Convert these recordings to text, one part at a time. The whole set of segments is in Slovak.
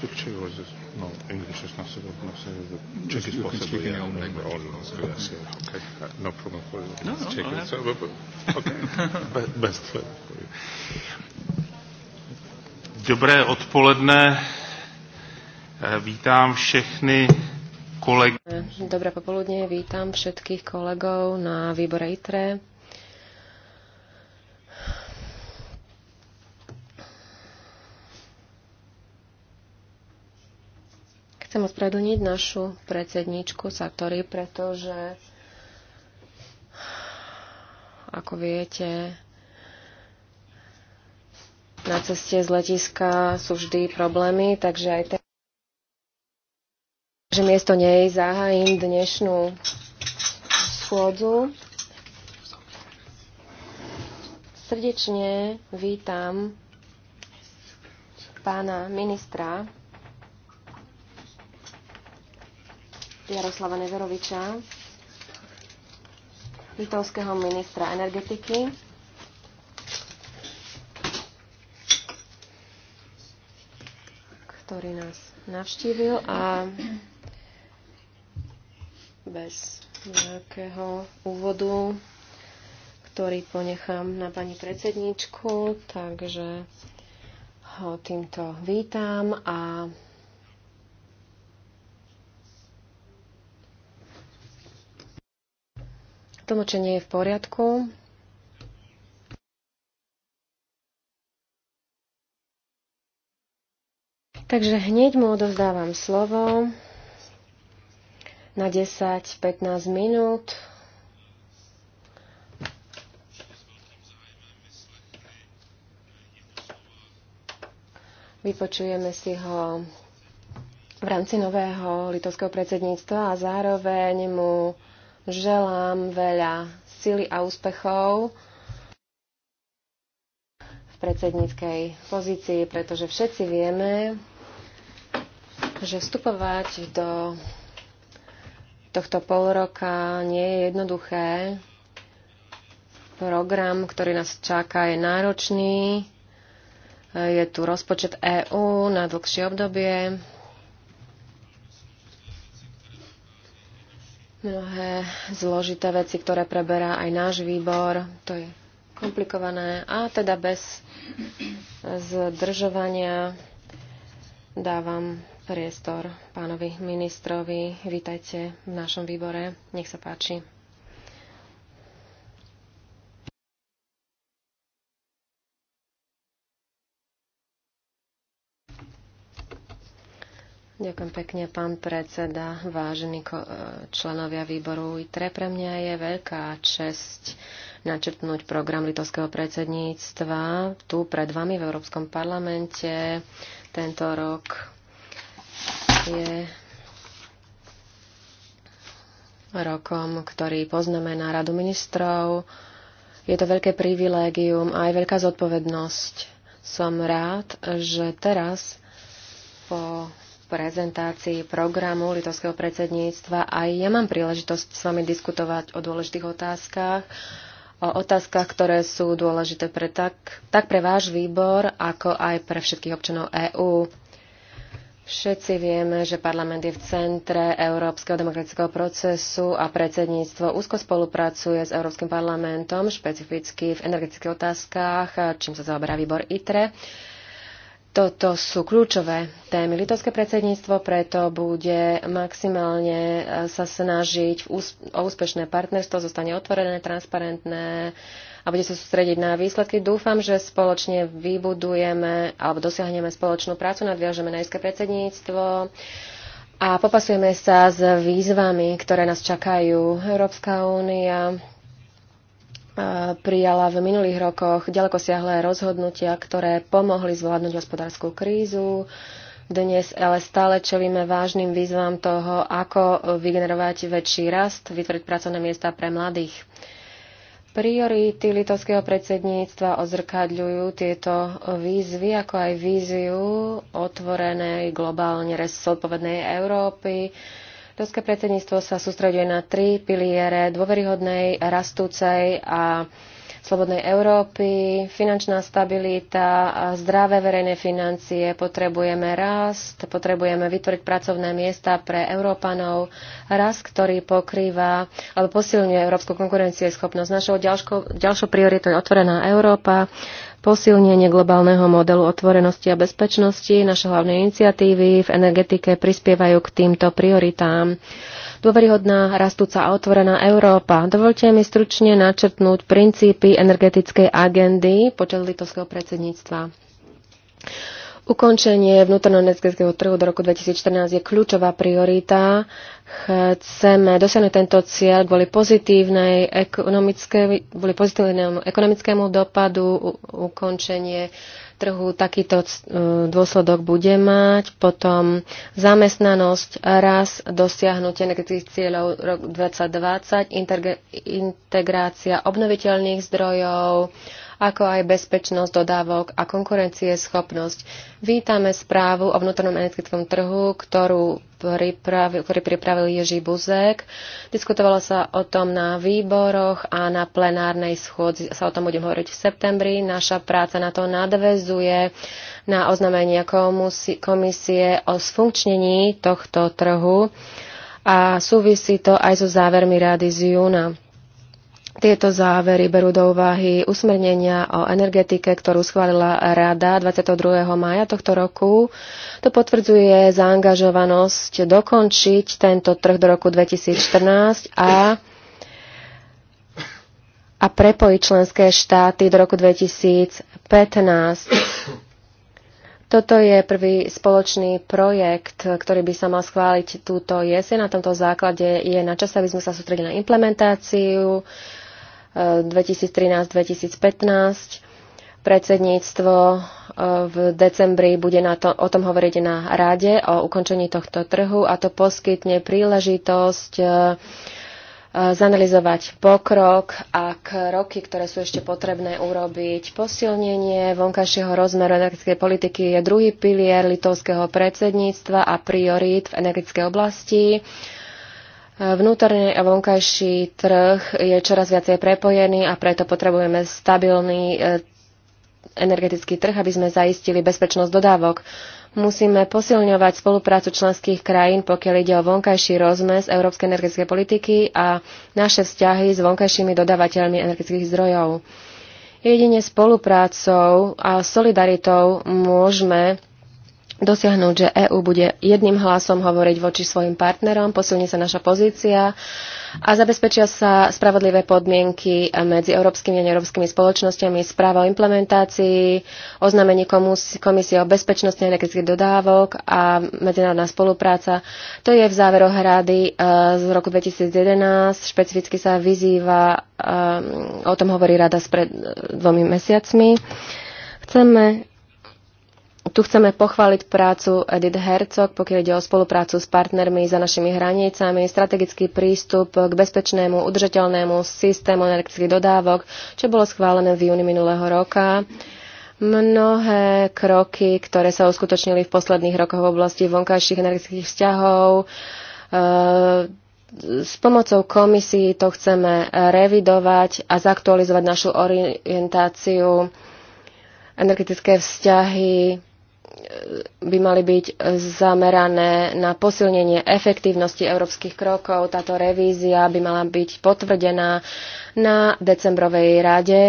picture or is it? No, English is not so good. no, so the Czech is possible. Yeah, own language. All, all, yes, yeah. Okay, uh, no problem for you. No, no, Czech is so, but, but, okay. Best for you. Dobré odpoledne. Eh, vítám všechny kolegy. Eh, dobré popoludne, vítam všetkých kolegov na výbore ITRE. ospravedlniť našu predsedničku Satori, pretože ako viete, na ceste z letiska sú vždy problémy, takže aj te... že miesto nej zahájim dnešnú schôdzu. Srdečne vítam pána ministra Jaroslava Neveroviča, litovského ministra energetiky. ktorý nás navštívil a bez nejakého úvodu, ktorý ponechám na pani predsedničku, takže ho týmto vítam a Tlmočenie je v poriadku. Takže hneď mu odovzdávam slovo na 10-15 minút. Vypočujeme si ho v rámci nového litovského predsedníctva a zároveň mu želám veľa sily a úspechov v predsedníckej pozícii, pretože všetci vieme, že vstupovať do tohto pol roka nie je jednoduché. Program, ktorý nás čaká, je náročný. Je tu rozpočet EÚ na dlhšie obdobie. mnohé zložité veci, ktoré preberá aj náš výbor. To je komplikované a teda bez zdržovania dávam priestor pánovi ministrovi. Vítajte v našom výbore. Nech sa páči. Ďakujem pekne, pán predseda, vážení e, členovia výboru ITRE. Pre mňa je veľká česť načrtnúť program litovského predsedníctva tu pred vami v Európskom parlamente. Tento rok je rokom, ktorý poznáme na Radu ministrov. Je to veľké privilégium a aj veľká zodpovednosť. Som rád, že teraz po prezentácii programu litovského predsedníctva. Aj ja mám príležitosť s vami diskutovať o dôležitých otázkach, o otázkach, ktoré sú dôležité pre tak, tak pre váš výbor, ako aj pre všetkých občanov EÚ. Všetci vieme, že parlament je v centre európskeho demokratického procesu a predsedníctvo úzko spolupracuje s Európskym parlamentom, špecificky v energetických otázkach, čím sa zaoberá výbor ITRE. Toto sú kľúčové témy. Litovské predsedníctvo preto bude maximálne eh, sa snažiť o úspešné partnerstvo, zostane otvorené, transparentné a bude sa sústrediť na výsledky. Dúfam, že spoločne vybudujeme alebo dosiahneme spoločnú prácu, nadviažeme na Litovské predsedníctvo a popasujeme sa s výzvami, ktoré nás čakajú. Európska únia E, prijala v minulých rokoch ďaleko siahlé rozhodnutia, ktoré pomohli zvládnuť hospodárskú krízu. Dnes ale stále čelíme vážnym výzvam toho, ako vygenerovať väčší rast, vytvoriť pracovné miesta pre mladých. Priority litovského predsedníctva odzrkadľujú tieto výzvy, ako aj víziu otvorenej globálne resolpovednej Európy, Ruské predsedníctvo sa sústreďuje na tri piliere dôveryhodnej, rastúcej a slobodnej Európy, finančná stabilita, zdravé verejné financie, potrebujeme rast, potrebujeme vytvoriť pracovné miesta pre Európanov, rast, ktorý pokrýva alebo posilňuje európsku schopnosť. Našou ďalšou prioritou je otvorená Európa, posilnenie globálneho modelu otvorenosti a bezpečnosti. Naše hlavné iniciatívy v energetike prispievajú k týmto prioritám dôveryhodná, rastúca a otvorená Európa. Dovolte mi stručne načrtnúť princípy energetickej agendy počas litovského predsedníctva. Ukončenie vnútorného energetického trhu do roku 2014 je kľúčová priorita. Chceme dosiahnuť tento cieľ kvôli, pozitívnej ekonomické, kvôli pozitívnemu ekonomickému dopadu, ukončenie trhu takýto e, dôsledok bude mať. Potom zamestnanosť raz dosiahnutie energetických cieľov rok 2020, integrácia obnoviteľných zdrojov, ako aj bezpečnosť dodávok a konkurencieschopnosť. Vítame správu o vnútornom energetickom trhu, ktorú pripravil, ktorý pripravil Ježí Buzek. Diskutovalo sa o tom na výboroch a na plenárnej schôdzi sa o tom budem hovoriť v septembri. Naša práca na to nadvezuje na oznamenie komisie o sfunkčnení tohto trhu a súvisí to aj so závermi rady z júna. Tieto závery berú do úvahy usmernenia o energetike, ktorú schválila Rada 22. maja tohto roku. To potvrdzuje zaangažovanosť dokončiť tento trh do roku 2014 a a prepojiť členské štáty do roku 2015. Toto je prvý spoločný projekt, ktorý by sa mal schváliť túto jeseň. Na tomto základe je na čas, aby sme sa sústredili na implementáciu, 2013-2015. Predsedníctvo e, v decembri bude na to, o tom hovoriť na rade o ukončení tohto trhu a to poskytne príležitosť e, e, zanalizovať pokrok a kroky, ktoré sú ešte potrebné urobiť. Posilnenie vonkajšieho rozmeru energetickej politiky je druhý pilier litovského predsedníctva a priorít v energetickej oblasti. Vnútorný a vonkajší trh je čoraz viacej prepojený a preto potrebujeme stabilný e, energetický trh, aby sme zaistili bezpečnosť dodávok. Musíme posilňovať spoluprácu členských krajín, pokiaľ ide o vonkajší rozmes európskej energetickej politiky a naše vzťahy s vonkajšími dodávateľmi energetických zdrojov. Jedine spoluprácou a solidaritou môžeme dosiahnuť, že EÚ bude jedným hlasom hovoriť voči svojim partnerom, posilní sa naša pozícia a zabezpečia sa spravodlivé podmienky medzi európskymi a neeurópskymi spoločnosťami, správa o implementácii, oznámení komisie o bezpečnosti energetických dodávok a medzinárodná spolupráca. To je v záveroch rady e, z roku 2011. Špecificky sa vyzýva, e, o tom hovorí rada spred e, dvomi mesiacmi. Chceme tu chceme pochváliť prácu Edith Herzog, pokiaľ ide o spoluprácu s partnermi za našimi hranicami, strategický prístup k bezpečnému, udržateľnému systému energetických dodávok, čo bolo schválené v júni minulého roka. Mnohé kroky, ktoré sa uskutočnili v posledných rokoch v oblasti vonkajších energetických vzťahov, eh, s pomocou komisii to chceme revidovať a zaktualizovať našu orientáciu energetické vzťahy by mali byť zamerané na posilnenie efektívnosti európskych krokov. Táto revízia by mala byť potvrdená na decembrovej rade.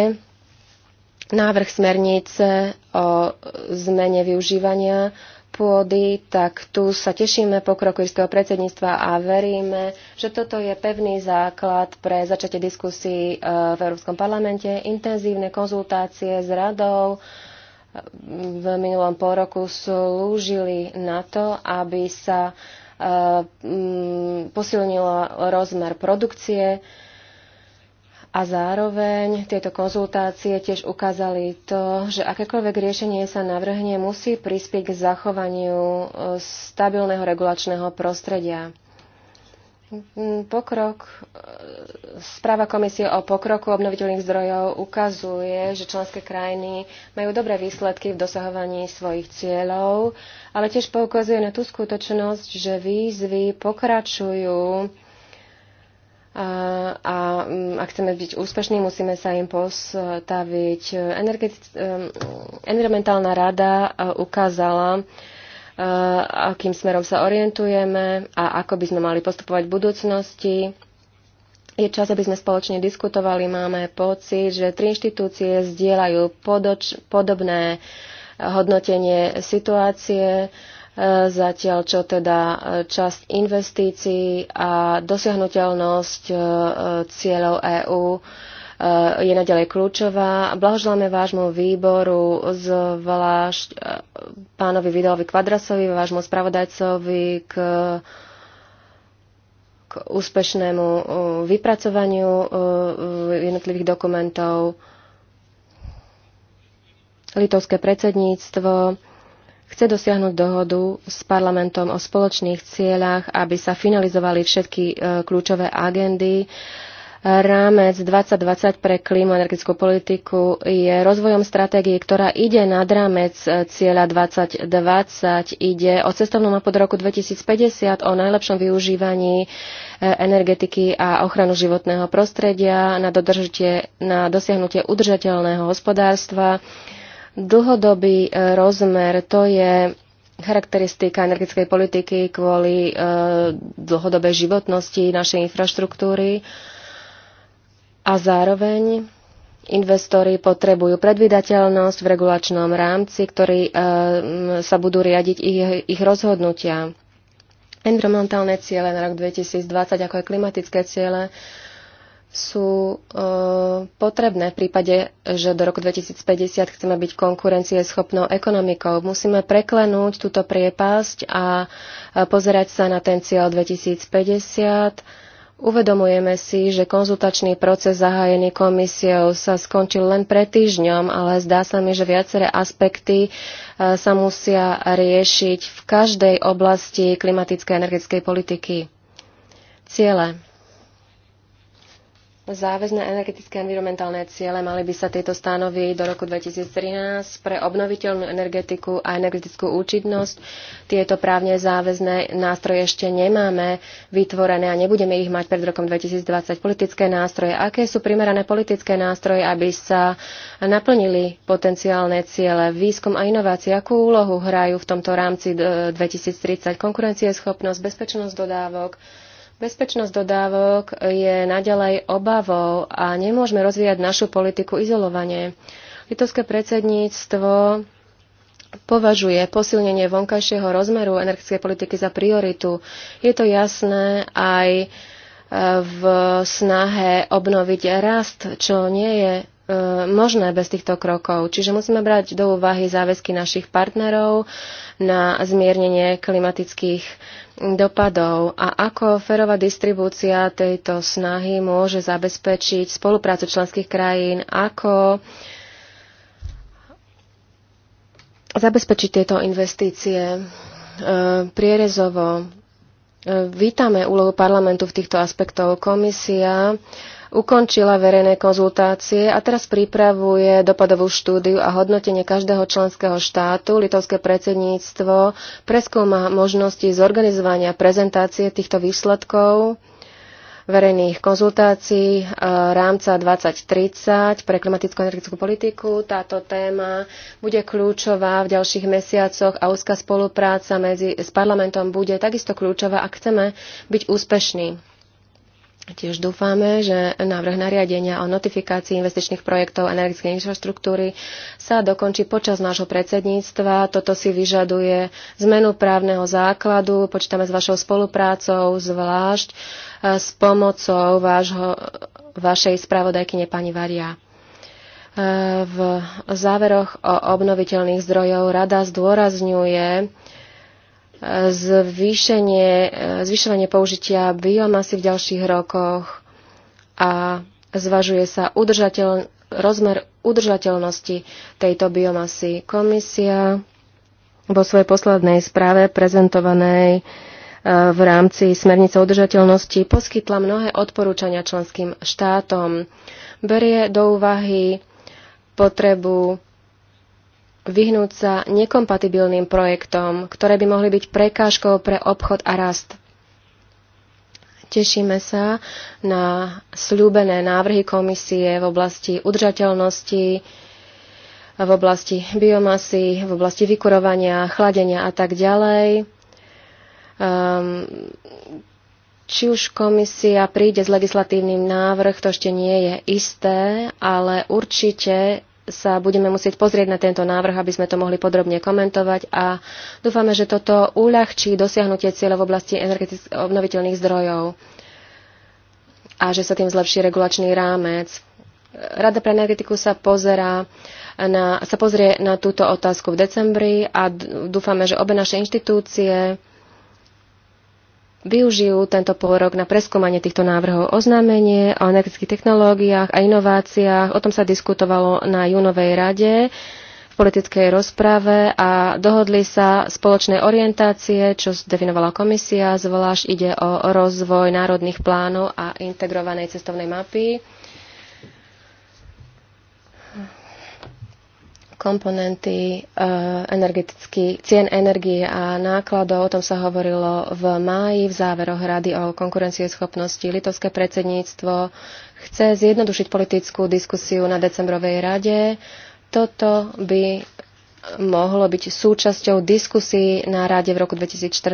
Návrh smernice o zmene využívania pôdy, tak tu sa tešíme pokroku írskeho predsedníctva a veríme, že toto je pevný základ pre začatie diskusí eh, v Európskom parlamente, intenzívne konzultácie s radou, v minulom pol slúžili na to, aby sa e, mm, posilnilo rozmer produkcie a zároveň tieto konzultácie tiež ukázali to, že akékoľvek riešenie sa navrhne, musí prispieť k zachovaniu e, stabilného regulačného prostredia. Pokrok, správa komisie o pokroku obnoviteľných zdrojov ukazuje, že členské krajiny majú dobré výsledky v dosahovaní svojich cieľov, ale tiež poukazuje na tú skutočnosť, že výzvy pokračujú a, a mm, ak chceme byť úspešní, musíme sa im postaviť. Energeti- environmentálna rada ukázala, akým smerom sa orientujeme a ako by sme mali postupovať v budúcnosti. Je čas, aby sme spoločne diskutovali. Máme pocit, že tri inštitúcie zdieľajú podoč, podobné hodnotenie situácie, e, zatiaľ čo teda e, časť investícií a dosiahnuteľnosť e, cieľov EÚ Eh, je naďalej kľúčová. Blahoželáme vášmu výboru, zvlášť eh, pánovi Vidalovi Kvadrasovi, vášmu spravodajcovi k k úspešnému eh, vypracovaniu jednotlivých dokumentov. Litovské predsedníctvo chce dosiahnuť dohodu s parlamentom o spoločných cieľach, aby sa finalizovali všetky kľúčové agendy rámec 2020 pre klímu energetickú politiku je rozvojom stratégie, ktorá ide nad rámec e, cieľa 2020. Ide o cestovnú mapu do roku 2050 o najlepšom využívaní e, energetiky a ochranu životného prostredia na, na dosiahnutie udržateľného hospodárstva. Dlhodobý e, rozmer to je charakteristika energetickej politiky kvôli e, dlhodobej životnosti našej infraštruktúry a zároveň Investori potrebujú predvydateľnosť v regulačnom rámci, ktorý e, sa budú riadiť ich, ich rozhodnutia. Environmentálne ciele na rok 2020, ako aj klimatické ciele, sú e, potrebné v prípade, že do roku 2050 chceme byť konkurencieschopnou ekonomikou. Musíme preklenúť túto priepasť a eh, pozerať sa na ten cieľ 2050 Uvedomujeme si, že konzultačný proces zahájený komisiou sa skončil len pred týždňom, ale zdá sa mi, že viaceré aspekty e, sa musia riešiť v každej oblasti klimatickej a energetickej politiky. Ciele záväzné energetické a environmentálne ciele mali by sa tieto stanoviť do roku 2013 pre obnoviteľnú energetiku a energetickú účinnosť. Tieto právne záväzné nástroje ešte nemáme vytvorené a nebudeme ich mať pred rokom 2020. Politické nástroje. Aké sú primerané politické nástroje, aby sa naplnili potenciálne ciele? Výskum a inovácie, akú úlohu hrajú v tomto rámci 2030? E, Konkurencieschopnosť, bezpečnosť dodávok, Bezpečnosť dodávok je naďalej obavou a nemôžeme rozvíjať našu politiku izolovanie. Litovské predsedníctvo považuje posilnenie vonkajšieho rozmeru energetickej politiky za prioritu. Je to jasné aj e, v snahe obnoviť rast, čo nie je E, možné bez týchto krokov. Čiže musíme brať do úvahy záväzky našich partnerov na zmiernenie klimatických dopadov a ako ferová distribúcia tejto snahy môže zabezpečiť spoluprácu členských krajín, ako zabezpečiť tieto investície e, prierezovo. E, vítame úlohu parlamentu v týchto aspektov. Komisia ukončila verejné konzultácie a teraz pripravuje dopadovú štúdiu a hodnotenie každého členského štátu. Litovské predsedníctvo preskúma možnosti zorganizovania prezentácie týchto výsledkov verejných konzultácií e, rámca 2030 pre klimaticko-energetickú politiku. Táto téma bude kľúčová v ďalších mesiacoch a úzka spolupráca medzi, s parlamentom bude takisto kľúčová, ak chceme byť úspešní. Tiež dúfame, že návrh nariadenia o notifikácii investičných projektov energetickej infraštruktúry sa dokončí počas nášho predsedníctva. Toto si vyžaduje zmenu právneho základu. Počítame s vašou spoluprácou, zvlášť e, s pomocou vášho, vašej spravodajkyne pani Varia. E, v záveroch o obnoviteľných zdrojov rada zdôrazňuje, zvýšenie, e, zvyšovanie použitia biomasy v ďalších rokoch a zvažuje sa udržateľ, rozmer udržateľnosti tejto biomasy. Komisia vo svojej poslednej správe prezentovanej e, v rámci smernice udržateľnosti poskytla mnohé odporúčania členským štátom. Berie do úvahy potrebu vyhnúť sa nekompatibilným projektom, ktoré by mohli byť prekážkou pre obchod a rast. Tešíme sa na slúbené návrhy komisie v oblasti udržateľnosti, v oblasti biomasy, v oblasti vykurovania, chladenia a tak ďalej. Um, či už komisia príde s legislatívnym návrh, to ešte nie je isté, ale určite sa budeme musieť pozrieť na tento návrh, aby sme to mohli podrobne komentovať a dúfame, že toto uľahčí dosiahnutie cieľov v oblasti obnoviteľných zdrojov a že sa tým zlepší regulačný rámec. Rada pre energetiku sa pozerá na, sa pozrie na túto otázku v decembri a dúfame, že obe naše inštitúcie využijú tento pôrok na preskúmanie týchto návrhov oznámenie o energetických technológiách a inováciách. O tom sa diskutovalo na Junovej rade v politickej rozprave a dohodli sa spoločné orientácie, čo definovala komisia, zvlášť ide o rozvoj národných plánov a integrovanej cestovnej mapy komponenty e, energetický, cien energie a nákladov. O tom sa hovorilo v máji v záveroch Rady o konkurencieschopnosti. Litovské predsedníctvo chce zjednodušiť politickú diskusiu na decembrovej rade. Toto by mohlo byť súčasťou diskusí na rade v roku 2014.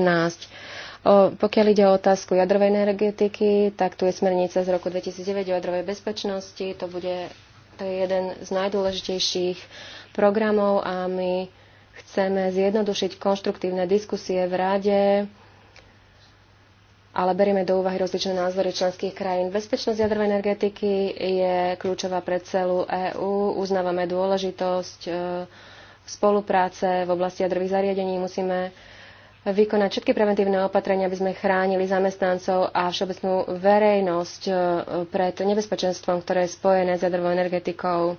O, pokiaľ ide o otázku jadrovej energetiky, tak tu je smernica z roku 2009 o jadrovej bezpečnosti. To bude jeden z najdôležitejších programov a my chceme zjednodušiť konštruktívne diskusie v rade, ale berieme do úvahy rozličné názory členských krajín. Bezpečnosť jadrovej energetiky je kľúčová pre celú EÚ. Uznávame dôležitosť e, spolupráce v oblasti jadrových zariadení. Musíme vykonať všetky preventívne opatrenia, aby sme chránili zamestnancov a všeobecnú verejnosť e, pred nebezpečenstvom, ktoré je spojené s jadrovou energetikou.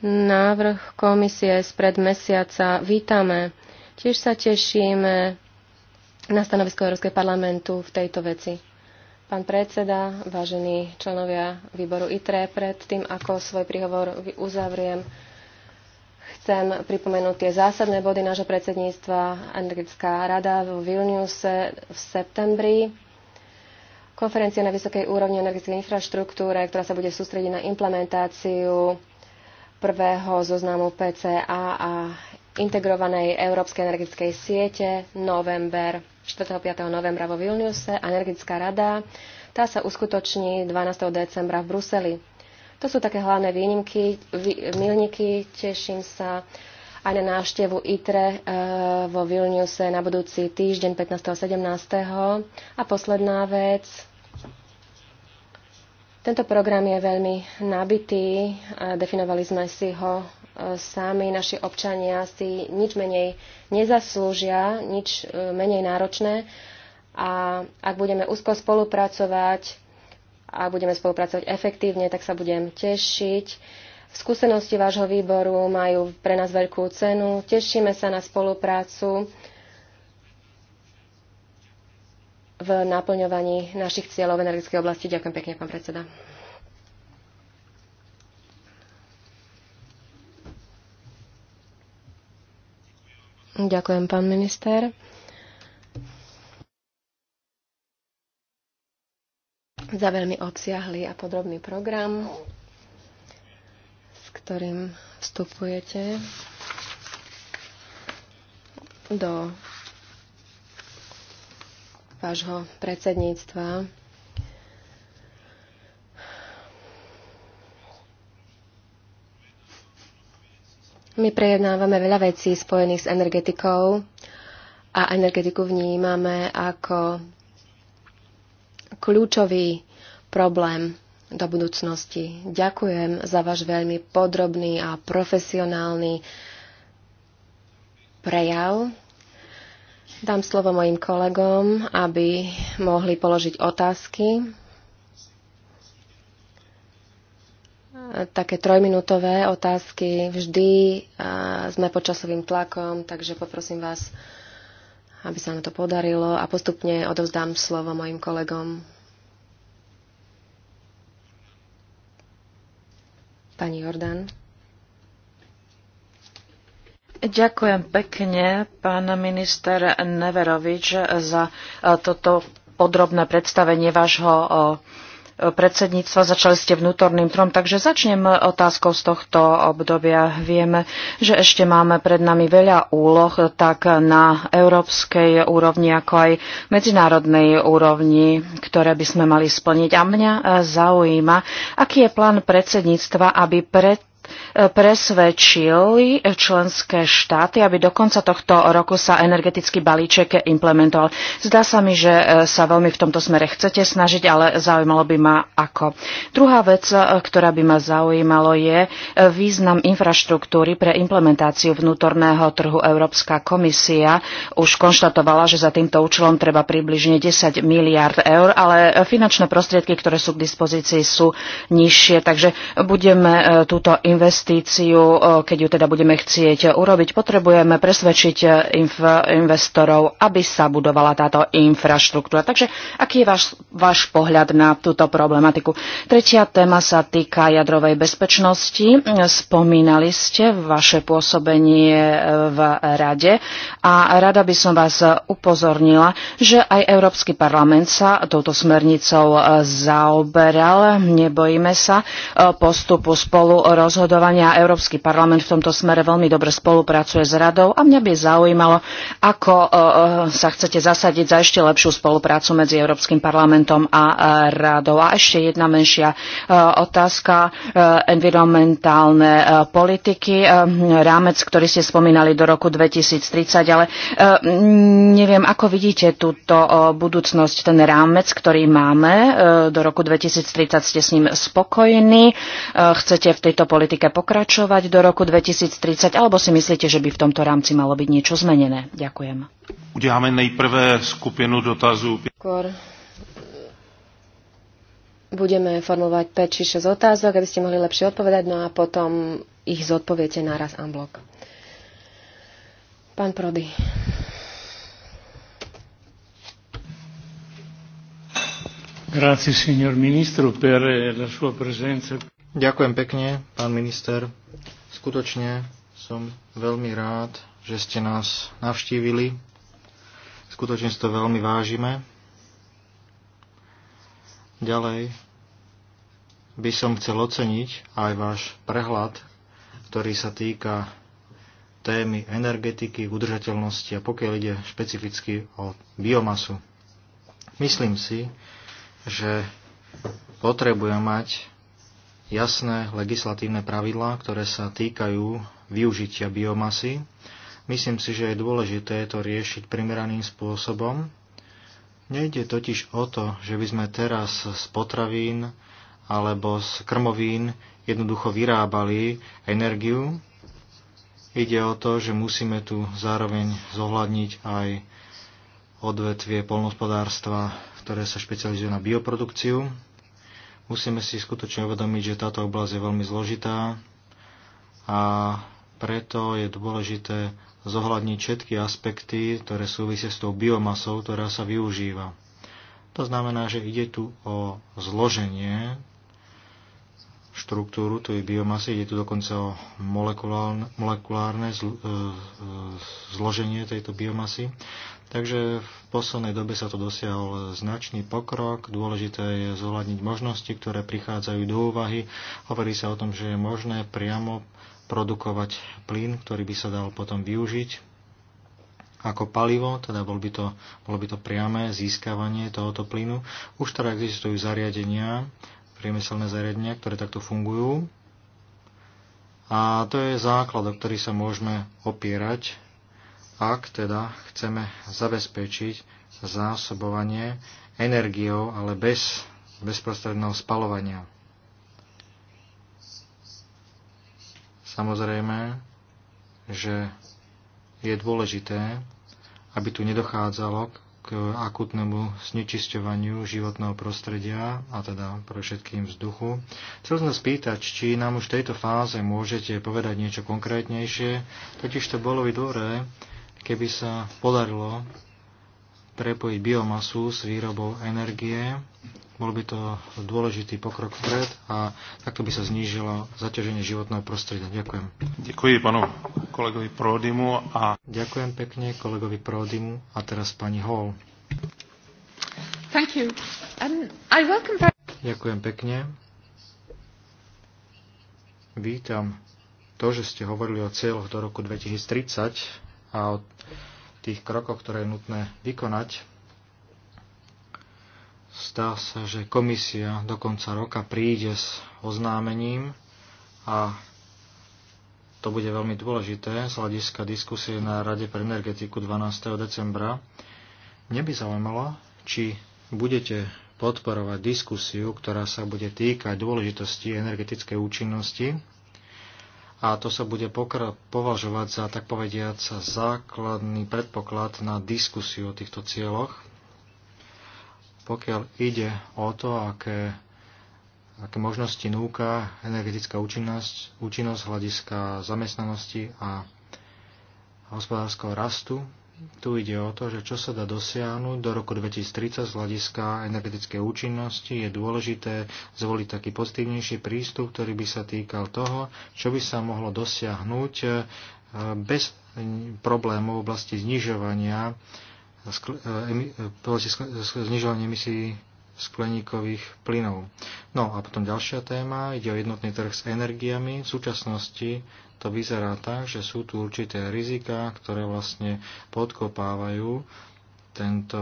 Návrh komisie spred mesiaca vítame. Tiež sa tešíme na stanovisko Európskeho parlamentu v tejto veci. Pán predseda, vážení členovia výboru ITRE, pred tým, ako svoj príhovor uzavriem, chcem pripomenúť tie zásadné body nášho predsedníctva Energetická rada v Vilniuse v septembri. Konferencia na vysokej úrovni energetickej infraštruktúre, ktorá sa bude sústrediť na implementáciu prvého zoznamu PCA a integrovanej európskej energetickej siete november, 4. 5. novembra vo Vilniuse a Energetická rada. Tá sa uskutoční 12. decembra v Bruseli. To sú také hlavné výnimky, vý, milníky. Teším sa aj na návštevu ITRE e, vo Vilniuse na budúci týždeň 15. a 17. A posledná vec, tento program je veľmi nabitý, definovali sme si ho e, sami, naši občania si nič menej nezaslúžia, nič e, menej náročné a ak budeme úzko spolupracovať, a budeme spolupracovať efektívne, tak sa budem tešiť. Skúsenosti vášho výboru majú pre nás veľkú cenu. Tešíme sa na spoluprácu v naplňovaní našich cieľov v energetickej oblasti. Ďakujem pekne, pán predseda. Ďakujem, pán minister. Za veľmi obsiahly a podrobný program, s ktorým vstupujete do vášho predsedníctva. My prejednávame veľa vecí spojených s energetikou a energetiku vnímame ako kľúčový problém do budúcnosti. Ďakujem za váš veľmi podrobný a profesionálny prejav. Dám slovo mojim kolegom, aby mohli položiť otázky. Také trojminútové otázky. Vždy sme pod časovým tlakom, takže poprosím vás, aby sa nám to podarilo a postupne odovzdám slovo mojim kolegom. Pani Jordan. Ďakujem pekne, pán minister Neverovič, za e, toto podrobné predstavenie vášho e, predsedníctva, začali ste vnútorným trom, takže začnem otázkou z tohto obdobia. Vieme, že ešte máme pred nami veľa úloh, tak na európskej úrovni, ako aj medzinárodnej úrovni, ktoré by sme mali splniť. A mňa e, zaujíma, aký je plán predsedníctva, aby pred presvedčili členské štáty, aby do konca tohto roku sa energetický balíček implementoval. Zdá sa mi, že e, sa veľmi v tomto smere chcete snažiť, ale zaujímalo by ma ako. Druhá vec, e, ktorá by ma zaujímalo, je e, význam infraštruktúry pre implementáciu vnútorného trhu. Európska komisia už konštatovala, že za týmto účelom treba približne 10 miliard eur, ale finančné prostriedky, ktoré sú k dispozícii, sú nižšie, takže budeme túto infraštruktúru investíciu, e, keď ju teda budeme chcieť urobiť, potrebujeme presvedčiť e, investorov, aby sa budovala táto infraštruktúra. Takže aký je váš, váš pohľad na túto problematiku? Tretia téma sa týka jadrovej bezpečnosti. Spomínali ste vaše pôsobenie e, v rade a rada by som vás upozornila, že aj Európsky parlament sa touto smernicou zaoberal. Nebojíme sa postupu spolu rozhodnutia rozhodovania. Európsky parlament v tomto smere veľmi dobre spolupracuje s radou a mňa by zaujímalo, ako e, e, sa chcete zasadiť za ešte lepšiu spoluprácu medzi Európskym parlamentom a e, radou. A ešte jedna menšia otázka environmentálne politiky, rámec, ktorý ste spomínali do roku 2030, ale neviem, ako vidíte túto budúcnosť, ten rámec, ktorý máme do roku 2030, ste s ním spokojní, chcete v tejto politike politike pokračovať do roku 2030, alebo si myslíte, že by v tomto rámci malo byť niečo zmenené? Ďakujem. Uděláme nejprve skupinu dotazů. Kor. Budeme formulovať 5 či 6 otázok, aby ste mohli lepšie odpovedať, no a potom ich zodpoviete naraz en blok. Pán Prody. Grazie signor Ministro per la sua presenza. Ďakujem pekne, pán minister. Skutočne som veľmi rád, že ste nás navštívili. Skutočne si to veľmi vážime. Ďalej by som chcel oceniť aj váš prehľad, ktorý sa týka témy energetiky, udržateľnosti a pokiaľ ide špecificky o biomasu. Myslím si, že potrebujeme mať jasné legislatívne pravidlá, ktoré sa týkajú využitia biomasy. Myslím si, že je dôležité to riešiť primeraným spôsobom. Nejde totiž o to, že by sme teraz z potravín alebo z krmovín jednoducho vyrábali energiu. Ide o to, že musíme tu zároveň zohľadniť aj odvetvie polnospodárstva, ktoré sa špecializuje na bioprodukciu, Musíme si skutočne uvedomiť, že táto oblasť je veľmi zložitá a preto je dôležité zohľadniť všetky aspekty, ktoré súvisia s tou biomasou, ktorá sa využíva. To znamená, že ide tu o zloženie štruktúru tej biomasy, ide tu dokonca o molekulárne, molekulárne e, e, zloženie tejto biomasy. Takže v poslednej dobe sa to dosiahol značný pokrok. Dôležité je zohľadniť možnosti, ktoré prichádzajú do úvahy. Hovorí sa o tom, že je možné priamo produkovať plyn, ktorý by sa dal potom využiť ako palivo, teda bol by to, bolo by to priame získavanie tohoto plynu. Už teda existujú zariadenia, priemyselné zariadenia, ktoré takto fungujú. A to je základ, o ktorý sa môžeme opierať ak teda chceme zabezpečiť zásobovanie energiou, ale bez bezprostredného spalovania. Samozrejme, že je dôležité, aby tu nedochádzalo k akutnému znečisťovaniu životného prostredia, a teda pre všetkým vzduchu. Chcel som spýtať, či nám už v tejto fáze môžete povedať niečo konkrétnejšie, totiž to bolo by dobré, keby sa podarilo prepojiť biomasu s výrobou energie, bol by to dôležitý pokrok vpred a takto by sa znížilo zaťaženie životného prostredia. Ďakujem. Ďakujem panu kolegovi Prodimu a... Ďakujem pekne kolegovi Prodimu a teraz pani Hall. Thank you. Um, I welcome... Ďakujem pekne. Vítam to, že ste hovorili o cieľoch do roku 2030 a o tých krokoch, ktoré je nutné vykonať. Zdá sa, že komisia do konca roka príde s oznámením a to bude veľmi dôležité z hľadiska diskusie na Rade pre energetiku 12. decembra. Mne by zaujímalo, či budete podporovať diskusiu, ktorá sa bude týkať dôležitosti energetickej účinnosti a to sa bude považovať za, tak povediac, základný predpoklad na diskusiu o týchto cieľoch. Pokiaľ ide o to, aké, aké možnosti núka energetická účinnosť, účinnosť hľadiska zamestnanosti a hospodárskeho rastu, tu ide o to, že čo sa dá dosiahnuť do roku 2030 z hľadiska energetickej účinnosti. Je dôležité zvoliť taký pozitívnejší prístup, ktorý by sa týkal toho, čo by sa mohlo dosiahnuť e, bez problémov v oblasti znižovania, znižovania emisí skleníkových plynov. No a potom ďalšia téma, ide o jednotný trh s energiami. V súčasnosti to vyzerá tak, že sú tu určité rizika, ktoré vlastne podkopávajú tento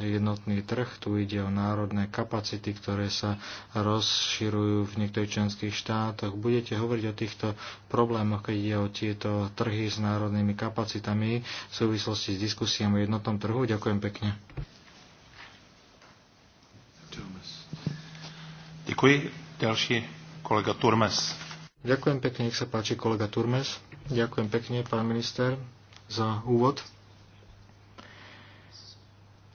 jednotný trh. Tu ide o národné kapacity, ktoré sa rozširujú v niektorých členských štátoch. Budete hovoriť o týchto problémoch, keď ide o tieto trhy s národnými kapacitami v súvislosti s diskusiami o jednotnom trhu. Ďakujem pekne. Ďakujem. Ďalší kolega Turmes. Ďakujem pekne, nech sa páči kolega Turmes. Ďakujem pekne, pán minister, za úvod.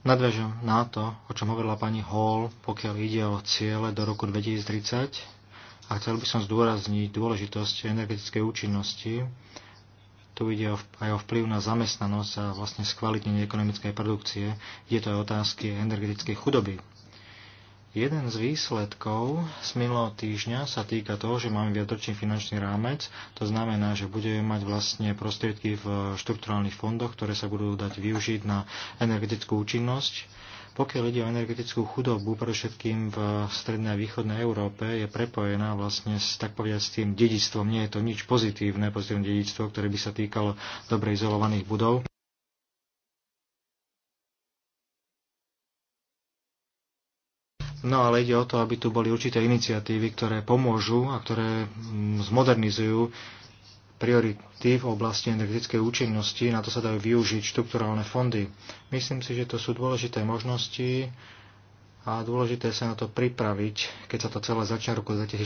Nadvežem na to, o čom hovorila pani Hall, pokiaľ ide o ciele do roku 2030 a chcel by som zdôrazniť dôležitosť energetickej účinnosti. Tu ide aj o vplyv na zamestnanosť a vlastne skvalitnenie ekonomickej produkcie. Je to aj otázky energetickej chudoby. Jeden z výsledkov z minulého týždňa sa týka toho, že máme viacročný finančný rámec. To znamená, že budeme mať vlastne prostriedky v štrukturálnych fondoch, ktoré sa budú dať využiť na energetickú účinnosť. Pokiaľ ide o energetickú chudobu, všetkým v strednej a východnej Európe je prepojená vlastne s, tak povedať, s tým dedictvom. Nie je to nič pozitívne, pozitívne dedictvo, ktoré by sa týkalo dobre izolovaných budov. No ale ide o to, aby tu boli určité iniciatívy, ktoré pomôžu a ktoré mm, zmodernizujú priority v oblasti energetickej účinnosti, na to sa dajú využiť štrukturálne fondy. Myslím si, že to sú dôležité možnosti a dôležité sa na to pripraviť, keď sa to celé začne roku 2014.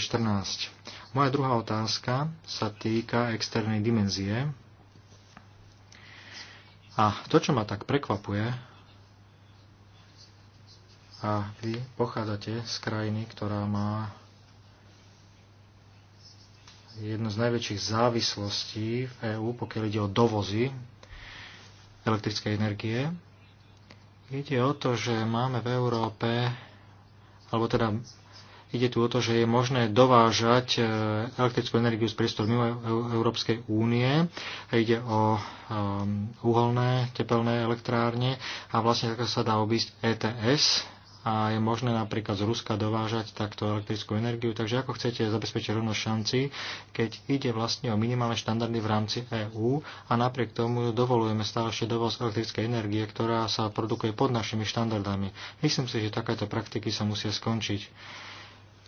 Moja druhá otázka sa týka externej dimenzie. A to, čo ma tak prekvapuje, a vy pochádzate z krajiny, ktorá má jednu z najväčších závislostí v EÚ, pokiaľ ide o dovozy elektrickej energie. Ide o to, že máme v Európe, alebo teda ide tu o to, že je možné dovážať e, elektrickú energiu z priestoru mimo e Európskej únie. Ide o e, uholné, tepelné elektrárne a vlastne takto sa dá obísť ETS, a je možné napríklad z Ruska dovážať takto elektrickú energiu. Takže ako chcete zabezpečiť rovnosť šanci, keď ide vlastne o minimálne štandardy v rámci EÚ a napriek tomu dovolujeme stále ešte dovoz elektrickej energie, ktorá sa produkuje pod našimi štandardami. Myslím si, že takéto praktiky sa musia skončiť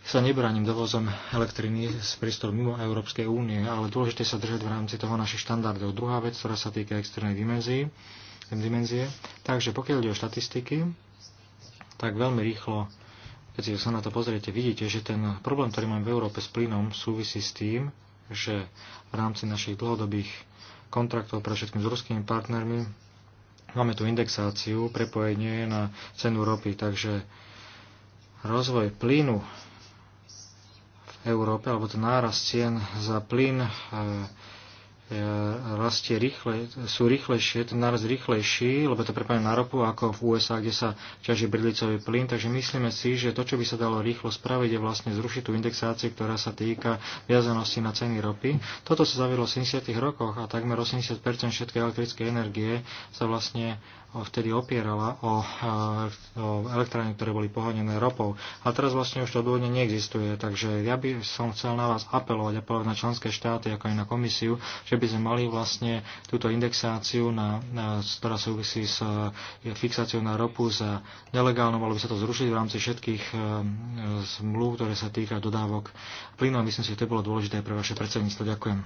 sa nebraním dovozom elektriny z prístoru mimo Európskej únie, ale dôležité sa držať v rámci toho našich štandardov. Druhá vec, ktorá sa týka externej dimenzie, dimenzie. Takže pokiaľ ide o štatistiky, tak veľmi rýchlo, keď sa na to pozriete, vidíte, že ten problém, ktorý máme v Európe s plynom, súvisí s tým, že v rámci našich dlhodobých kontraktov pre všetkým s ruskými partnermi máme tu indexáciu, prepojenie na cenu ropy, takže rozvoj plynu v Európe, alebo ten nárast cien za plyn e, E, rastie rýchle, sú rýchlejšie, ten náraz rýchlejší, lebo to prepája na ropu ako v USA, kde sa ťaží bridlicový plyn, takže myslíme si, že to, čo by sa dalo rýchlo spraviť, je vlastne zrušiť tú indexáciu, ktorá sa týka viazanosti na ceny ropy. Toto sa zavilo v 70. rokoch a takmer 80% všetkej elektrickej energie sa vlastne vtedy opierala o, o elektrárne, ktoré boli pohodené ropou. A teraz vlastne už to dôvodne neexistuje, takže ja by som chcel na vás apelovať, apelovať na členské štáty, ako aj na komisiu, že by sme mali vlastne túto indexáciu, na, na, ktorá súvisí s e, fixáciou na ropu za nelegálnu, malo by sa to zrušiť v rámci všetkých e, zmluv, ktoré sa týka dodávok plynu. Myslím si, že to bolo dôležité pre vaše predsedníctvo. Ďakujem.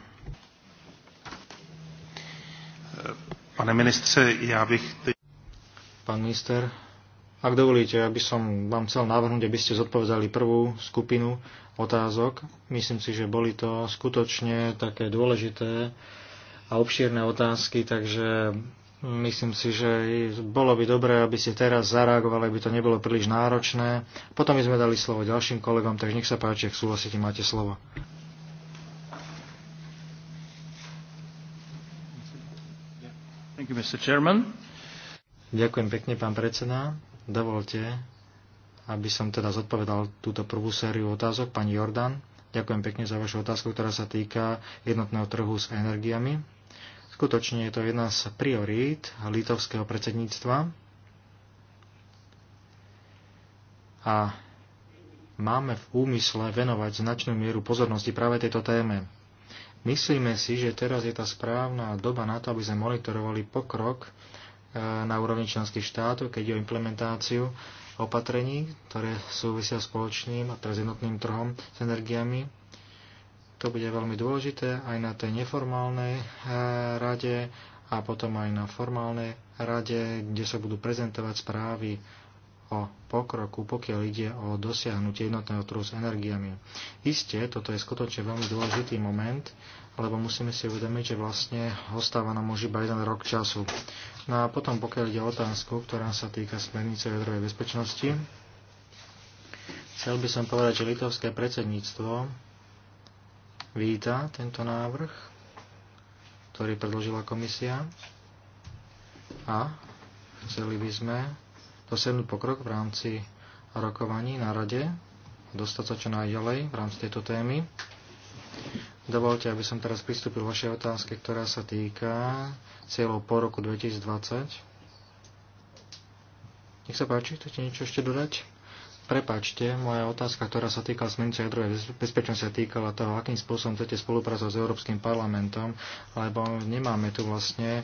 E, Pane ministře, ja bych... Pán minister, ak dovolíte, ja by som vám chcel navrhnúť, aby ste zodpovedali prvú skupinu otázok. Myslím si, že boli to skutočne také dôležité a obšírne otázky, takže myslím si, že bolo by dobré, aby ste teraz zareagovali, aby to nebolo príliš náročné. Potom by sme dali slovo ďalším kolegom, takže nech sa páči, ak súhlasíte, máte slovo. you, Mr. Chairman. Ďakujem pekne, pán predseda. Dovolte, aby som teda zodpovedal túto prvú sériu otázok. Pani Jordan, ďakujem pekne za vašu otázku, ktorá sa týka jednotného trhu s energiami. Skutočne je to jedna z priorít litovského predsedníctva. A máme v úmysle venovať značnú mieru pozornosti práve tejto téme. Myslíme si, že teraz je tá správna doba na to, aby sme monitorovali pokrok e, na úrovni členských štátov, keď je o implementáciu opatrení, ktoré súvisia spoločným a teraz jednotným trhom s energiami. To bude veľmi dôležité aj na tej neformálnej e, rade a potom aj na formálnej rade, kde sa budú prezentovať správy o pokroku, pokiaľ ide o dosiahnutie jednotného trhu s energiami. Isté, toto je skutočne veľmi dôležitý moment, lebo musíme si uvedomiť, že vlastne ostáva nám už iba jeden rok času. No a potom, pokiaľ ide o otázku, ktorá sa týka smernice jadrovej bezpečnosti, chcel by som povedať, že litovské predsedníctvo víta tento návrh, ktorý predložila komisia a chceli by sme dosiahnuť pokrok v rámci rokovaní na rade, dostať sa čo najďalej v rámci tejto témy. Dovolte, aby som teraz pristúpil vašej otázke, ktorá sa týka cieľov po roku 2020. Nech sa páči, chcete niečo ešte dodať? Prepačte, moja otázka, ktorá sa týkala smernice jadrovej bezpečnosti, sa týkala toho, akým spôsobom chcete spolupracovať s Európskym parlamentom, lebo nemáme tu vlastne e,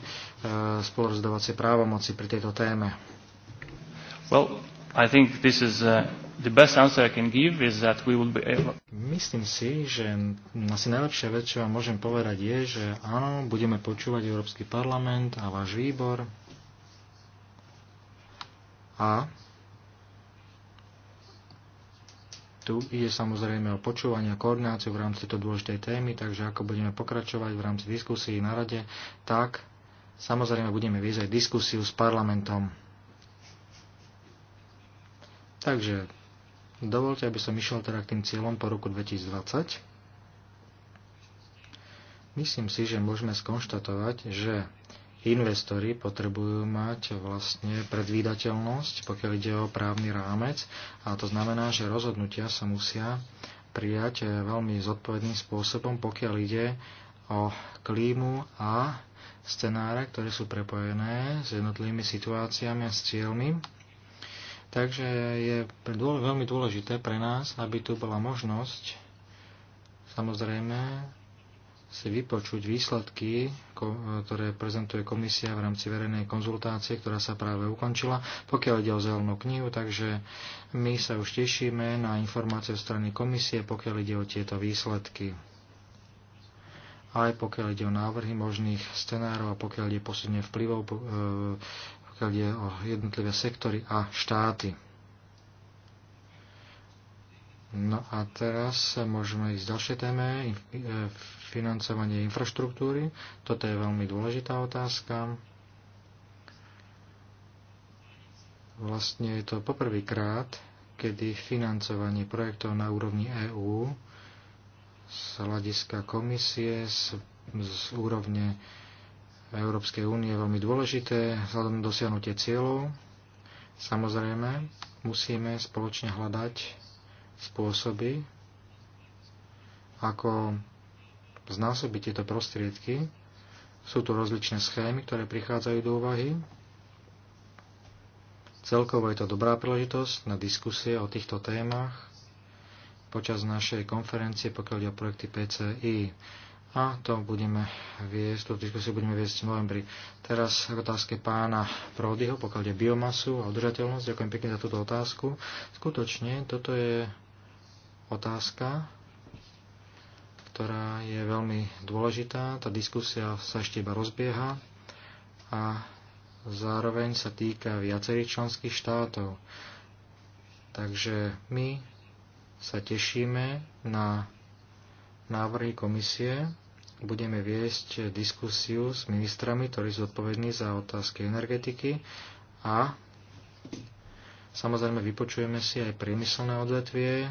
spolurozdávacie právomoci pri tejto téme. Well, I think this is uh, the best answer I can give is that we will be able... Myslím si, že asi najlepšia vec, čo vám môžem povedať, je, že áno, budeme počúvať Európsky parlament a váš výbor a tu ide samozrejme o počúvanie a koordináciu v rámci tejto dôležitej témy, takže ako budeme pokračovať v rámci diskusie na rade, tak samozrejme budeme viesť aj diskusiu s parlamentom. Takže dovolte, aby som išiel teda k tým cieľom po roku 2020. Myslím si, že môžeme skonštatovať, že investori potrebujú mať vlastne predvídateľnosť, pokiaľ ide o právny rámec a to znamená, že rozhodnutia sa musia prijať eh, veľmi zodpovedným spôsobom, pokiaľ ide o klímu a scenáre, ktoré sú prepojené s jednotlivými situáciami a s cieľmi Takže je veľmi dôležité pre nás, aby tu bola možnosť samozrejme si vypočuť výsledky, ktoré prezentuje komisia v rámci verejnej konzultácie, ktorá sa práve ukončila, pokiaľ ide o zelenú knihu, takže my sa už tešíme na informácie od strany komisie, pokiaľ ide o tieto výsledky. Aj pokiaľ ide o návrhy možných scenárov a pokiaľ ide posudne vplyvov e, pokiaľ je o jednotlivé sektory a štáty. No a teraz môžeme ísť ďalšie téme, e, financovanie infraštruktúry. Toto je veľmi dôležitá otázka. Vlastne je to poprvýkrát, kedy financovanie projektov na úrovni EÚ z hľadiska komisie, z, z úrovne Európskej únie je veľmi dôležité vzhľadom dosiahnutie cieľov. Samozrejme, musíme spoločne hľadať spôsoby, ako znásobiť tieto prostriedky. Sú tu rozličné schémy, ktoré prichádzajú do úvahy. Celkovo je to dobrá príležitosť na diskusie o týchto témach počas našej konferencie, pokiaľ ide o projekty PCI. A to budeme viesť, tú diskusiu budeme viesť v novembri. Teraz k otázke pána Prodyho, pokiaľ je biomasu a udržateľnosť. Ďakujem pekne za túto otázku. Skutočne, toto je otázka, ktorá je veľmi dôležitá. Tá diskusia sa ešte iba rozbieha a zároveň sa týka viacerých členských štátov. Takže my sa tešíme na návrhy komisie budeme viesť diskusiu s ministrami, ktorí sú odpovední za otázky energetiky a samozrejme vypočujeme si aj priemyselné odvetvie,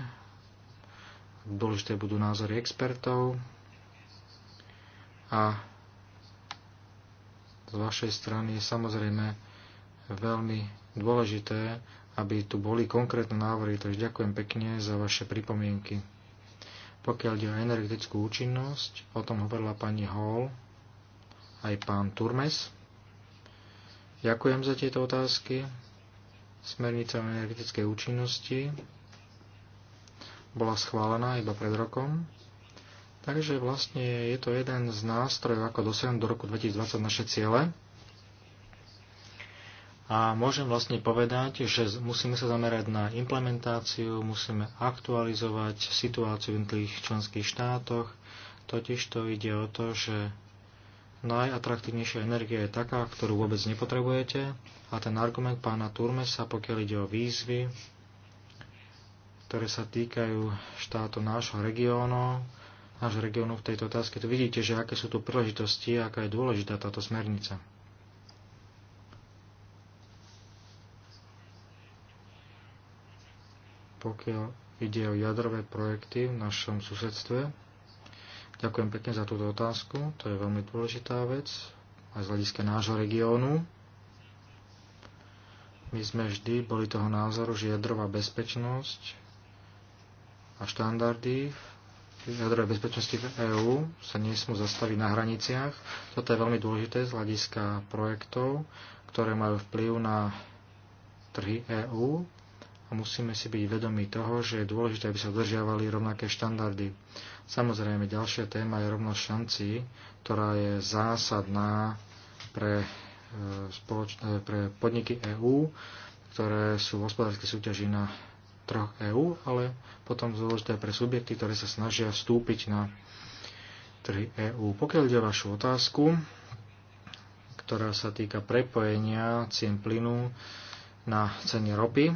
dôležité budú názory expertov a z vašej strany je samozrejme veľmi dôležité, aby tu boli konkrétne návrhy, takže ďakujem pekne za vaše pripomienky. Pokiaľ ide o energetickú účinnosť, o tom hovorila pani Hall aj pán Turmes. Ďakujem za tieto otázky. Smernica o energetickej účinnosti bola schválená iba pred rokom. Takže vlastne je to jeden z nástrojov, ako dosiahnuť do roku 2020 naše ciele a môžem vlastne povedať, že musíme sa zamerať na implementáciu, musíme aktualizovať situáciu v jednotlivých členských štátoch, totiž to ide o to, že najatraktívnejšia energia je taká, ktorú vôbec nepotrebujete a ten argument pána Turmesa, pokiaľ ide o výzvy, ktoré sa týkajú štátu nášho regiónu, nášho regiónu v tejto otázke, tu vidíte, že aké sú tu príležitosti, aká je dôležitá táto smernica. pokiaľ ide o jadrové projekty v našom susedstve. Ďakujem pekne za túto otázku, to je veľmi dôležitá vec aj z hľadiska nášho regiónu. My sme vždy boli toho názoru, že jadrová bezpečnosť a štandardy jadrovej bezpečnosti v EÚ sa nesmú zastaviť na hraniciach. Toto je veľmi dôležité z hľadiska projektov, ktoré majú vplyv na trhy EÚ a musíme si byť vedomi toho, že je dôležité, aby sa udržiavali rovnaké štandardy. Samozrejme, ďalšia téma je rovnosť Šanci, ktorá je zásadná pre, e, spoloč- e, pre podniky EÚ, ktoré sú v hospodárskej súťaži na troch EÚ, ale potom dôležité pre subjekty, ktoré sa snažia vstúpiť na trhy EÚ. Pokiaľ ide o vašu otázku, ktorá sa týka prepojenia cien plynu na ceny ropy,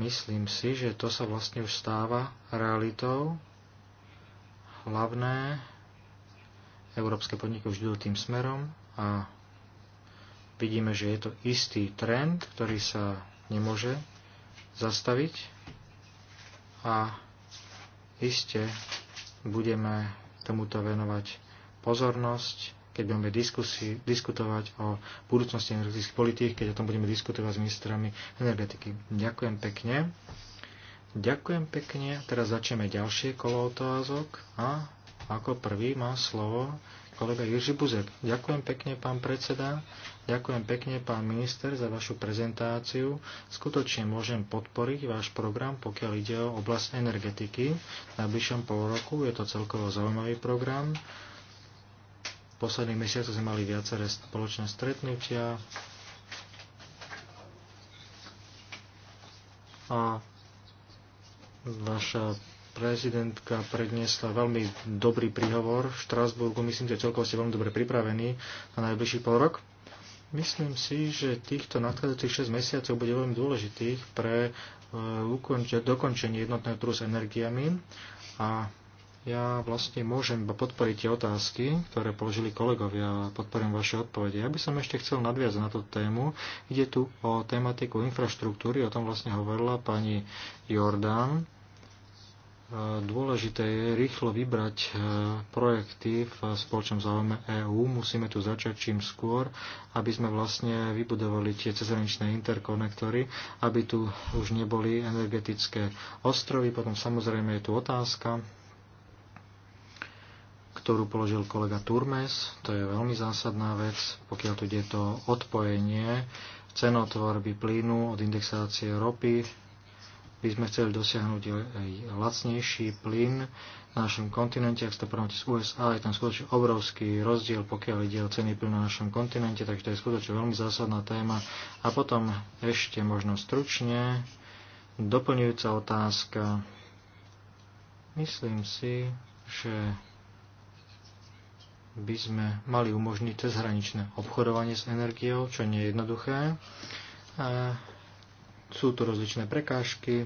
Myslím si, že to sa vlastne už stáva realitou. Hlavné európske podniky už idú tým smerom a vidíme, že je to istý trend, ktorý sa nemôže zastaviť a iste budeme tomuto venovať pozornosť keď budeme diskusi, diskutovať o budúcnosti energetických politík, keď o tom budeme diskutovať s ministrami energetiky. Ďakujem pekne. Ďakujem pekne. Teraz začneme ďalšie kolo otázok a ako prvý má slovo kolega Jiří Buzek. Ďakujem pekne, pán predseda. Ďakujem pekne, pán minister, za vašu prezentáciu. Skutočne môžem podporiť váš program, pokiaľ ide o oblasť energetiky. na bližšom pol roku je to celkovo zaujímavý program posledných mesiacoch sme mali viaceré spoločné stretnutia a vaša prezidentka predniesla veľmi dobrý príhovor v Štrasburgu. Myslím, že celkovo ste veľmi dobre pripravení na najbližší pol rok. Myslím si, že týchto nadchádzajúcich 6 mesiacov bude veľmi dôležitých pre e, dokončenie jednotného trhu s energiami a ja vlastne môžem iba podporiť tie otázky, ktoré položili kolegovia a podporím vaše odpovede. Ja by som ešte chcel nadviazať na tú tému. Ide tu o tematiku infraštruktúry, o tom vlastne hovorila pani Jordán. E, dôležité je rýchlo vybrať e, projekty v spoločnom záujme EÚ. Musíme tu začať čím skôr, aby sme vlastne vybudovali tie cezhraničné interkonektory, aby tu už neboli energetické ostrovy. Potom samozrejme je tu otázka ktorú položil kolega Turmes. To je veľmi zásadná vec, pokiaľ tu ide to odpojenie cenotvorby plynu od indexácie ropy. By sme chceli dosiahnuť aj lacnejší plyn na našom kontinente. Ak ste porovnáte s USA, je tam skutočne obrovský rozdiel, pokiaľ ide o ceny plynu na našom kontinente, takže to je skutočne veľmi zásadná téma. A potom ešte možno stručne doplňujúca otázka. Myslím si, že by sme mali umožniť cezhraničné obchodovanie s energiou, čo nie je jednoduché. A sú tu rozličné prekážky.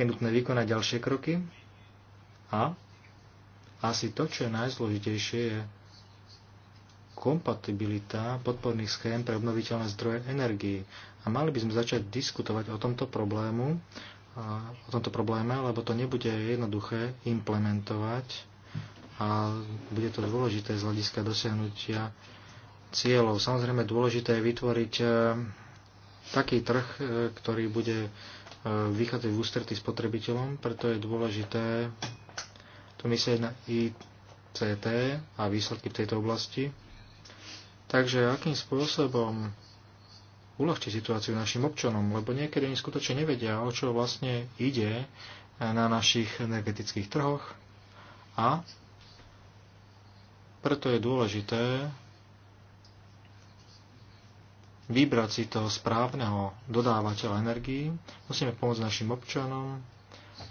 Je nutné vykonať ďalšie kroky. A asi to, čo je najzložitejšie, je kompatibilita podporných schém pre obnoviteľné zdroje energii. A mali by sme začať diskutovať o tomto problému o tomto probléme, lebo to nebude jednoduché implementovať a bude to dôležité z hľadiska dosiahnutia cieľov. Samozrejme dôležité je vytvoriť e, taký trh, e, ktorý bude e, vychádzať v ústretí spotrebiteľom, preto je dôležité to myslieť na ICT a výsledky v tejto oblasti. Takže akým spôsobom uľahčí situáciu našim občanom, lebo niekedy oni skutočne nevedia, o čo vlastne ide na našich energetických trhoch a preto je dôležité vybrať si toho správneho dodávateľa energii. Musíme pomôcť našim občanom,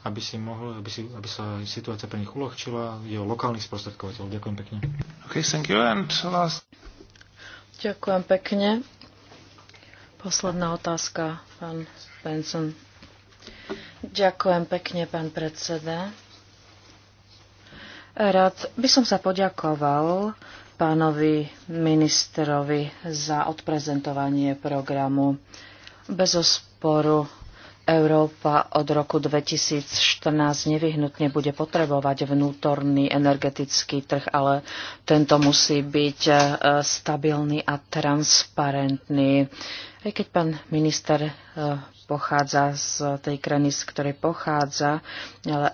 aby, si mohli, aby, si, aby sa situácia pre nich uľahčila. Je o lokálnych sprostredkovateľov. Ďakujem pekne. Okay, thank you and last... Ďakujem pekne. Posledná otázka, pán Benson. Ďakujem pekne, pán predseda. Rád by som sa poďakoval pánovi ministrovi za odprezentovanie programu. Bez osporu Európa od roku 2014 nevyhnutne bude potrebovať vnútorný energetický trh, ale tento musí byť e, stabilný a transparentný. Aj keď pán minister e, pochádza z tej krajiny, z ktorej pochádza, ale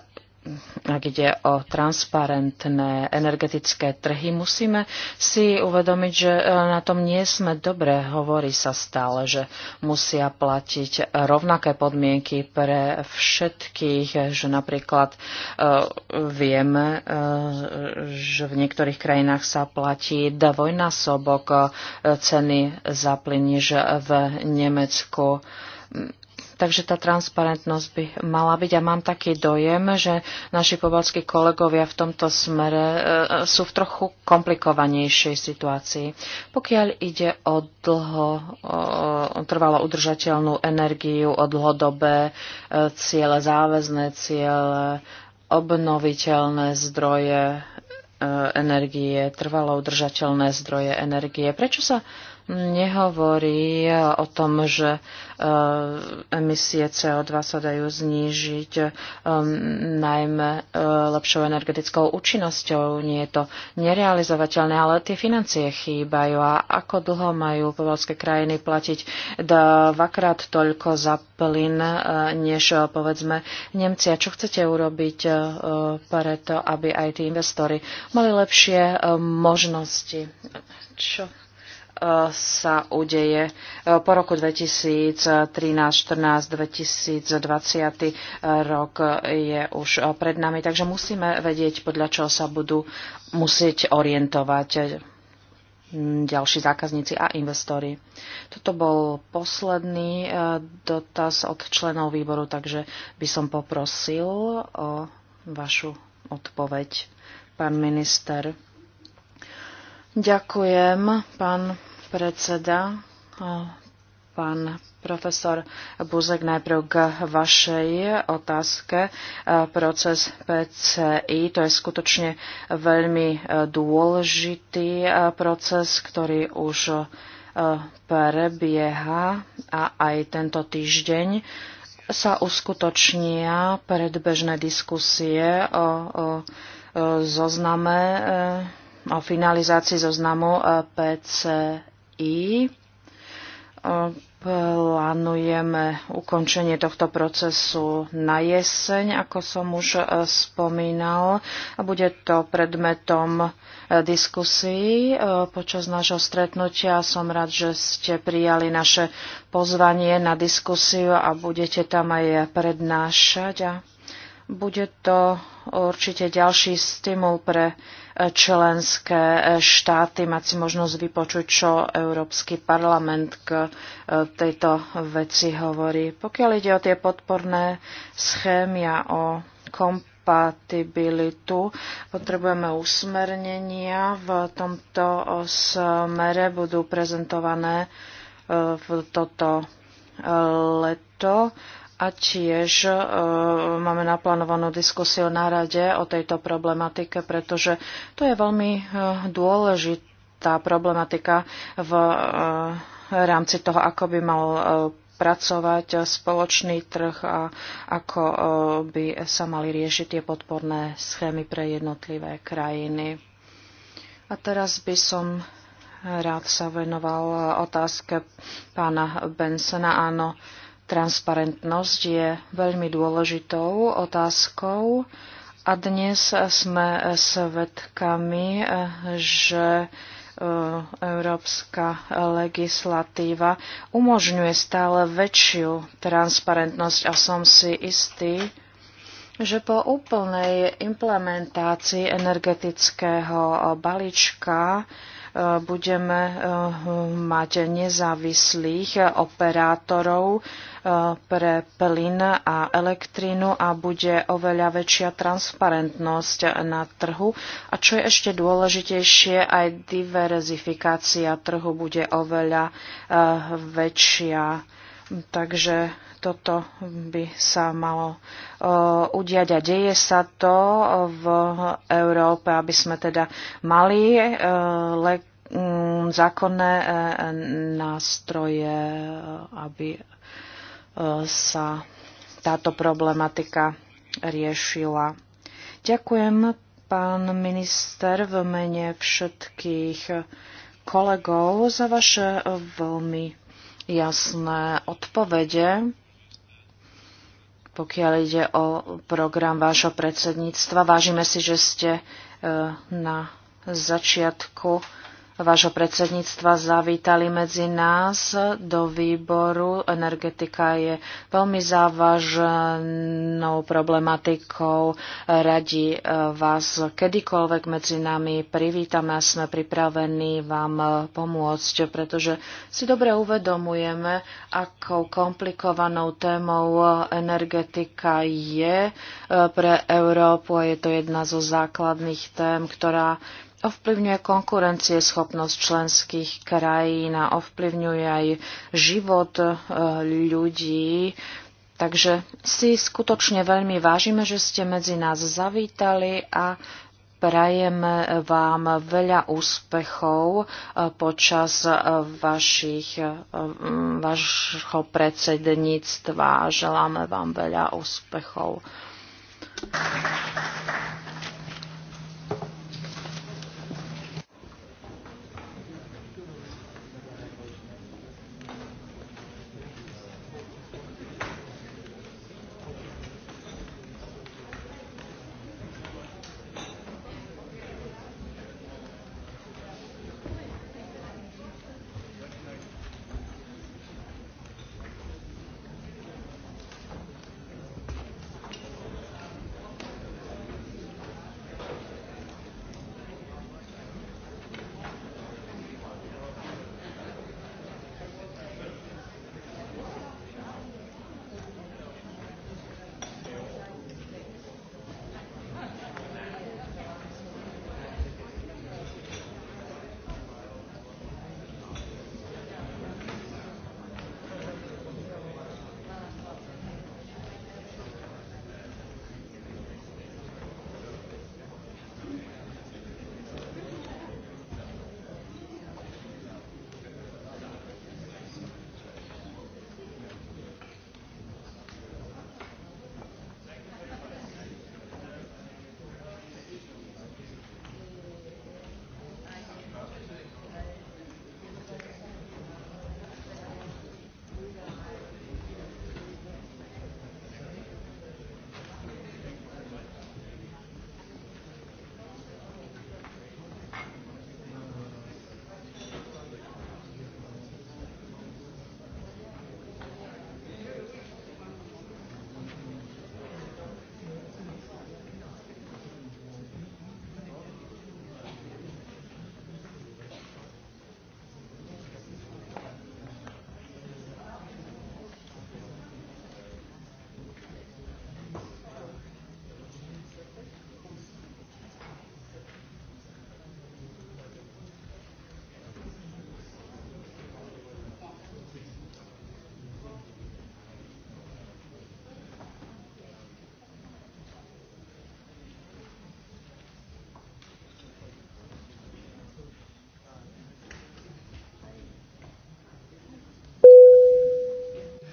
ak ide o transparentné energetické trhy, musíme si uvedomiť, že e, na tom nie sme dobré, Hovorí sa stále, že musia platiť rovnaké podmienky pre všetkých, že napríklad e, vieme, e, že v niektorých krajinách sa platí dvojnásobok ceny za plyn, že v Nemecku Takže tá transparentnosť by mala byť a mám taký dojem, že naši pobalskí kolegovia v tomto smere e, e, sú v trochu komplikovanejšej situácii. Pokiaľ ide o dlho e, trvalo udržateľnú energiu, o dlhodobé e, ciele, záväzné ciele, obnoviteľné zdroje energie, trvalo udržateľné zdroje energie. Prečo sa nehovorí o tom, že eh, emisie CO2 sa dajú znížiť eh, najmä eh, lepšou energetickou účinnosťou. Nie je to nerealizovateľné, ale tie financie chýbajú. A ako dlho majú povolské krajiny platiť dvakrát toľko za plyn, než povedzme Nemci. A čo chcete urobiť preto, aby aj tí investori mali lepšie možnosti? Čo sa udeje e, po roku 2013, 14, 2020 rok je už e, pred nami, takže musíme vedieť, podľa čoho sa budú musieť orientovať e, ďalší zákazníci a investori. Toto bol posledný dotaz od členov výboru, takže by som poprosil o vašu odpoveď, pán minister. Ďakujem, pán predseda, pán profesor Buzek, najprv k vašej otázke. Proces PCI to je skutočne veľmi e, dôležitý e, proces, ktorý už e, prebieha a aj tento týždeň sa uskutočnia predbežné diskusie o, o zozname o finalizácii zoznamu e, PCI. E, plánujeme ukončenie tohto procesu na jeseň, ako som už e, spomínal. Bude to predmetom diskusí počas nášho stretnutia. Som rád, že ste prijali naše pozvanie na diskusiu a budete tam aj prednášať. A bude to určite ďalší stimul pre členské štáty mať si možnosť vypočuť, čo Európsky parlament k e, tejto veci hovorí. Pokiaľ ide o tie podporné schémy a o kompatibilitu, potrebujeme usmernenia. V tomto smere budú prezentované e, v toto leto a tiež e, máme naplánovanú diskusiu na rade o tejto problematike, pretože to je veľmi e, dôležitá problematika v e, rámci toho, ako by mal pracovať spoločný trh a ako by sa mali riešiť tie podporné schémy pre jednotlivé krajiny. A teraz by som rád sa venoval otázke pána Bensona. Áno, Transparentnosť je veľmi dôležitou otázkou a dnes sme svedkami, že e, európska legislatíva umožňuje stále väčšiu transparentnosť a som si istý, že po úplnej implementácii energetického balíčka budeme eh, mať nezávislých operátorov eh, pre plyn a elektrínu a bude oveľa väčšia transparentnosť na trhu. A čo je ešte dôležitejšie, aj diverzifikácia trhu bude oveľa eh, väčšia. Takže toto by sa malo e, udiať a deje sa to v Európe, aby sme teda mali e, mm, zákonné e, nástroje, aby sa táto problematika riešila. Ďakujem, pán minister, v mene všetkých kolegov za vaše veľmi jasné odpovede pokiaľ ide o program vášho predsedníctva. Vážime si, že ste eh, na začiatku vášho predsedníctva zavítali medzi nás do výboru. Energetika je veľmi závažnou problematikou. Radi eh, vás kedykoľvek medzi nami privítame a sme pripravení vám eh, pomôcť, pretože si dobre uvedomujeme, akou komplikovanou témou eh, energetika je pre Európu a je to jedna zo základných tém, ktorá ovplyvňuje konkurencieschopnosť členských krajín a ovplyvňuje aj život e, ľudí. Takže si skutočne veľmi vážime, že ste medzi nás zavítali a prajeme vám veľa úspechov e, počas e, vašich, vašho predsedníctva. Želáme vám veľa úspechov.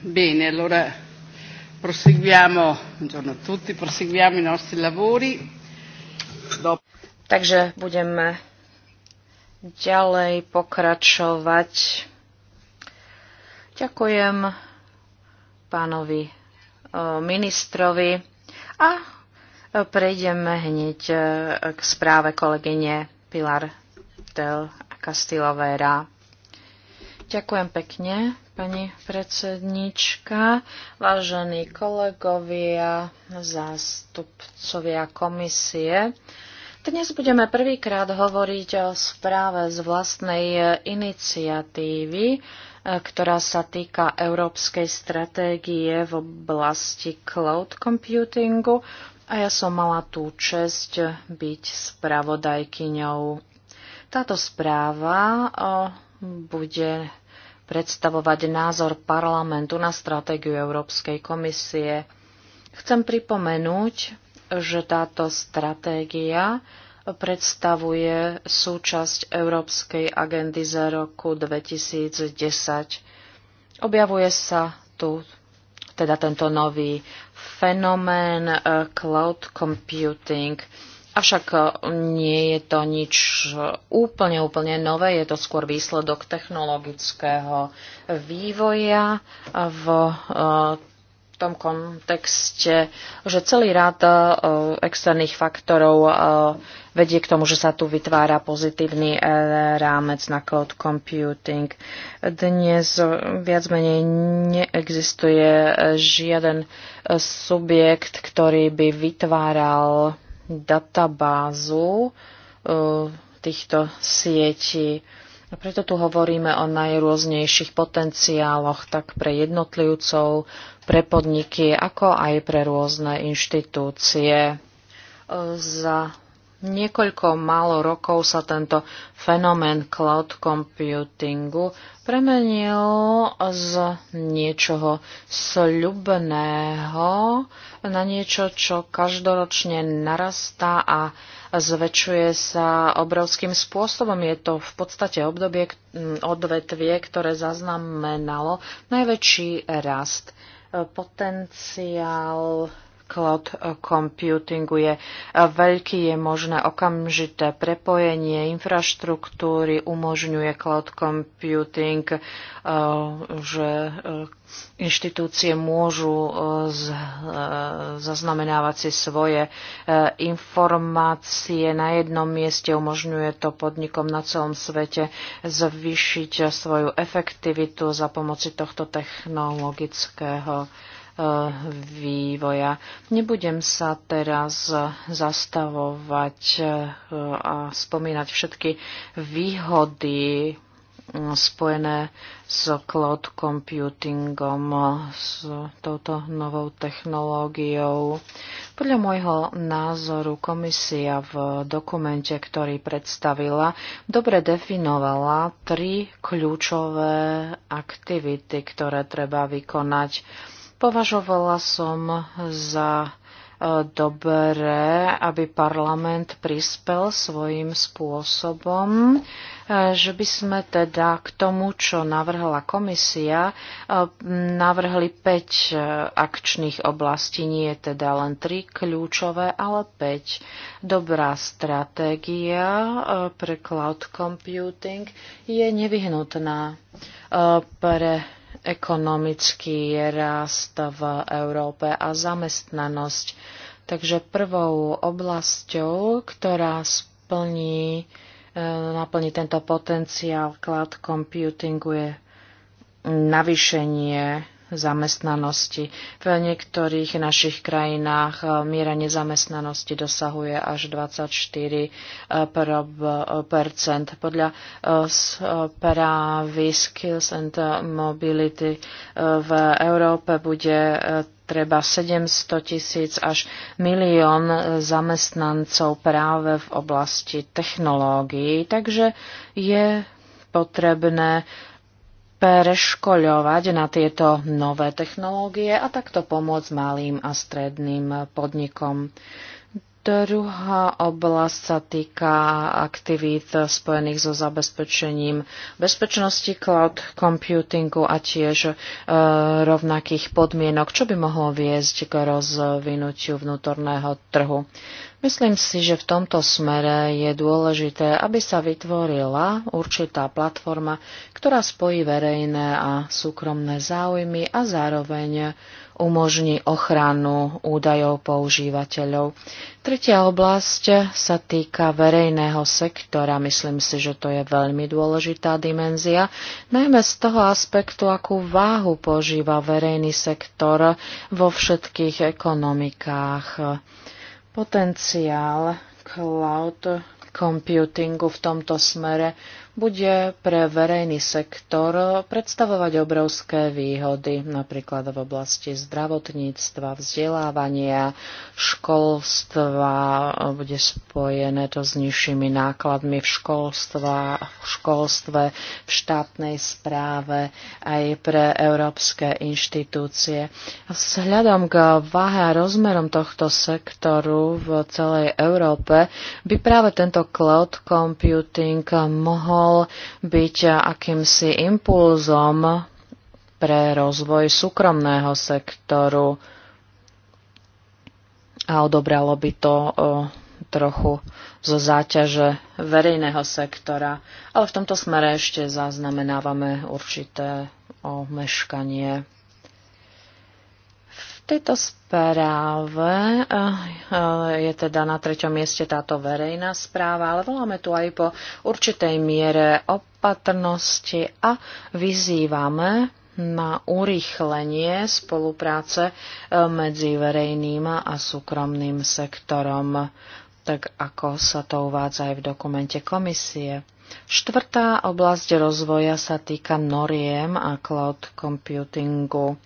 Bene, allora proseguiamo, buongiorno a tutti, proseguiamo i nostri lavori. Dopo... Takže budeme ďalej pokračovať. Ďakujem pánovi e, ministrovi a prejdeme hneď e, k správe kolegyne Pilar del Castillovera. Ďakujem pekne pani predsednička, vážení kolegovia, zástupcovia komisie. Dnes budeme prvýkrát hovoriť o správe z vlastnej iniciatívy, ktorá sa týka európskej stratégie v oblasti cloud computingu a ja som mala tú čest byť spravodajkyňou. Táto správa bude predstavovať názor parlamentu na stratégiu Európskej komisie. Chcem pripomenúť, že táto stratégia predstavuje súčasť Európskej agendy za roku 2010. Objavuje sa tu teda tento nový fenomén eh, cloud computing. Avšak e, nie je to nič e, úplne, úplne nové, je to skôr výsledok technologického vývoja v e, tom kontexte, že celý rád externých faktorov vedie k tomu, že sa tu vytvára pozitívny rámec na cloud computing. Dnes viac menej neexistuje žiaden subjekt, ktorý by vytváral databázu e, týchto sietí. A preto tu hovoríme o najrôznejších potenciáloch tak pre jednotlivcov, pre podniky, ako aj pre rôzne inštitúcie. E, za niekoľko málo rokov sa tento fenomén cloud computingu premenil z niečoho sľubného na niečo, čo každoročne narastá a zväčšuje sa obrovským spôsobom. Je to v podstate obdobie mm, odvetvie, ktoré zaznamenalo najväčší rast potenciál cloud computingu je veľký, je možné okamžité prepojenie infraštruktúry, umožňuje cloud computing, eh, že eh, inštitúcie môžu eh, zaznamenávať si svoje informácie na jednom mieste, umožňuje to podnikom na celom svete zvýšiť svoju efektivitu za pomoci tohto technologického vývoja. Nebudem sa teraz zastavovať e, a spomínať všetky výhody mm, spojené s cloud computingom, s touto novou technológiou. Podľa môjho názoru komisia v dokumente, ktorý predstavila, dobre definovala tri kľúčové aktivity, ktoré treba vykonať Považovala som za e, dobré, aby parlament prispel svojím spôsobom, e, že by sme teda k tomu, čo navrhla komisia, e, navrhli 5 akčných oblastí, nie teda len 3 kľúčové, ale 5. Dobrá stratégia pre cloud computing je nevyhnutná pre ekonomický rast v Európe a zamestnanosť. Takže prvou oblasťou, ktorá splní, e, naplní tento potenciál cloud computingu je navýšenie zamestnanosti. V niektorých našich krajinách eh, miera nezamestnanosti dosahuje až 24 eh, Podľa eh, správy Skills and Mobility v Európe bude treba 700 tisíc až milión zamestnancov práve v oblasti technológií. Takže je potrebné preškoľovať na tieto nové technológie a takto pomôcť malým a stredným podnikom. Druhá oblasť sa týka aktivít spojených so zabezpečením bezpečnosti cloud computingu a tiež e, rovnakých podmienok, čo by mohlo viesť k rozvinutiu vnútorného trhu. Myslím si, že v tomto smere je dôležité, aby sa vytvorila určitá platforma, ktorá spojí verejné a súkromné záujmy a zároveň umožní ochranu údajov používateľov. Tretia oblasť sa týka verejného sektora. Myslím si, že to je veľmi dôležitá dimenzia, najmä z toho aspektu, akú váhu požíva verejný sektor vo všetkých ekonomikách. Potenciál cloud computingu v tomto smere bude pre verejný sektor predstavovať obrovské výhody, napríklad v oblasti zdravotníctva, vzdelávania, školstva, bude spojené to s nižšími nákladmi v, školstva, v školstve, v štátnej správe, aj pre európske inštitúcie. Vzhľadom k váhe a rozmerom tohto sektoru v celej Európe by práve tento cloud computing mohol mohol byť akýmsi impulzom pre rozvoj súkromného sektoru a odobralo by to e, trochu zo záťaže verejného sektora. Ale v tomto smere ešte zaznamenávame určité omeškanie tejto správe eh, eh, je teda na treťom mieste táto verejná správa, ale voláme tu aj po určitej miere opatrnosti a vyzývame na urýchlenie spolupráce eh, medzi verejným a súkromným sektorom, tak ako sa to uvádza aj v dokumente komisie. Štvrtá oblasť rozvoja sa týka noriem a cloud computingu.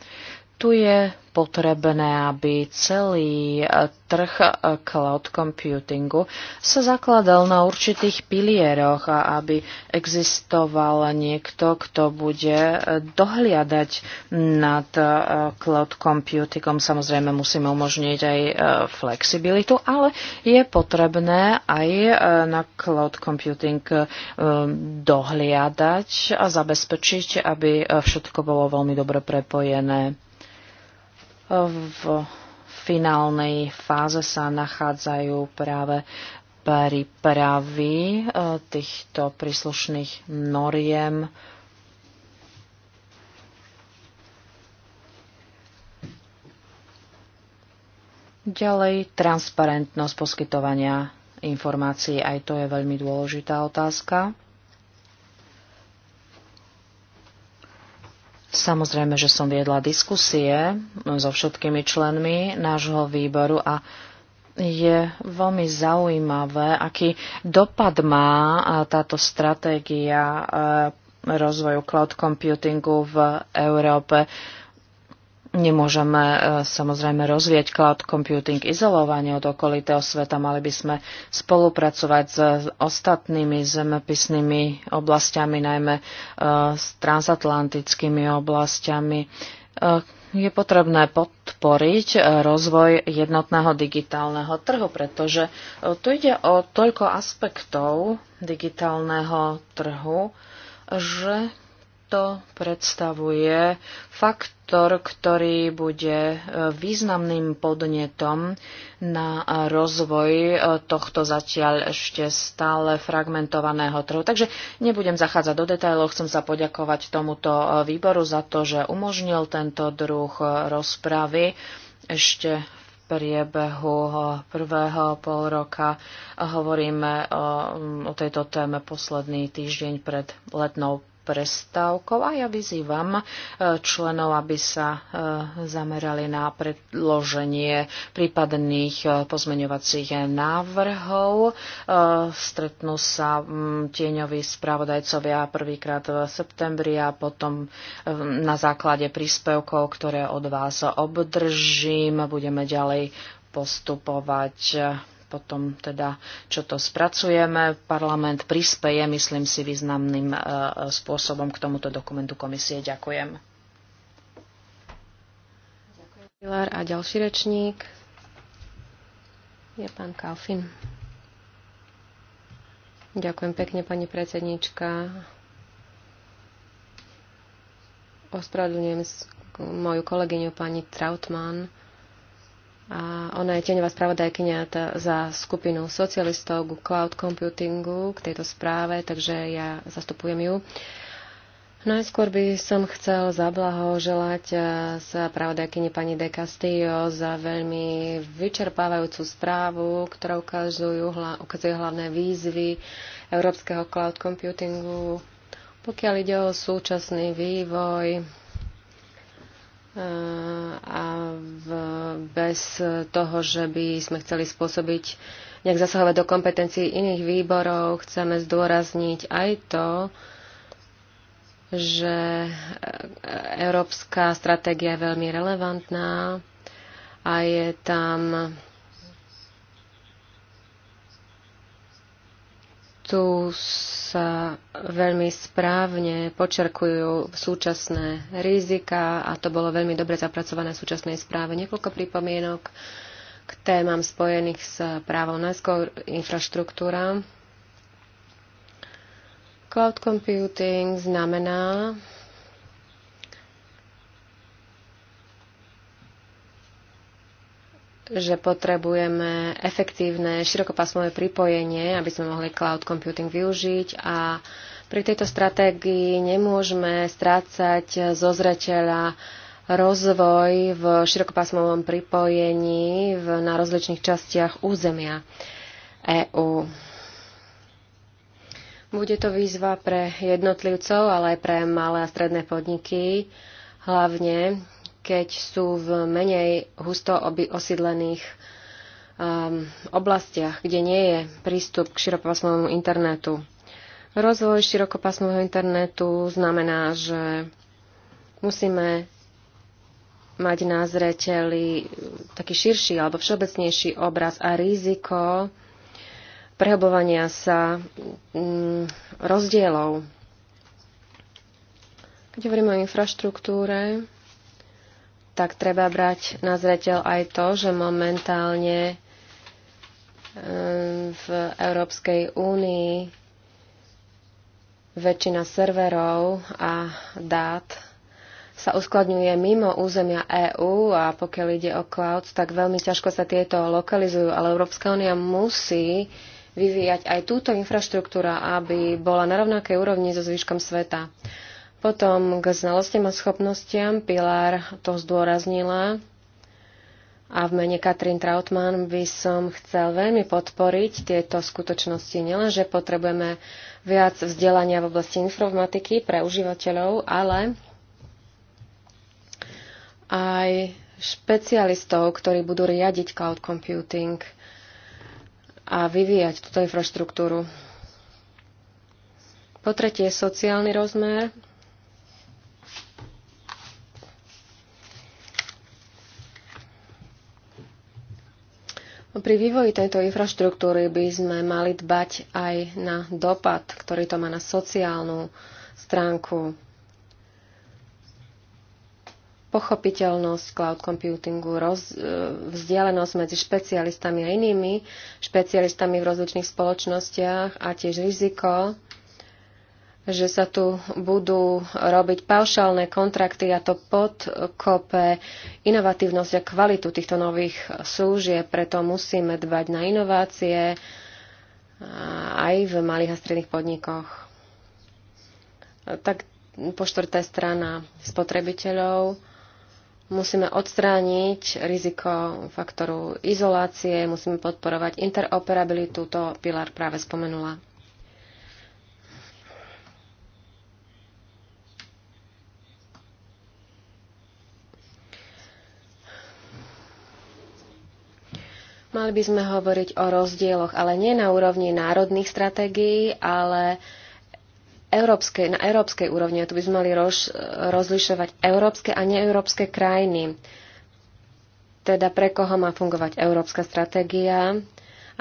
Tu je potrebné, aby celý eh, trh eh, cloud computingu sa zakladal na určitých pilieroch a aby existoval niekto, kto bude eh, dohliadať nad cloud computingom. Samozrejme musíme umožniť aj flexibilitu, ale je potrebné aj na cloud computing dohliadať a zabezpečiť, aby všetko bolo veľmi dobre prepojené. V finálnej fáze sa nachádzajú práve prípravy e, týchto príslušných noriem Ďalej transparentnosť poskytovania informácií, aj to je veľmi dôležitá otázka. Samozrejme, že som viedla diskusie so všetkými členmi nášho výboru a je veľmi zaujímavé, aký dopad má táto stratégia rozvoju cloud computingu v Európe. Nemôžeme e, samozrejme rozvieť cloud computing izolovanie od okolitého sveta. Mali by sme spolupracovať s ostatnými zemepisnými oblastiami, najmä e, s transatlantickými oblastiami. E, je potrebné podporiť rozvoj jednotného digitálneho trhu, pretože tu ide o toľko aspektov digitálneho trhu, že to predstavuje faktor, ktorý bude e, významným podnetom na e, rozvoj e, tohto zatiaľ ešte stále fragmentovaného trhu. Takže nebudem zachádzať do detajlov, chcem sa poďakovať tomuto výboru za to, že umožnil tento druh rozpravy ešte priebehu prvého pol roka. Hovoríme o tejto téme posledný týždeň pred letnou prestávkou a ja vyzývam e, členov, aby sa e, zamerali na predloženie prípadných e, pozmeňovacích návrhov. Stretnú sa tieňoví spravodajcovia prvýkrát v septembri a potom na základe príspevkov, ktoré od vás obdržím, budeme ďalej postupovať potom teda, čo to spracujeme, parlament prispeje, myslím si, významným e, spôsobom k tomuto dokumentu komisie. Ďakujem. Ďakujem, Pilar. A ďalší rečník je pán Kalfin. Ďakujem pekne, pani predsednička. Ospravedlňujem moju kolegyňu pani Trautmann a ona je tieňová spravodajkynia za skupinu socialistov k cloud computingu, k tejto správe, takže ja zastupujem ju. Najskôr by som chcel zablahoželať e, sa pravodajkyni pani De Castillo za veľmi vyčerpávajúcu správu, ktorá ukazujú, ukazuje hlavné výzvy európskeho cloud computingu, pokiaľ ide o súčasný vývoj E, a v, bez toho, že by sme chceli spôsobiť nejak zasahovať do kompetencií iných výborov, chceme zdôrazniť aj to, že európska stratégia je veľmi relevantná a je tam Tu sa veľmi správne počerkujú súčasné rizika a to bolo veľmi dobre zapracované v súčasnej správe. Niekoľko pripomienok k témam spojených s právom na infraštruktúra. Cloud computing znamená že potrebujeme efektívne širokopásmové pripojenie, aby sme mohli cloud computing využiť a pri tejto stratégii nemôžeme strácať zo zreteľa rozvoj v širokopásmovom pripojení v, na rozličných častiach územia EÚ. Bude to výzva pre jednotlivcov, ale aj pre malé a stredné podniky, hlavne keď sú v menej husto osídlených um, oblastiach, kde nie je prístup k širokopásmovému internetu. Rozvoj širokopásmového internetu znamená, že musíme mať na zreteli taký širší alebo všeobecnejší obraz a riziko prehobovania sa mm, rozdielov. Keď hovoríme o infraštruktúre, tak treba brať na zreteľ aj to, že momentálne e, v Európskej únii väčšina serverov a dát sa uskladňuje mimo územia EÚ a pokiaľ ide o cloud, tak veľmi ťažko sa tieto lokalizujú, ale Európska únia musí vyvíjať aj túto infraštruktúru, aby bola na rovnakej úrovni so zvyškom sveta. Potom k znalostiam a schopnostiam Pilar to zdôraznila a v mene Katrin Trautmann by som chcel veľmi podporiť tieto skutočnosti. Nielenže potrebujeme viac vzdelania v oblasti informatiky pre užívateľov, ale aj špecialistov, ktorí budú riadiť cloud computing a vyvíjať túto infraštruktúru. Po tretie, sociálny rozmer Pri vývoji tejto infraštruktúry by sme mali dbať aj na dopad, ktorý to má na sociálnu stránku, pochopiteľnosť cloud computingu, roz, e, vzdialenosť medzi špecialistami a inými špecialistami v rozličných spoločnostiach a tiež riziko že sa tu budú robiť paušálne kontrakty a to podkope inovatívnosť a kvalitu týchto nových súžie. Preto musíme dbať na inovácie aj v malých a stredných podnikoch. Tak po štvrté strana spotrebiteľov. Musíme odstrániť riziko faktoru izolácie, musíme podporovať interoperabilitu, to Pilar práve spomenula. Mali by sme hovoriť o rozdieloch, ale nie na úrovni národných stratégií, ale európske, na európskej úrovni. A tu by sme mali roz, rozlišovať európske a neeurópske krajiny. Teda pre koho má fungovať európska stratégia,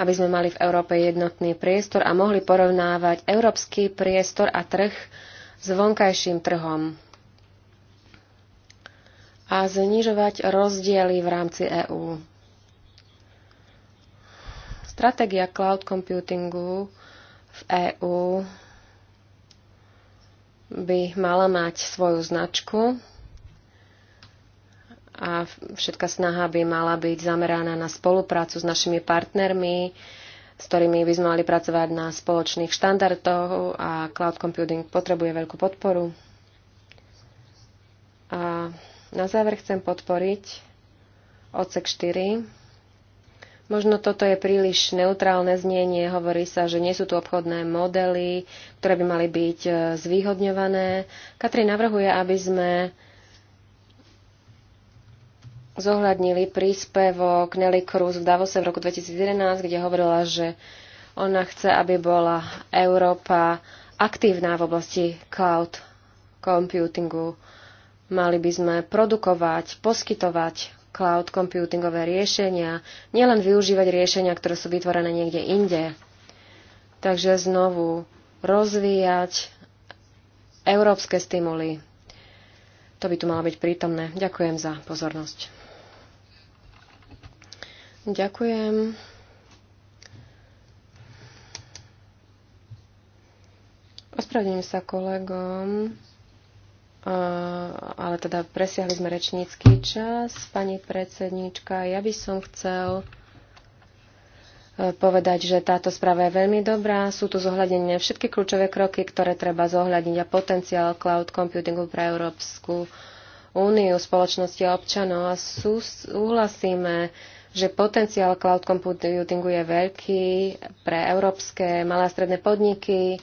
aby sme mali v Európe jednotný priestor a mohli porovnávať európsky priestor a trh s vonkajším trhom a znižovať rozdiely v rámci EÚ. Stratégia cloud computingu v EÚ by mala mať svoju značku a všetká snaha by mala byť zameraná na spoluprácu s našimi partnermi, s ktorými by sme mali pracovať na spoločných štandardoch a cloud computing potrebuje veľkú podporu. A na záver chcem podporiť odsek 4 Možno toto je príliš neutrálne znenie. Hovorí sa, že nie sú tu obchodné modely, ktoré by mali byť e, zvýhodňované. Katri navrhuje, aby sme zohľadnili príspevok Nelly Cruz v Davose v roku 2011, kde hovorila, že ona chce, aby bola Európa aktívna v oblasti cloud computingu. Mali by sme produkovať, poskytovať cloud computingové riešenia, nielen využívať riešenia, ktoré sú vytvorené niekde inde. Takže znovu rozvíjať európske stimuly. To by tu malo byť prítomné. Ďakujem za pozornosť. Ďakujem. Ospravedlňujem sa kolegom. Eh, ale teda presiahli sme rečnícky čas. Pani predsedníčka, ja by som chcel eh, povedať, že táto správa je veľmi dobrá. Sú tu zohľadenie všetky kľúčové kroky, ktoré treba zohľadniť a potenciál cloud computingu pre Európsku úniu, spoločnosti a občanov a súhlasíme, že potenciál cloud computingu je veľký pre európske malé a stredné podniky,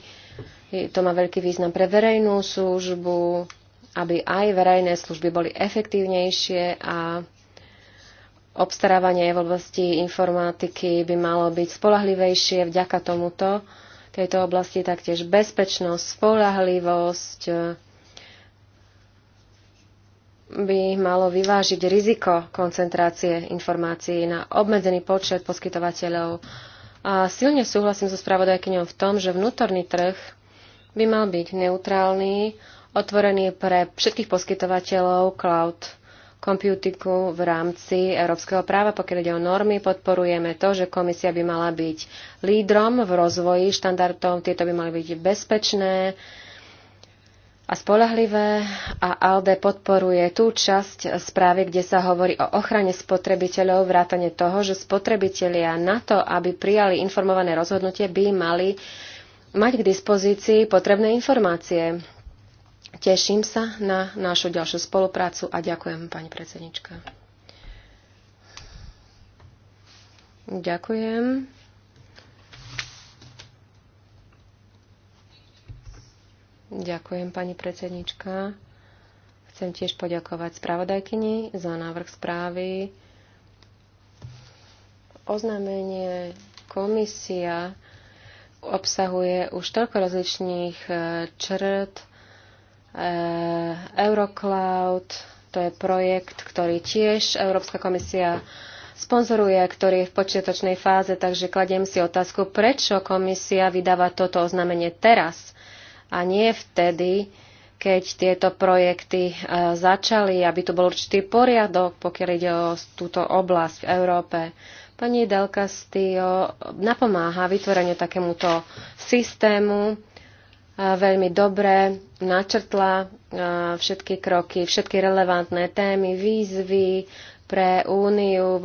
to má veľký význam pre verejnú službu, aby aj verejné služby boli efektívnejšie a obstarávanie v oblasti informatiky by malo byť spolahlivejšie vďaka tomuto, tejto oblasti taktiež bezpečnosť, spolahlivosť eh, by malo vyvážiť riziko koncentrácie informácií na obmedzený počet poskytovateľov. A silne súhlasím so spravodajkyňou v tom, že vnútorný trh by mal byť neutrálny, otvorený pre všetkých poskytovateľov cloud computingu v rámci európskeho práva. Pokiaľ ide o normy, podporujeme to, že komisia by mala byť lídrom v rozvoji štandardov. Tieto by mali byť bezpečné a spolahlivé a ALDE podporuje tú časť správy, kde sa hovorí o ochrane spotrebiteľov, vrátane toho, že spotrebitelia na to, aby prijali informované rozhodnutie, by mali mať k dispozícii potrebné informácie Teším sa na našu ďalšiu spoluprácu a ďakujem, pani predsednička. Ďakujem. Ďakujem, pani predsednička. Chcem tiež poďakovať spravodajkyni za návrh správy. Oznámenie komisia obsahuje už toľko rozličných eh, črt, Eh, Eurocloud, to je projekt, ktorý tiež Európska komisia sponzoruje, ktorý je v počiatočnej fáze, takže kladiem si otázku, prečo komisia vydáva toto oznámenie teraz a nie vtedy, keď tieto projekty eh, začali, aby tu bol určitý poriadok, pokiaľ ide o túto oblasť v Európe. Pani Delkastio napomáha vytvoreniu takémuto systému, veľmi dobre načrtla všetky kroky, všetky relevantné témy, výzvy pre Úniu,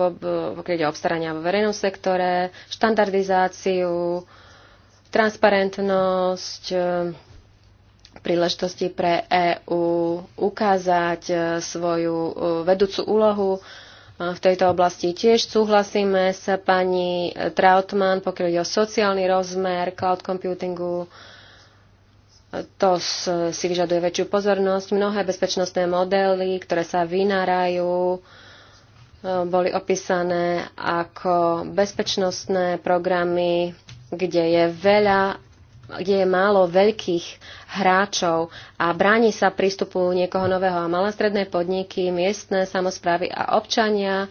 keď je obstarania vo verejnom sektore, štandardizáciu, transparentnosť, príležitosti pre EÚ ukázať svoju vedúcu úlohu v tejto oblasti. Tiež súhlasíme sa pani Trautmann, pokiaľ ide o sociálny rozmer cloud computingu, to si vyžaduje väčšiu pozornosť. Mnohé bezpečnostné modely, ktoré sa vynárajú, eh, boli opísané ako bezpečnostné programy, kde je veľa kde je málo veľkých hráčov a bráni sa prístupu niekoho nového a malé stredné podniky, miestne samozprávy a občania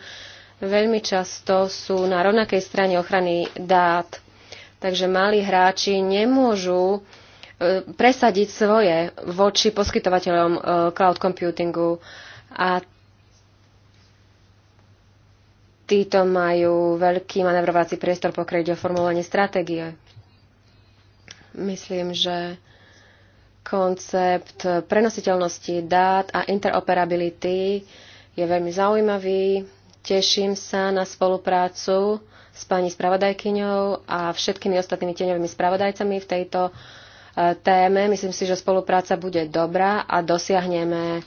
veľmi často sú na rovnakej strane ochrany dát. Takže malí hráči nemôžu presadiť svoje voči poskytovateľom e, cloud computingu a títo majú veľký manevrovací priestor pokryť o formulovanie stratégie. Myslím, že koncept prenositeľnosti dát a interoperability je veľmi zaujímavý. Teším sa na spoluprácu s pani spravodajkyňou a všetkými ostatnými tieňovými spravodajcami v tejto E, téme. Myslím si, že spolupráca bude dobrá a dosiahneme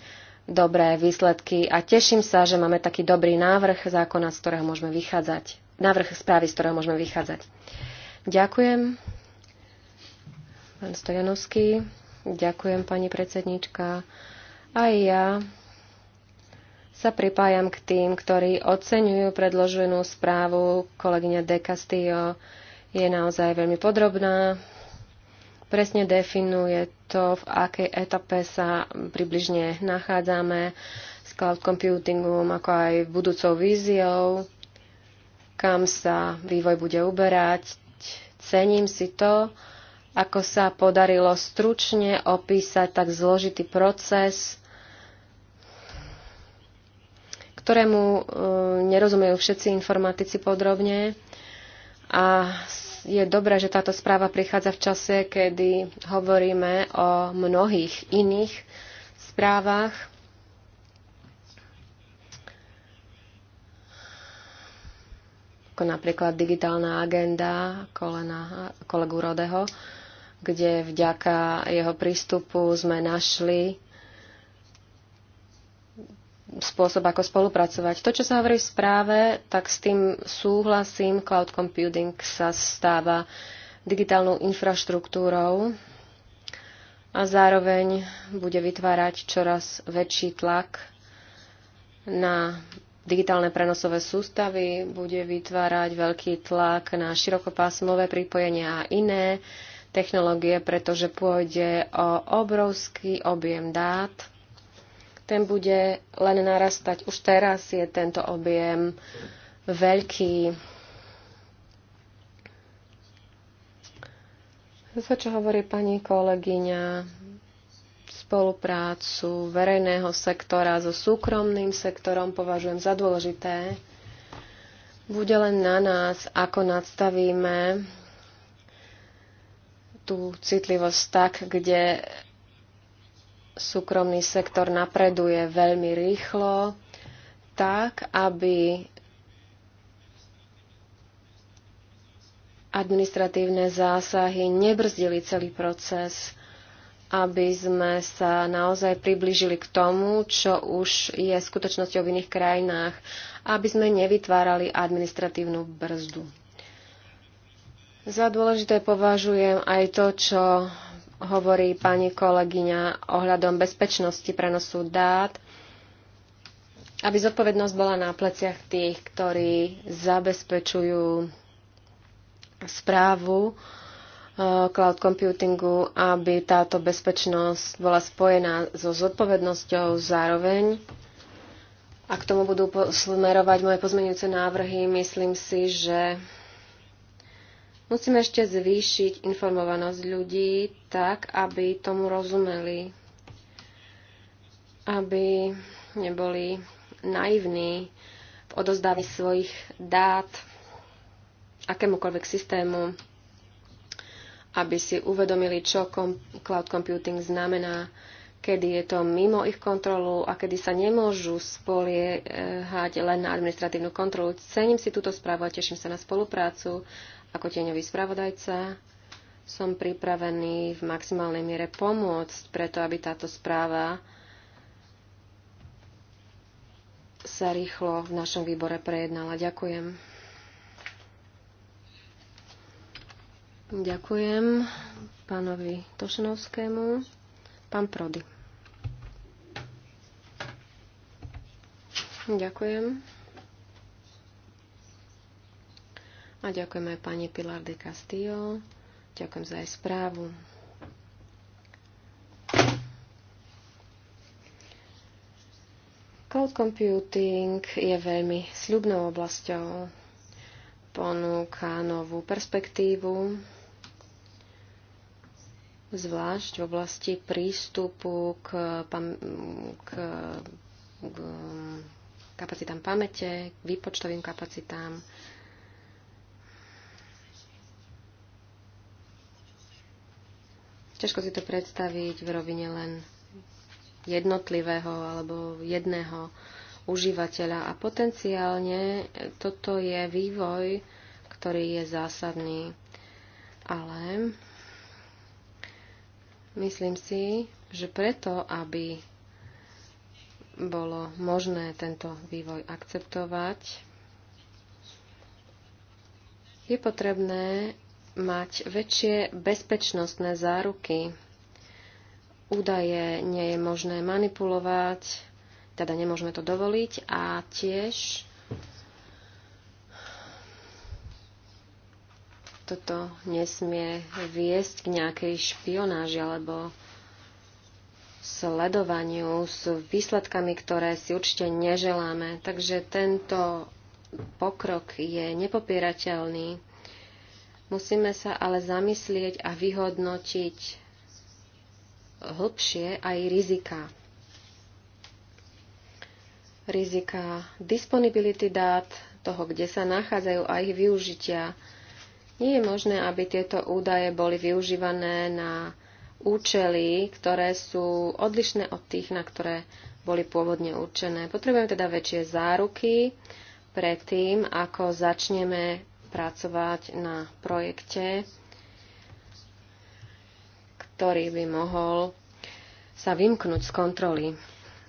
dobré výsledky a teším sa, že máme taký dobrý návrh zákona, z ktorého môžeme vychádzať. Návrh správy, z ktorého môžeme vychádzať. Ďakujem. Pán Stojanovský, ďakujem pani predsednička. Aj ja sa pripájam k tým, ktorí oceňujú predloženú správu. Kolegyňa De Castillo je naozaj veľmi podrobná, Presne definuje to, v akej etape sa približne nachádzame s cloud computingom, ako aj budúcou víziou, kam sa vývoj bude uberať. Cením si to, ako sa podarilo stručne opísať tak zložitý proces, ktorému eh, nerozumejú všetci informatici podrobne a je dobré, že táto správa prichádza v čase, kedy hovoríme o mnohých iných správach. ako napríklad digitálna agenda kolena, kolegu Rodeho, kde vďaka jeho prístupu sme našli spôsob, ako spolupracovať. To, čo sa hovorí v správe, tak s tým súhlasím. Cloud computing sa stáva digitálnou infraštruktúrou a zároveň bude vytvárať čoraz väčší tlak na digitálne prenosové sústavy, bude vytvárať veľký tlak na širokopásmové pripojenia a iné technológie, pretože pôjde o obrovský objem dát – ten bude len narastať. Už teraz je tento objem veľký. To, čo hovorí pani kolegyňa, spoluprácu verejného sektora so súkromným sektorom považujem za dôležité. Bude len na nás, ako nadstavíme tú citlivosť tak, kde súkromný sektor napreduje veľmi rýchlo, tak aby administratívne zásahy nebrzdili celý proces, aby sme sa naozaj priblížili k tomu, čo už je skutočnosťou v iných krajinách, aby sme nevytvárali administratívnu brzdu. Za dôležité považujem aj to, čo hovorí pani kolegyňa ohľadom bezpečnosti prenosu dát, aby zodpovednosť bola na pleciach tých, ktorí zabezpečujú správu e, cloud computingu, aby táto bezpečnosť bola spojená so zodpovednosťou zároveň. A k tomu budú smerovať moje pozmenujúce návrhy. Myslím si, že Musíme ešte zvýšiť informovanosť ľudí tak, aby tomu rozumeli, aby neboli naivní v odozdávaní svojich dát akémukoľvek systému, aby si uvedomili, čo cloud computing znamená, kedy je to mimo ich kontrolu a kedy sa nemôžu spoliehať len na administratívnu kontrolu. Cením si túto správu a teším sa na spoluprácu ako tieňový spravodajca som pripravený v maximálnej miere pomôcť preto, aby táto správa sa rýchlo v našom výbore prejednala. Ďakujem. Ďakujem pánovi Tošenovskému. Pán Prody. Ďakujem. A ďakujem aj pani Pilar de Castillo. Ďakujem za jej správu. Cloud computing je veľmi sľubnou oblasťou. Ponúka novú perspektívu, zvlášť v oblasti prístupu k, pam- k, k kapacitám pamäte, k výpočtovým kapacitám, Ťažko si to predstaviť v rovine len jednotlivého alebo jedného užívateľa. A potenciálne toto je vývoj, ktorý je zásadný. Ale myslím si, že preto, aby bolo možné tento vývoj akceptovať, je potrebné mať väčšie bezpečnostné záruky. Údaje nie je možné manipulovať, teda nemôžeme to dovoliť a tiež toto nesmie viesť k nejakej špionáži alebo sledovaniu s výsledkami, ktoré si určite neželáme. Takže tento pokrok je nepopierateľný Musíme sa ale zamyslieť a vyhodnotiť hlbšie aj rizika. Rizika disponibility dát, toho, kde sa nachádzajú a ich využitia. Nie je možné, aby tieto údaje boli využívané na účely, ktoré sú odlišné od tých, na ktoré boli pôvodne určené. Potrebujeme teda väčšie záruky pred tým, ako začneme pracovať na projekte, ktorý by mohol sa vymknúť z kontroly.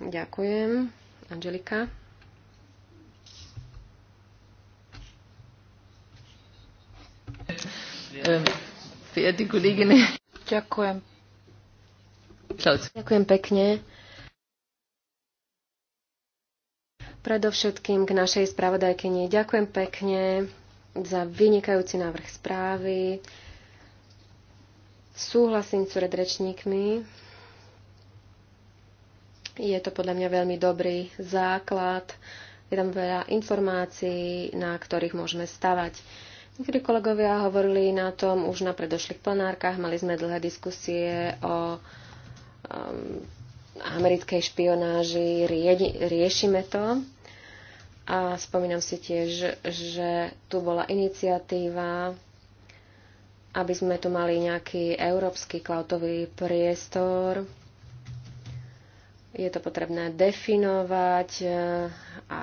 Ďakujem. Angelika. Ehm, Ďakujem. Ďakujem pekne. Predovšetkým k našej spravodajkyni. Ďakujem pekne za vynikajúci návrh správy. Súhlasím s rečníkmi. Je to podľa mňa veľmi dobrý základ. Je tam veľa informácií, na ktorých môžeme stavať. Niektorí kolegovia hovorili na tom už na predošlých plenárkach, mali sme dlhé diskusie o um, americkej špionáži, Rie, riešime to. A spomínam si tiež, že tu bola iniciatíva, aby sme tu mali nejaký európsky cloudový priestor. Je to potrebné definovať e, a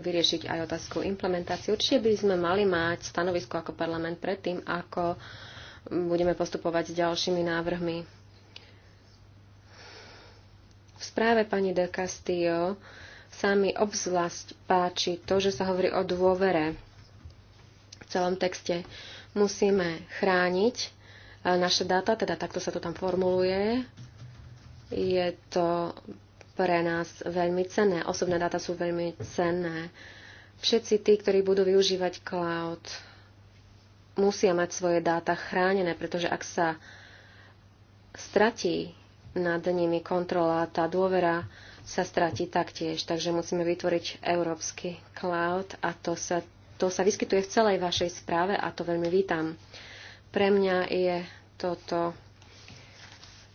vyriešiť aj otázku implementácie. Určite by sme mali mať stanovisko ako parlament predtým, ako budeme postupovať s ďalšími návrhmi. V správe pani de Castillo sa mi obzvlášť páči to, že sa hovorí o dôvere v celom texte. Musíme chrániť e, naše dáta, teda takto sa to tam formuluje. Je to pre nás veľmi cenné. Osobné dáta sú veľmi cenné. Všetci tí, ktorí budú využívať cloud, musia mať svoje dáta chránené, pretože ak sa stratí nad nimi kontrola, tá dôvera, sa stráti taktiež. Takže musíme vytvoriť európsky cloud a to sa, to sa vyskytuje v celej vašej správe a to veľmi vítam. Pre mňa je toto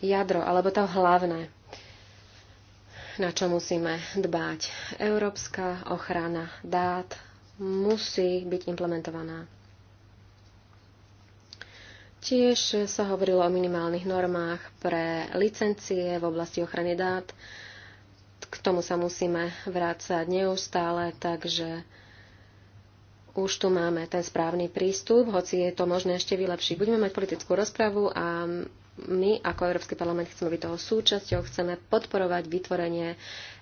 jadro, alebo to hlavné, na čo musíme dbať. Európska ochrana dát musí byť implementovaná. Tiež sa hovorilo o minimálnych normách pre licencie v oblasti ochrany dát k tomu sa musíme vrácať neustále, takže už tu máme ten správny prístup, hoci je to možné ešte vylepšiť. Budeme mať politickú rozpravu a my ako Európsky parlament chceme byť toho súčasťou, chceme podporovať vytvorenie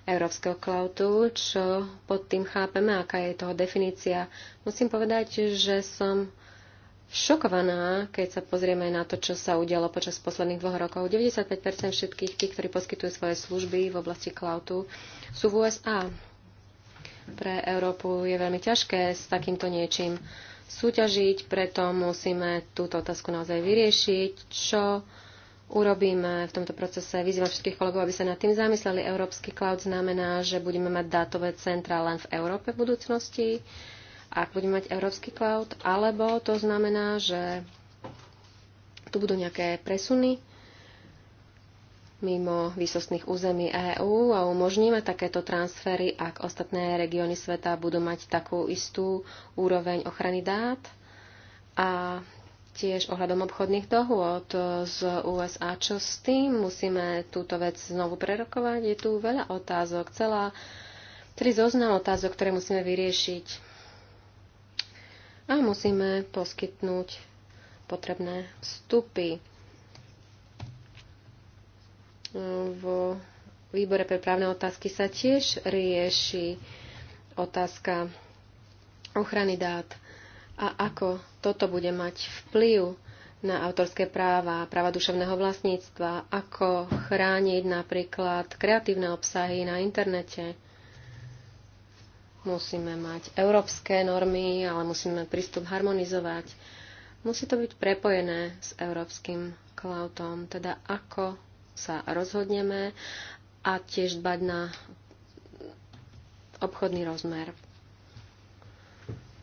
Európskeho klautu, čo pod tým chápeme, aká je toho definícia. Musím povedať, že som šokovaná, keď sa pozrieme na to, čo sa udialo počas posledných dvoch rokov. 95% všetkých tých, ktorí poskytujú svoje služby v oblasti cloudu, sú v USA. Pre Európu je veľmi ťažké s takýmto niečím súťažiť, preto musíme túto otázku naozaj vyriešiť. Čo urobíme v tomto procese? Vyzývam všetkých kolegov, aby sa nad tým zamysleli. Európsky cloud znamená, že budeme mať dátové centra len v Európe v budúcnosti ak budeme mať európsky cloud, alebo to znamená, že tu budú nejaké presuny mimo výsostných území EÚ a umožníme takéto transfery, ak ostatné regióny sveta budú mať takú istú úroveň ochrany dát a tiež ohľadom obchodných dohôd z USA. Čo s tým? Musíme túto vec znovu prerokovať. Je tu veľa otázok, celá, tri zoznam otázok, ktoré musíme vyriešiť a musíme poskytnúť potrebné vstupy V výbore pre právne otázky sa tiež rieši otázka ochrany dát a ako toto bude mať vplyv na autorské práva, práva duševného vlastníctva, ako chrániť napríklad kreatívne obsahy na internete. Musíme mať európske normy, ale musíme prístup harmonizovať. Musí to byť prepojené s európskym cloudom, teda ako sa rozhodneme a tiež dbať na obchodný rozmer.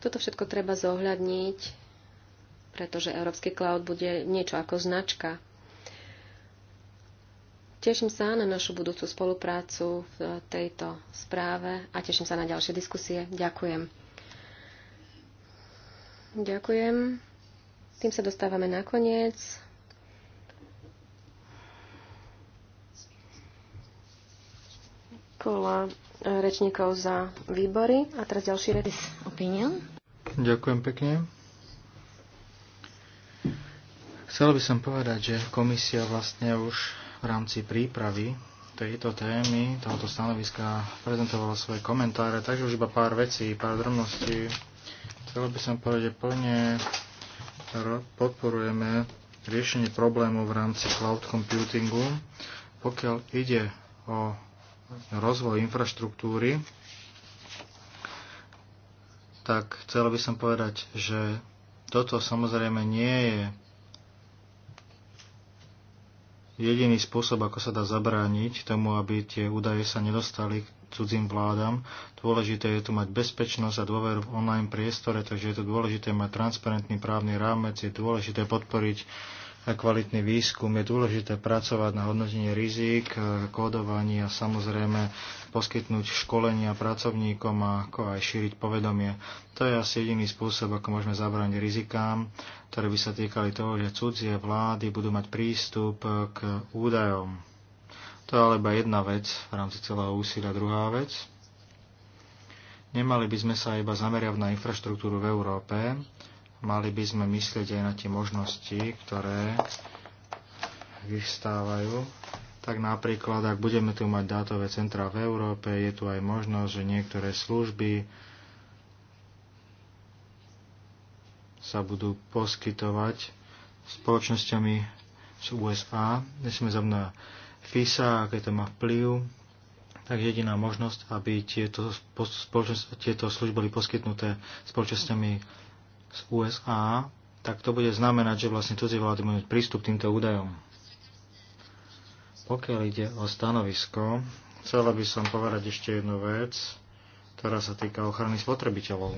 Toto všetko treba zohľadniť, pretože Európsky cloud bude niečo ako značka Teším sa na našu budúcu spoluprácu v tejto správe a teším sa na ďalšie diskusie. Ďakujem. Ďakujem. Tým sa dostávame na koniec. Kola rečníkov za výbory. A teraz ďalší redis. Opinion. Ďakujem pekne. Chcel by som povedať, že komisia vlastne už v rámci prípravy tejto témy, tohoto stanoviska prezentovala svoje komentáre, takže už iba pár vecí, pár drobností. Chcel by som povedať, že plne podporujeme riešenie problémov v rámci cloud computingu. Pokiaľ ide o rozvoj infraštruktúry, tak chcel by som povedať, že toto samozrejme nie je jediný spôsob, ako sa dá zabrániť tomu, aby tie údaje sa nedostali k cudzím vládam. Dôležité je tu mať bezpečnosť a dôveru v online priestore, takže je to dôležité mať transparentný právny rámec, je dôležité podporiť a kvalitný výskum. Je dôležité pracovať na hodnotenie rizik, kódovaní a samozrejme poskytnúť školenia pracovníkom a ako aj šíriť povedomie. To je asi jediný spôsob, ako môžeme zabrániť rizikám, ktoré by sa týkali toho, že cudzie vlády budú mať prístup k údajom. To je ale iba jedna vec v rámci celého úsilia. Druhá vec, Nemali by sme sa iba zameriať na infraštruktúru v Európe, mali by sme myslieť aj na tie možnosti, ktoré vyvstávajú. Tak napríklad, ak budeme tu mať dátové centra v Európe, je tu aj možnosť, že niektoré služby sa budú poskytovať spoločnosťami z USA. Nesme za mňa FISA, aké to má vplyv. Tak jediná možnosť, aby tieto, tieto služby boli poskytnuté spoločnosťami z USA, tak to bude znamenať, že vlastne cudzie vlády budú mať prístup k týmto údajom. Pokiaľ ide o stanovisko, chcela by som povedať ešte jednu vec, ktorá sa týka ochrany spotrebiteľov.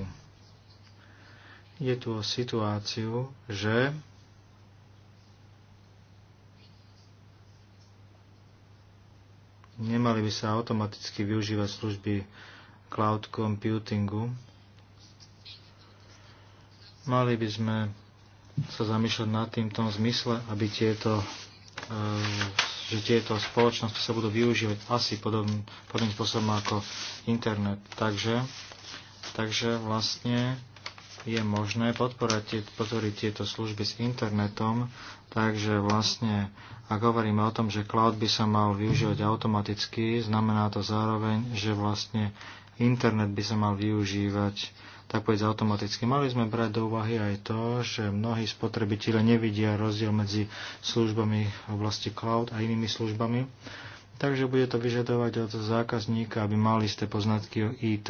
Je tu o situáciu, že nemali by sa automaticky využívať služby cloud computingu, Mali by sme sa zamýšľať nad tým v tom zmysle, aby tieto, eh, že tieto spoločnosti sa budú využívať asi podobným, podobným spôsobom ako internet. Takže, takže vlastne je možné podporať, podporiť tieto služby s internetom, takže vlastne, ak hovoríme o tom, že cloud by sa mal využívať automaticky, znamená to zároveň, že vlastne internet by sa mal využívať tak povedz automaticky. Mali sme brať do úvahy aj to, že mnohí spotrebitelia nevidia rozdiel medzi službami v oblasti cloud a inými službami, takže bude to vyžadovať od zákazníka, aby mali ste poznatky o IT.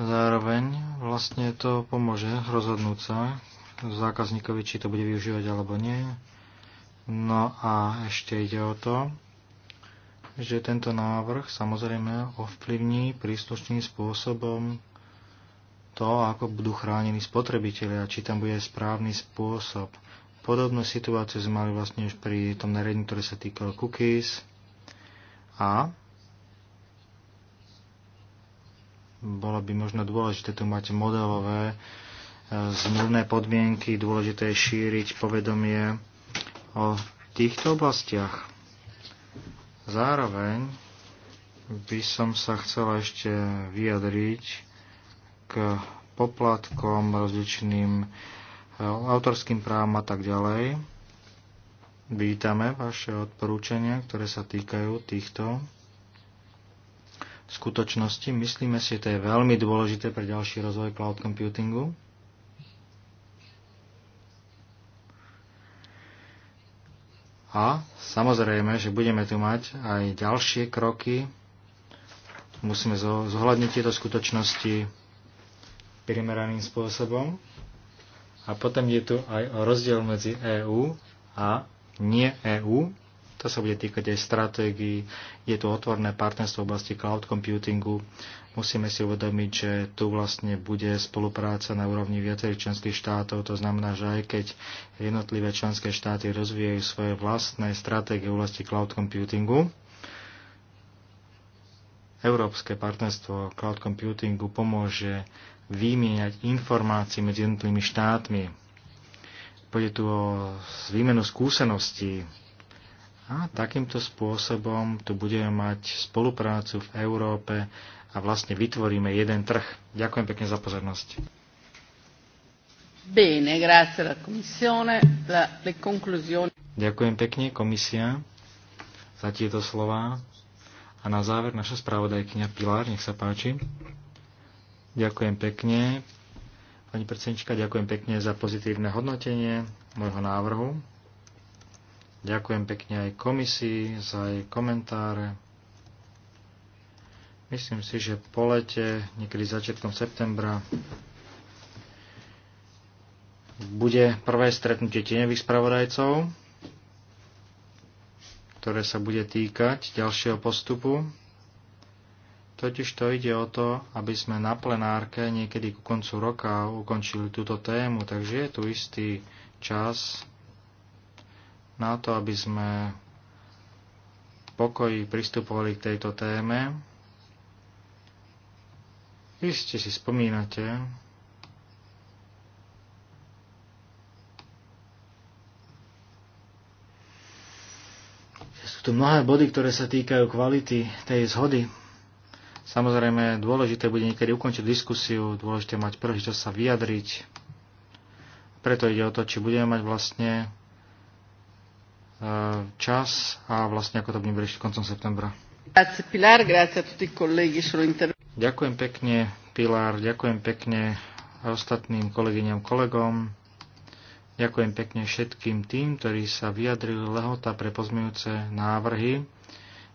Zároveň vlastne to pomôže rozhodnúť sa zákazníkovi, či to bude využívať alebo nie. No a ešte ide o to, že tento návrh samozrejme ovplyvní príslušným spôsobom to, ako budú chránení spotrebitelia, či tam bude správny spôsob. Podobnú situáciu sme mali vlastne už pri tom nariadení, ktoré sa týkalo cookies a bolo by možno dôležité tu mať modelové e, zmluvné podmienky, dôležité je šíriť povedomie o týchto oblastiach. Zároveň by som sa chcela ešte vyjadriť k poplatkom, rozličným e, autorským právam a tak ďalej. Vítame vaše odporúčania, ktoré sa týkajú týchto skutočností. Myslíme si, že to je veľmi dôležité pre ďalší rozvoj cloud computingu. A samozrejme, že budeme tu mať aj ďalšie kroky. Musíme zohľadniť tieto skutočnosti primeraným spôsobom. A potom je tu aj rozdiel medzi EÚ a nie EÚ. To sa bude týkať aj stratégií. Je tu otvorné partnerstvo v oblasti cloud computingu. Musíme si uvedomiť, že tu vlastne bude spolupráca na úrovni viacerých členských štátov. To znamená, že aj keď jednotlivé členské štáty rozvíjajú svoje vlastné stratégie v oblasti cloud computingu, Európske partnerstvo cloud computingu pomôže vymieňať informácie medzi jednotlivými štátmi. Pôjde tu o výmenu skúseností, a takýmto spôsobom tu budeme mať spoluprácu v Európe a vlastne vytvoríme jeden trh. Ďakujem pekne za pozornosť. Bene, grazie alla Commissione. La, le conclusioni. Ďakujem pekne, komisia, za tieto slova. A na záver naša spravodajkynia Pilár, nech sa páči. Ďakujem pekne. Pani predsednička, ďakujem pekne za pozitívne hodnotenie môjho návrhu. Ďakujem pekne aj komisii za jej komentáre. Myslím si, že po lete, niekedy začiatkom septembra, bude prvé stretnutie tieňových spravodajcov, ktoré sa bude týkať ďalšieho postupu. Totiž to ide o to, aby sme na plenárke niekedy ku koncu roka ukončili túto tému, takže je tu istý čas na to, aby sme pokoji pristupovali k tejto téme. Iste si spomínate, sú tu mnohé body, ktoré sa týkajú kvality tej zhody. Samozrejme, dôležité bude niekedy ukončiť diskusiu, dôležité mať čas sa vyjadriť. Preto ide o to, či budeme mať vlastne Eh, čas a vlastne ako to budeme riešiť koncom septembra. Ďakujem pekne, Pilar, ďakujem pekne ostatným kolegyňam, kolegom. Ďakujem pekne všetkým tým, ktorí sa vyjadrili lehota pre pozmejúce návrhy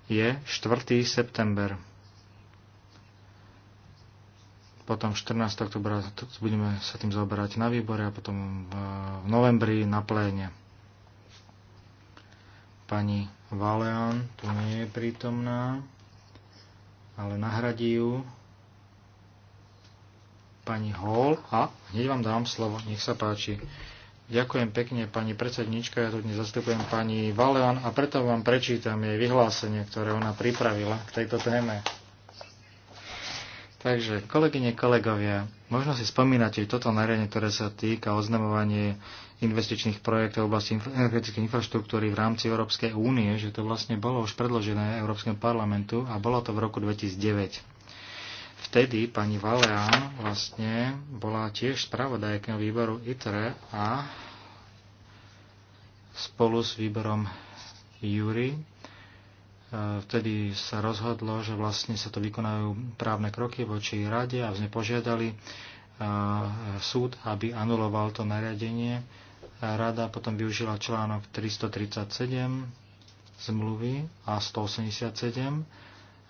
je 4. september. Potom 14. oktobra budeme sa tým zaoberať na výbore a potom eh, v novembri na pléne. Pani Valean tu nie je prítomná, ale nahradí ju pani Hall. A hneď vám dám slovo, nech sa páči. Ďakujem pekne, pani predsednička, ja tu dnes zastupujem pani Valean a preto vám prečítam jej vyhlásenie, ktoré ona pripravila k tejto téme. Takže, kolegyne, kolegovia, možno si spomínate toto nariadenie, ktoré sa týka oznamovanie investičných projektov v oblasti energetickej infraštruktúry v rámci Európskej únie, že to vlastne bolo už predložené Európskemu parlamentu a bolo to v roku 2009. Vtedy pani Valeán vlastne bola tiež spravodajkňou výboru ITRE a spolu s výborom Júri vtedy sa rozhodlo, že vlastne sa to vykonajú právne kroky voči rade a sme požiadali súd, aby anuloval to nariadenie. Rada potom využila článok 337 zmluvy a 187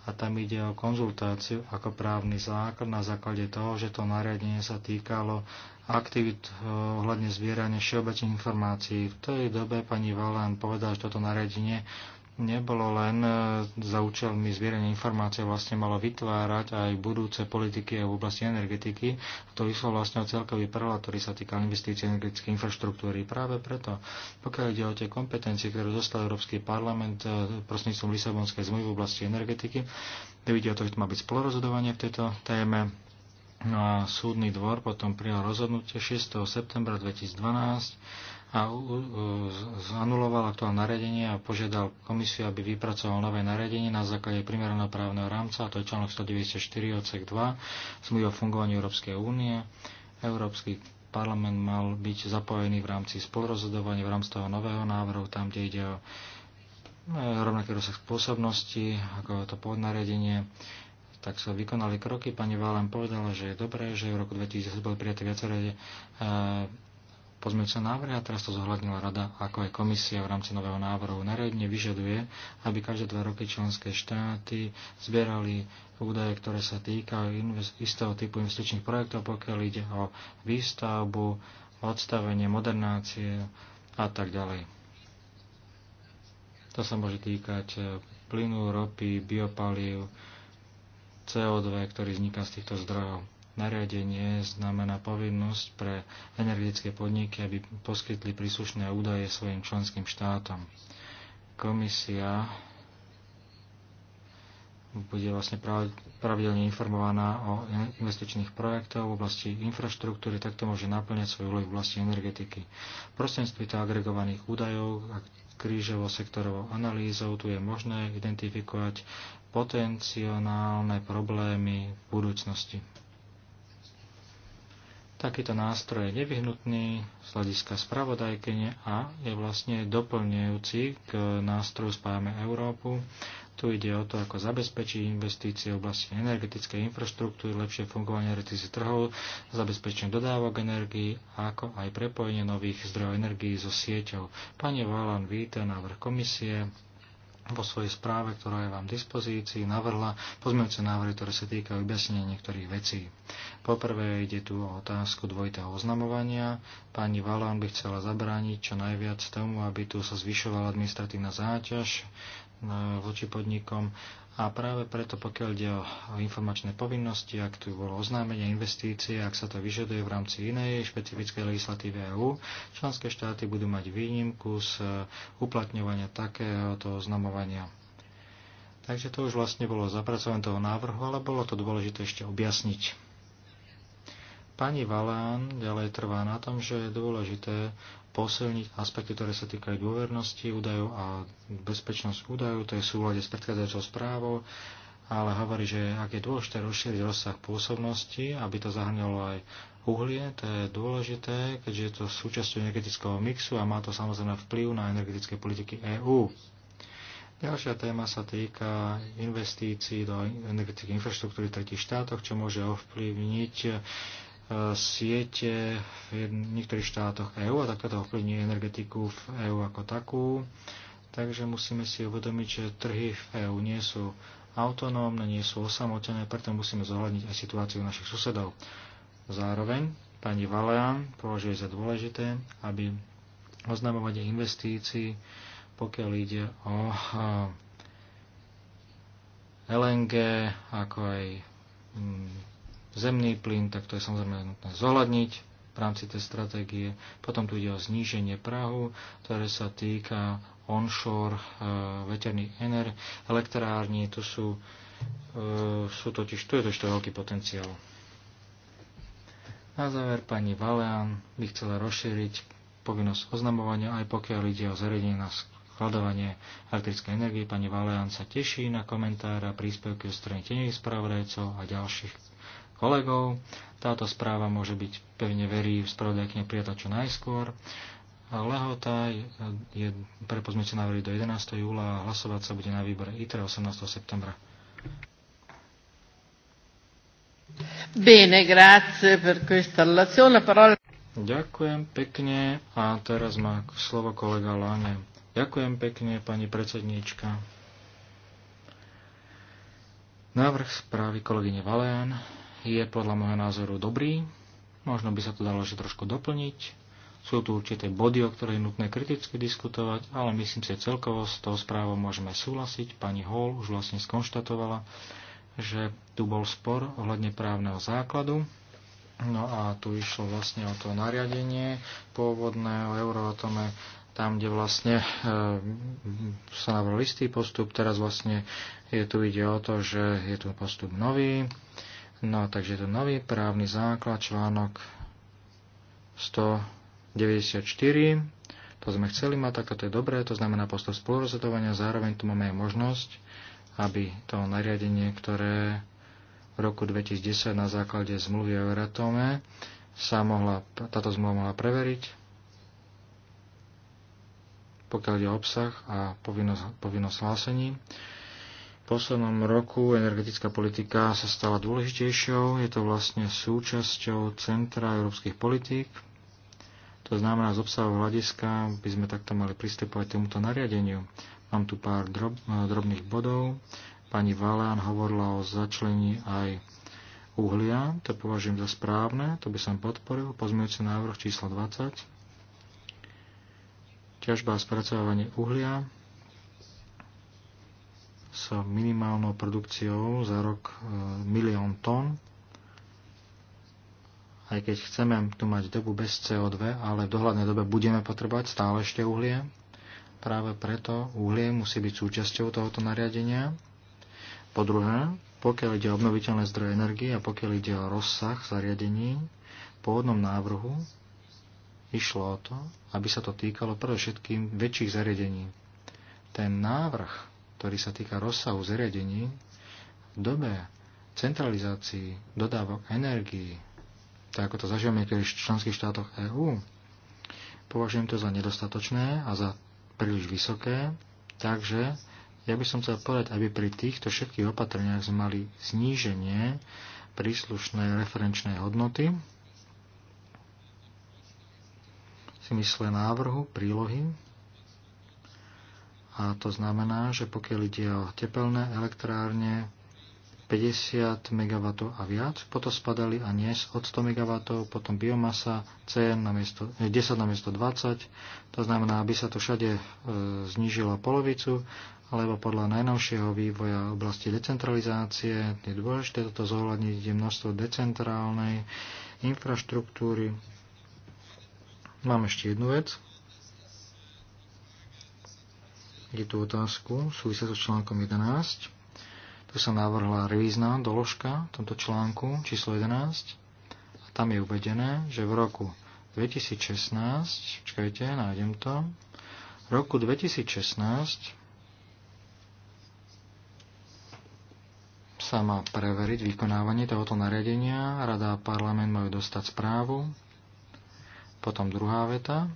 a tam ide o konzultáciu ako právny základ na základe toho, že to nariadenie sa týkalo aktivít e, ohľadne zbierania všeobecných informácií. V tej dobe pani Valán povedala, že toto nariadenie nebolo len e, za účelmi zbierania informácie, vlastne malo vytvárať aj budúce politiky e, v oblasti energetiky. A to išlo vlastne o celkový prehľad, ktorý sa týkal investícií energetickej infraštruktúry. Práve preto, pokiaľ ide o tie kompetencie, ktoré dostal Európsky parlament e, prostredníctvom Lisabonskej zmluvy v oblasti energetiky, to o to, že to má byť spolorozhodovanie v tejto téme. No a súdny dvor potom prijal rozhodnutie 6. septembra 2012 a zanuloval to nariadenie a požiadal komisiu, aby vypracoval nové nariadenie na základe primeraného právneho rámca, a to je článok 194 odsek 2 zmluvy o fungovaní Európskej únie. Európsky parlament mal byť zapojený v rámci spolurozhodovania, v rámci toho nového návrhu, tam, kde ide o no, rovnaký rozsah spôsobnosti, ako to podnariadenie tak sa vykonali kroky. Pani Valen povedala, že je dobré, že v roku 2010 boli prijaté viaceré e, pozmeňujúce návrhy a teraz to zohľadnila rada, ako aj komisia v rámci nového návrhu. neredne vyžaduje, aby každé dva roky členské štáty zbierali údaje, ktoré sa týkajú istého typu investičných projektov, pokiaľ ide o výstavbu, odstavenie, modernácie a tak ďalej. To sa môže týkať e, plynu, ropy, biopalív, CO2, ktorý vzniká z týchto zdrojov. Nariadenie znamená povinnosť pre energetické podniky, aby poskytli príslušné údaje svojim členským štátom. Komisia bude vlastne pravidelne informovaná o investičných projektoch v oblasti infraštruktúry, takto môže naplňať svoju úlohu v oblasti energetiky. Prostredníctvom agregovaných údajov a krížovo sektorovou analýzou tu je možné identifikovať potenciálne problémy v budúcnosti. Takýto nástroj je nevyhnutný z hľadiska spravodajkyne a je vlastne doplňujúci k nástroju Spájame Európu. Tu ide o to, ako zabezpečiť investície v oblasti energetickej infraštruktúry, lepšie fungovanie retizí trhov, zabezpečenie dodávok energii, ako aj prepojenie nových zdrojov energii so sieťou. Pani Valan víta návrh komisie, vo svojej správe, ktorá je vám v dispozícii, navrhla pozmeňujúce návrhy, ktoré sa týkajú objasnenia niektorých vecí. Poprvé ide tu o otázku dvojitého oznamovania. Pani Valán by chcela zabrániť čo najviac tomu, aby tu sa zvyšovala administratívna záťaž eh, voči podnikom a práve preto, pokiaľ ide o informačné povinnosti, ak tu bolo oznámenie investície, ak sa to vyžaduje v rámci inej špecifickej legislatívy EÚ, členské štáty budú mať výnimku z eh, uplatňovania takéhoto oznamovania. Takže to už vlastne bolo zapracované toho návrhu, ale bolo to dôležité ešte objasniť. Pani Valán ďalej trvá na tom, že je dôležité posilniť aspekty, ktoré sa týkajú dôvernosti údajov a bezpečnosť údajov, to je v súlade s predchádzajúcou správou, ale hovorí, že ak je dôležité rozšíriť rozsah pôsobnosti, aby to zahrňalo aj uhlie, to je dôležité, keďže je to súčasťou energetického mixu a má to samozrejme vplyv na energetické politiky EÚ. Ďalšia téma sa týka investícií do energetických infraštruktúry tretich štátoch, čo môže ovplyvniť siete v niektorých štátoch EÚ a takto to ovplyvní energetiku v EÚ ako takú. Takže musíme si uvedomiť, že trhy v EÚ nie sú autonómne, nie sú osamotené, preto musíme zohľadniť aj situáciu našich susedov. Zároveň pani Valean považuje za dôležité, aby oznamovanie investícií, pokiaľ ide o LNG, ako aj mm, zemný plyn, tak to je samozrejme nutné zohľadniť v rámci tej stratégie. Potom tu ide o zníženie Prahu, ktoré sa týka onshore e, veterných ener, elektrární, tu sú, e, sú totiž, tu je to ešte veľký potenciál. Na záver pani Valean by chcela rozšíriť povinnosť oznamovania, aj pokiaľ ide o zariadenie na skladovanie elektrickej energie. Pani Valean sa teší na komentára, príspevky o strane tenových spravodajcov a ďalších kolegov. Táto správa môže byť, pevne verí, spravodajkne prijata čo najskôr. Lehota je prepozmečená pozmeňujúce do 11. júla a hlasovať sa bude na výbore ITRE 18. septembra. Bene, grazie per questa relazione. Parola... Ďakujem pekne a teraz má slovo kolega Lane. Ďakujem pekne, pani predsedníčka. Návrh správy kolegyne Valéan je podľa môjho názoru dobrý. Možno by sa to dalo ešte trošku doplniť. Sú tu určité body, o ktorých je nutné kriticky diskutovať, ale myslím si, že celkovo s tou správou môžeme súhlasiť. Pani Hall už vlastne skonštatovala, že tu bol spor ohľadne právneho základu. No a tu išlo vlastne o to nariadenie pôvodné o Euroatome, tam, kde vlastne e, sa navrhol istý postup, teraz vlastne je tu ide o to, že je tu postup nový. E, No, takže to nový právny základ, článok 194. To sme chceli mať, tak to je dobré, to znamená postup spolurozhodovania, zároveň tu máme aj možnosť, aby to nariadenie, ktoré v roku 2010 na základe zmluvy o Euratome sa mohla, táto zmluva mohla preveriť, pokiaľ je obsah a povinnosť, povinnosť hlásení poslednom roku energetická politika sa stala dôležitejšou. Je to vlastne súčasťou Centra európskych politík. To znamená, z obsahu hľadiska by sme takto mali pristupovať tomuto nariadeniu. Mám tu pár drob, drobných bodov. Pani Valán hovorila o začlení aj uhlia. To považujem za správne. To by som podporil. Pozmeňujúci návrh číslo 20. Ťažba a spracovávanie uhlia s minimálnou produkciou za rok e, milión tón. Aj keď chceme tu mať dobu bez CO2, ale v dohľadnej dobe budeme potrebovať stále ešte uhlie. Práve preto uhlie musí byť súčasťou tohoto nariadenia. Po druhé, pokiaľ ide o obnoviteľné zdroje energie a pokiaľ ide o rozsah zariadení, v pôvodnom návrhu išlo o to, aby sa to týkalo predovšetkým väčších zariadení. Ten návrh ktorý sa týka rozsahu zariadení, v dobe centralizácii dodávok energii, tak ako to zažívame v členských štátoch EÚ, považujem to za nedostatočné a za príliš vysoké, takže ja by som chcel povedať, aby pri týchto všetkých opatreniach sme mali zníženie príslušnej referenčnej hodnoty v smysle návrhu, prílohy a to znamená, že pokiaľ ide o tepelné elektrárne 50 MW a viac, potom spadali a nie od 100 MW, potom biomasa CN na miesto, 10 eh, na miesto 20, to znamená, aby sa to všade e, znížilo polovicu, alebo podľa najnovšieho vývoja oblasti decentralizácie, je dôležité toto zohľadniť, je množstvo decentrálnej infraštruktúry. Mám ešte jednu vec, Ide tu otázku súvisia so článkom 11. Tu sa navrhla revízna doložka v tomto článku číslo 11. A tam je uvedené, že v roku 2016, čakajte, nájdem to, v roku 2016 sa má preveriť vykonávanie tohoto nariadenia, Rada a parlament majú dostať správu. Potom druhá veta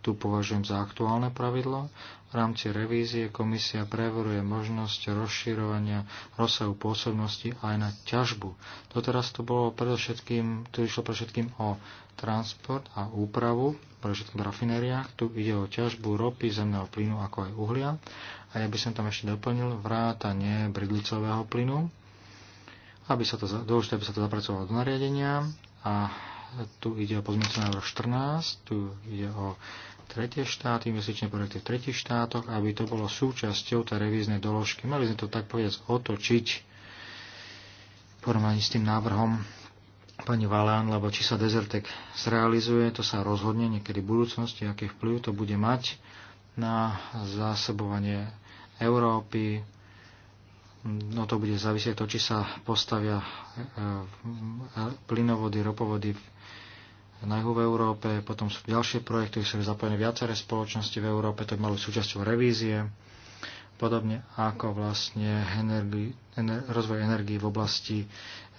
tu považujem za aktuálne pravidlo. V rámci revízie komisia preveruje možnosť rozširovania rozsahu pôsobnosti aj na ťažbu. Doteraz to bolo predovšetkým, tu išlo predovšetkým o transport a úpravu, predovšetkým v rafinériách. Tu ide o ťažbu ropy, zemného plynu, ako aj uhlia. A ja by som tam ešte doplnil vrátanie bridlicového plynu, aby sa to, dôležité, aby sa to zapracovalo do nariadenia a tu ide o pozmienku návrh 14, tu ide o tretie štáty, investičné projekty v tretich štátoch, aby to bolo súčasťou tej revíznej doložky. Mali sme to tak povedať otočiť v porovnaní s tým návrhom pani Valán, lebo či sa Desertec zrealizuje, to sa rozhodne niekedy v budúcnosti, aký vplyv to bude mať na zásobovanie Európy. No to bude závisieť to, či sa postavia e, e, plynovody, ropovody na juhu v Európe, potom sú ďalšie projekty, ktoré sú zapojené viaceré spoločnosti v Európe, to by malo súčasťou revízie, podobne ako vlastne energi, ener, rozvoj energii v oblasti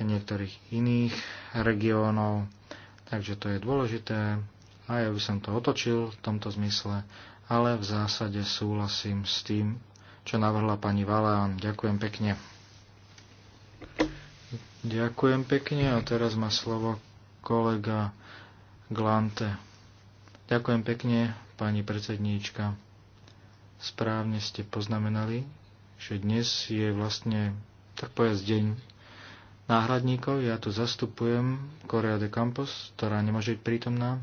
niektorých iných regiónov. Takže to je dôležité a ja by som to otočil v tomto zmysle, ale v zásade súhlasím s tým, čo navrhla pani Valán. Ďakujem pekne. Ďakujem pekne a teraz má slovo kolega Glante. Ďakujem pekne, pani predsedníčka. Správne ste poznamenali, že dnes je vlastne, tak povedať, deň náhradníkov. Ja tu zastupujem Korea de Campos, ktorá nemôže byť prítomná.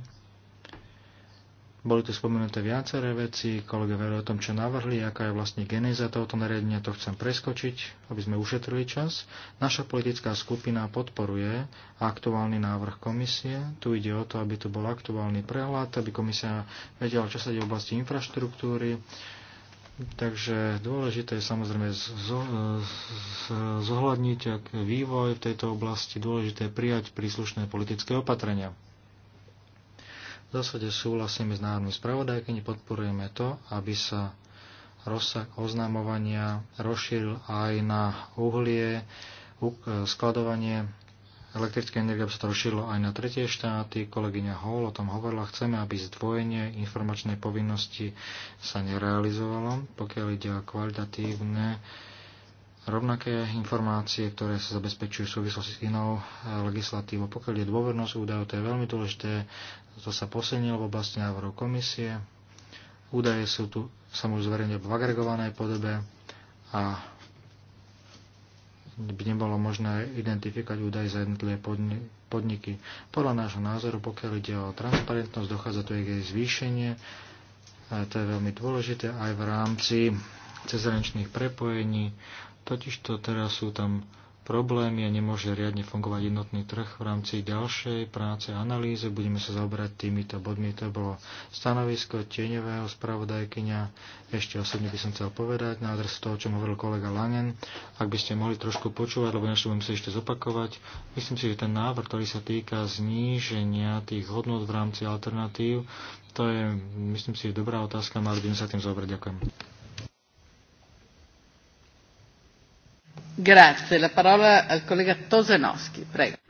Boli tu spomenuté viaceré veci, kolegovia o tom, čo navrhli, aká je vlastne genéza tohoto nariadenia, to chcem preskočiť, aby sme ušetrili čas. Naša politická skupina podporuje aktuálny návrh komisie. Tu ide o to, aby tu bol aktuálny prehľad, aby komisia vedela, čo sa deje v oblasti infraštruktúry. Takže dôležité je samozrejme zohľadniť vývoj v tejto oblasti, dôležité je prijať príslušné politické opatrenia. V zásade súhlasíme s národným spravodajkyni, podporujeme to, aby sa rozsah oznamovania rozšíril aj na uhlie, skladovanie elektrické energie, aby sa to rozšírilo aj na tretie štáty. Kolegyňa Hall o tom hovorila, chceme, aby zdvojenie informačnej povinnosti sa nerealizovalo, pokiaľ ide o kvalitatívne rovnaké informácie, ktoré sa zabezpečujú v súvislosti s inou eh, legislatívou. Pokiaľ je dôvernosť údajov, to je veľmi dôležité, to sa posilnilo v oblasti návrhov komisie. Údaje sú tu, samozrejme v agregovanej podobe a by nebolo možné identifikovať údaje za jednotlivé podniky. Podľa nášho názoru, pokiaľ ide o transparentnosť, dochádza tu aj jej zvýšenie. Eh, to je veľmi dôležité aj v rámci cezhraničných prepojení Totižto teraz sú tam problémy a nemôže riadne fungovať jednotný trh. V rámci ďalšej práce a analýze budeme sa zaoberať týmito bodmi. To bolo stanovisko tieňového spravodajkynia. Ešte osobne by som chcel povedať na adresu toho, čo hovoril kolega Langen. Ak by ste mohli trošku počúvať, lebo niečo budem sa ešte zopakovať. Myslím si, že ten návrh, ktorý sa týka zníženia tých hodnot v rámci alternatív, to je, myslím si, dobrá otázka, mali by sme sa tým zaoberať. Ďakujem.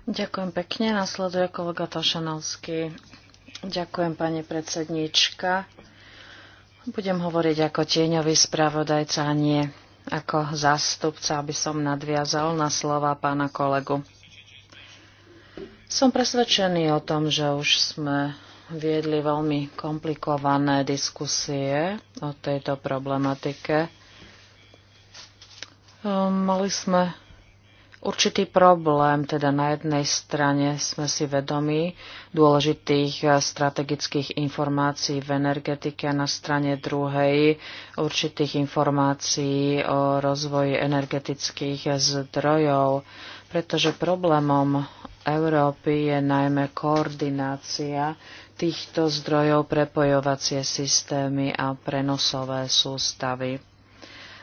Ďakujem pekne. Nasleduje kolega Tošanovský. Ďakujem, pani predsednička. Budem hovoriť ako tieňový spravodajca a nie ako zástupca, aby som nadviazal na slova pána kolegu. Som presvedčený o tom, že už sme viedli veľmi komplikované diskusie o tejto problematike Ehm, mali sme určitý problém. Teda na jednej strane sme si vedomi dôležitých eh, strategických informácií v energetike a na strane druhej určitých informácií o rozvoji energetických zdrojov, pretože problémom Európy je najmä koordinácia týchto zdrojov prepojovacie systémy a prenosové sústavy.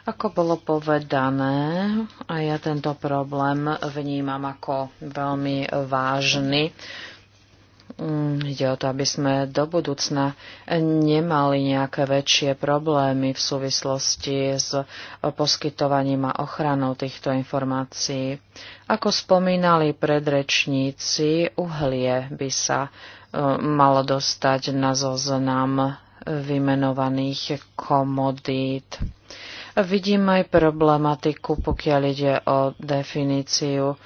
Ako bolo povedané, a ja tento problém vnímam ako veľmi vážny. Mm, ide o to, aby sme do budúcna nemali nejaké väčšie problémy v súvislosti s poskytovaním a ochranou týchto informácií. Ako spomínali predrečníci, uhlie by sa e, malo dostať na zoznam vymenovaných komodít. Vidím aj problematiku, pokiaľ ide o definíciu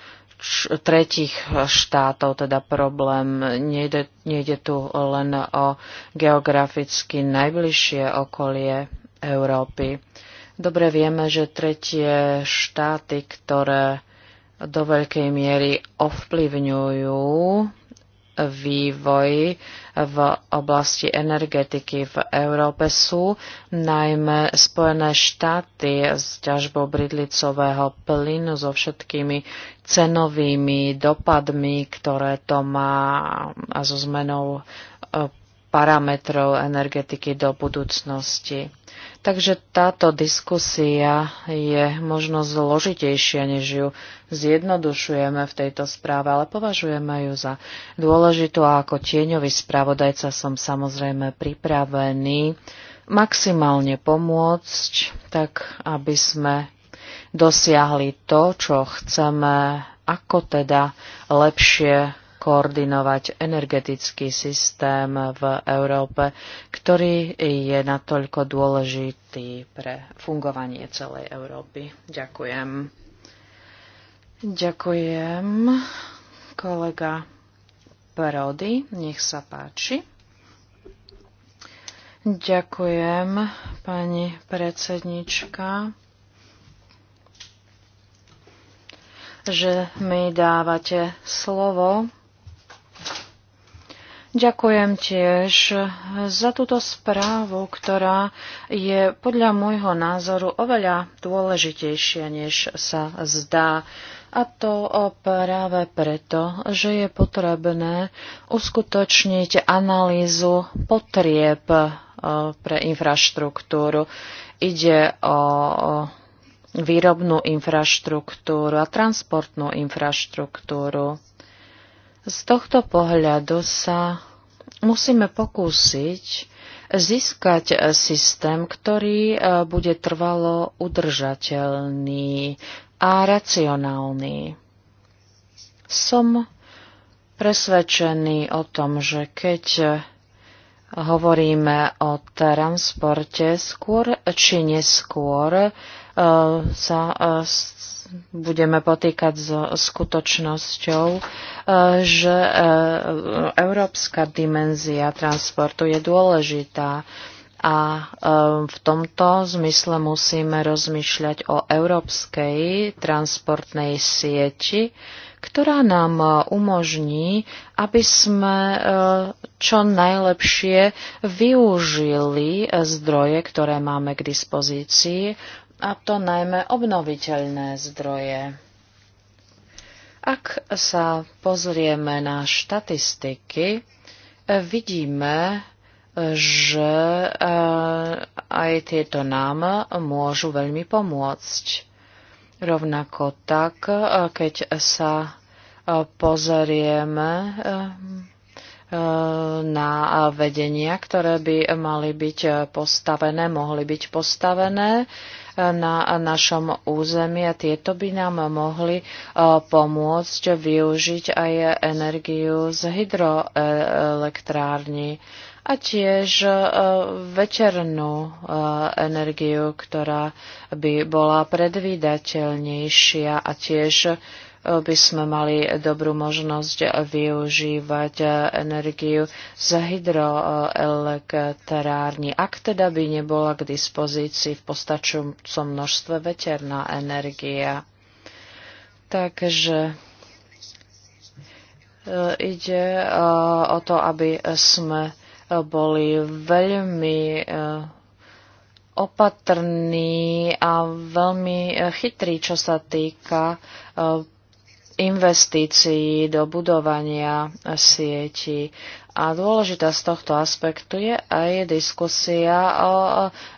tretich štátov, teda problém. Nejde, nejde tu len o geograficky najbližšie okolie Európy. Dobre vieme, že tretie štáty, ktoré do veľkej miery ovplyvňujú vývoj v oblasti energetiky v Európe sú najmä Spojené štáty s ťažbou bridlicového plynu so všetkými cenovými dopadmi, ktoré to má a so zmenou e, parametrov energetiky do budúcnosti. Takže táto diskusia je možno zložitejšia, než ju zjednodušujeme v tejto správe, ale považujeme ju za dôležitú a ako tieňový spravodajca som samozrejme pripravený maximálne pomôcť, tak aby sme dosiahli to, čo chceme, ako teda lepšie koordinovať energetický systém v Európe, ktorý je natoľko dôležitý pre fungovanie celej Európy. Ďakujem. Ďakujem, kolega Brody. Nech sa páči. Ďakujem, pani predsednička. že mi dávate slovo. Ďakujem tiež za túto správu, ktorá je podľa môjho názoru oveľa dôležitejšia, než sa zdá. A to práve preto, že je potrebné uskutočniť analýzu potrieb e, pre infraštruktúru. Ide o výrobnú infraštruktúru a transportnú infraštruktúru. Z tohto pohľadu sa musíme pokúsiť získať systém, ktorý e, bude trvalo udržateľný a racionálny. Som presvedčený o tom, že keď hovoríme o transporte, skôr či neskôr e, sa e, budeme potýkať s skutočnosťou, e, že e, európska dimenzia transportu je dôležitá a e, v tomto zmysle musíme rozmýšľať o európskej transportnej sieti, ktorá nám umožní, aby sme čo najlepšie využili zdroje, ktoré máme k dispozícii a to najmä obnoviteľné zdroje. Ak sa pozrieme na štatistiky, vidíme, že eh, aj tieto nám môžu veľmi pomôcť. Rovnako tak, eh, keď sa eh, pozrieme na vedenia, ktoré by mali byť postavené, mohli byť postavené, na našom území a tieto by nám mohli e, pomôcť využiť aj energiu z hydroelektrárni a tiež e, večernú e, energiu, ktorá by bola predvídateľnejšia a tiež by sme mali dobrú možnosť využívať energiu z hydroelektrárni, ak teda by nebola k dispozícii v postačujúcom množstve veterná energia. Takže e, ide e, o to, aby sme e, boli veľmi opatrní a veľmi chytrí, čo sa týka investícií do budovania sieti. A dôležitá z tohto aspektu je aj diskusia o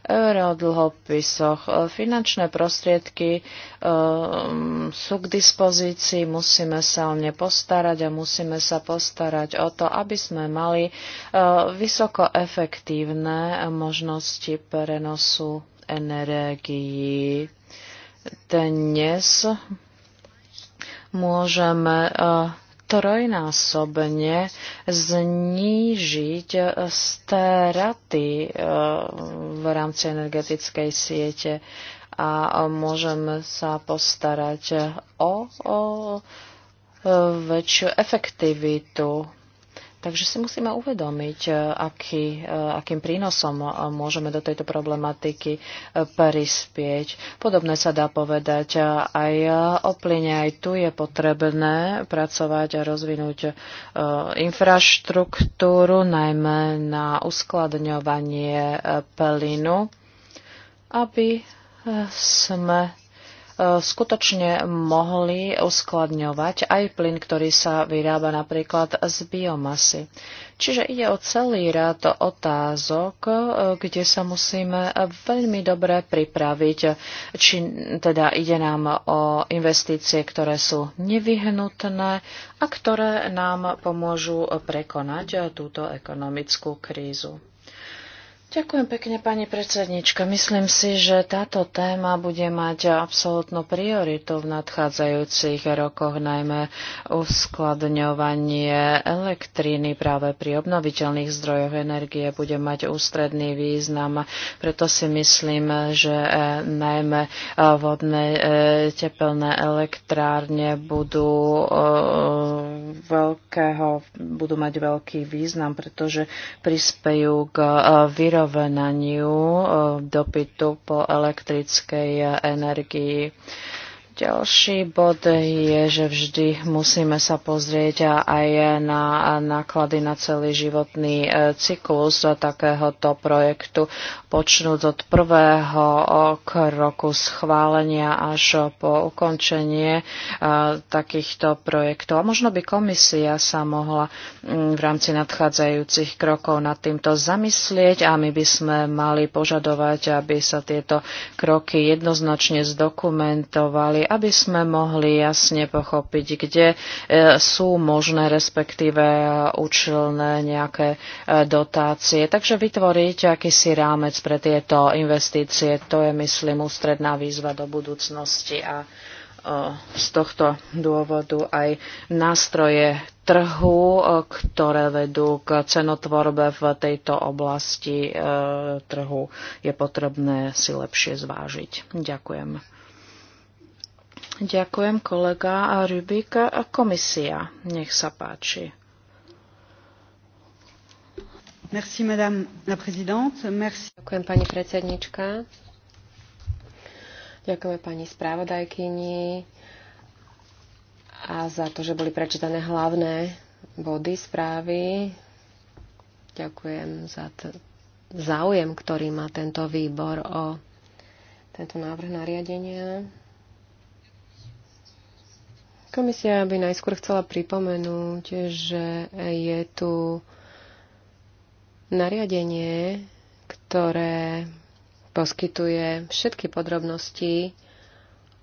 eurodlhopisoch. Finančné prostriedky ehm, sú k dispozícii, musíme sa o ne postarať a musíme sa postarať o to, aby sme mali eh, vysoko efektívne možnosti prenosu energií. Dnes môžeme e, trojnásobne znížiť e, straty e, v rámci energetickej siete a môžeme sa postarať o, o väčšiu efektivitu Takže si musíme uvedomiť, e, aký, e, akým prínosom môžeme do tejto problematiky e, prispieť. Podobné sa dá povedať aj o plyne. Aj tu je potrebné pracovať a rozvinúť infraštruktúru, najmä na uskladňovanie plynu, aby sme skutočne mohli uskladňovať aj plyn, ktorý sa vyrába napríklad z biomasy. Čiže ide o celý rád otázok, e, kde sa musíme veľmi dobre pripraviť. Či teda ide nám o investície, ktoré sú nevyhnutné a ktoré nám pomôžu prekonať túto ekonomickú krízu. Ďakujem pekne, pani predsednička. Myslím si, že táto téma bude mať absolútnu prioritu v nadchádzajúcich rokoch, najmä uskladňovanie elektriny práve pri obnoviteľných zdrojoch energie bude mať ústredný význam. Preto si myslím, že e, najmä e, vodné e, tepelné elektrárne budú, veľkého, budú mať veľký význam, pretože prispejú k výrobu vyrovnaniu eh, dopytu po elektrickej energii. Ďalší bod je, že vždy musíme sa pozrieť aj na náklady na celý životný e, cyklus takéhoto projektu, počnúť od prvého e, kroku schválenia až po ukončenie e, takýchto projektov. A možno by komisia sa mohla v rámci nadchádzajúcich krokov nad týmto zamyslieť a my by sme mali požadovať, aby sa tieto kroky jednoznačne zdokumentovali aby sme mohli jasne pochopiť, kde e, sú možné, respektíve účelné nejaké e, dotácie. Takže vytvoriť akýsi rámec pre tieto investície, to je, myslím, ústredná výzva do budúcnosti a e, z tohto dôvodu aj nástroje trhu, ktoré vedú k cenotvorbe v tejto oblasti trhu, je potrebné si lepšie zvážiť. Ďakujem. Ďakujem kolega a Rubik a komisia. Nech sa páči. Merci, madame la présidente. Merci. Ďakujem, pani predsednička. Ďakujeme pani správodajkyni a za to, že boli prečítané hlavné body správy. Ďakujem za záujem, ktorý má tento výbor o tento návrh nariadenia. Komisia by najskôr chcela pripomenúť, že je tu nariadenie, ktoré poskytuje všetky podrobnosti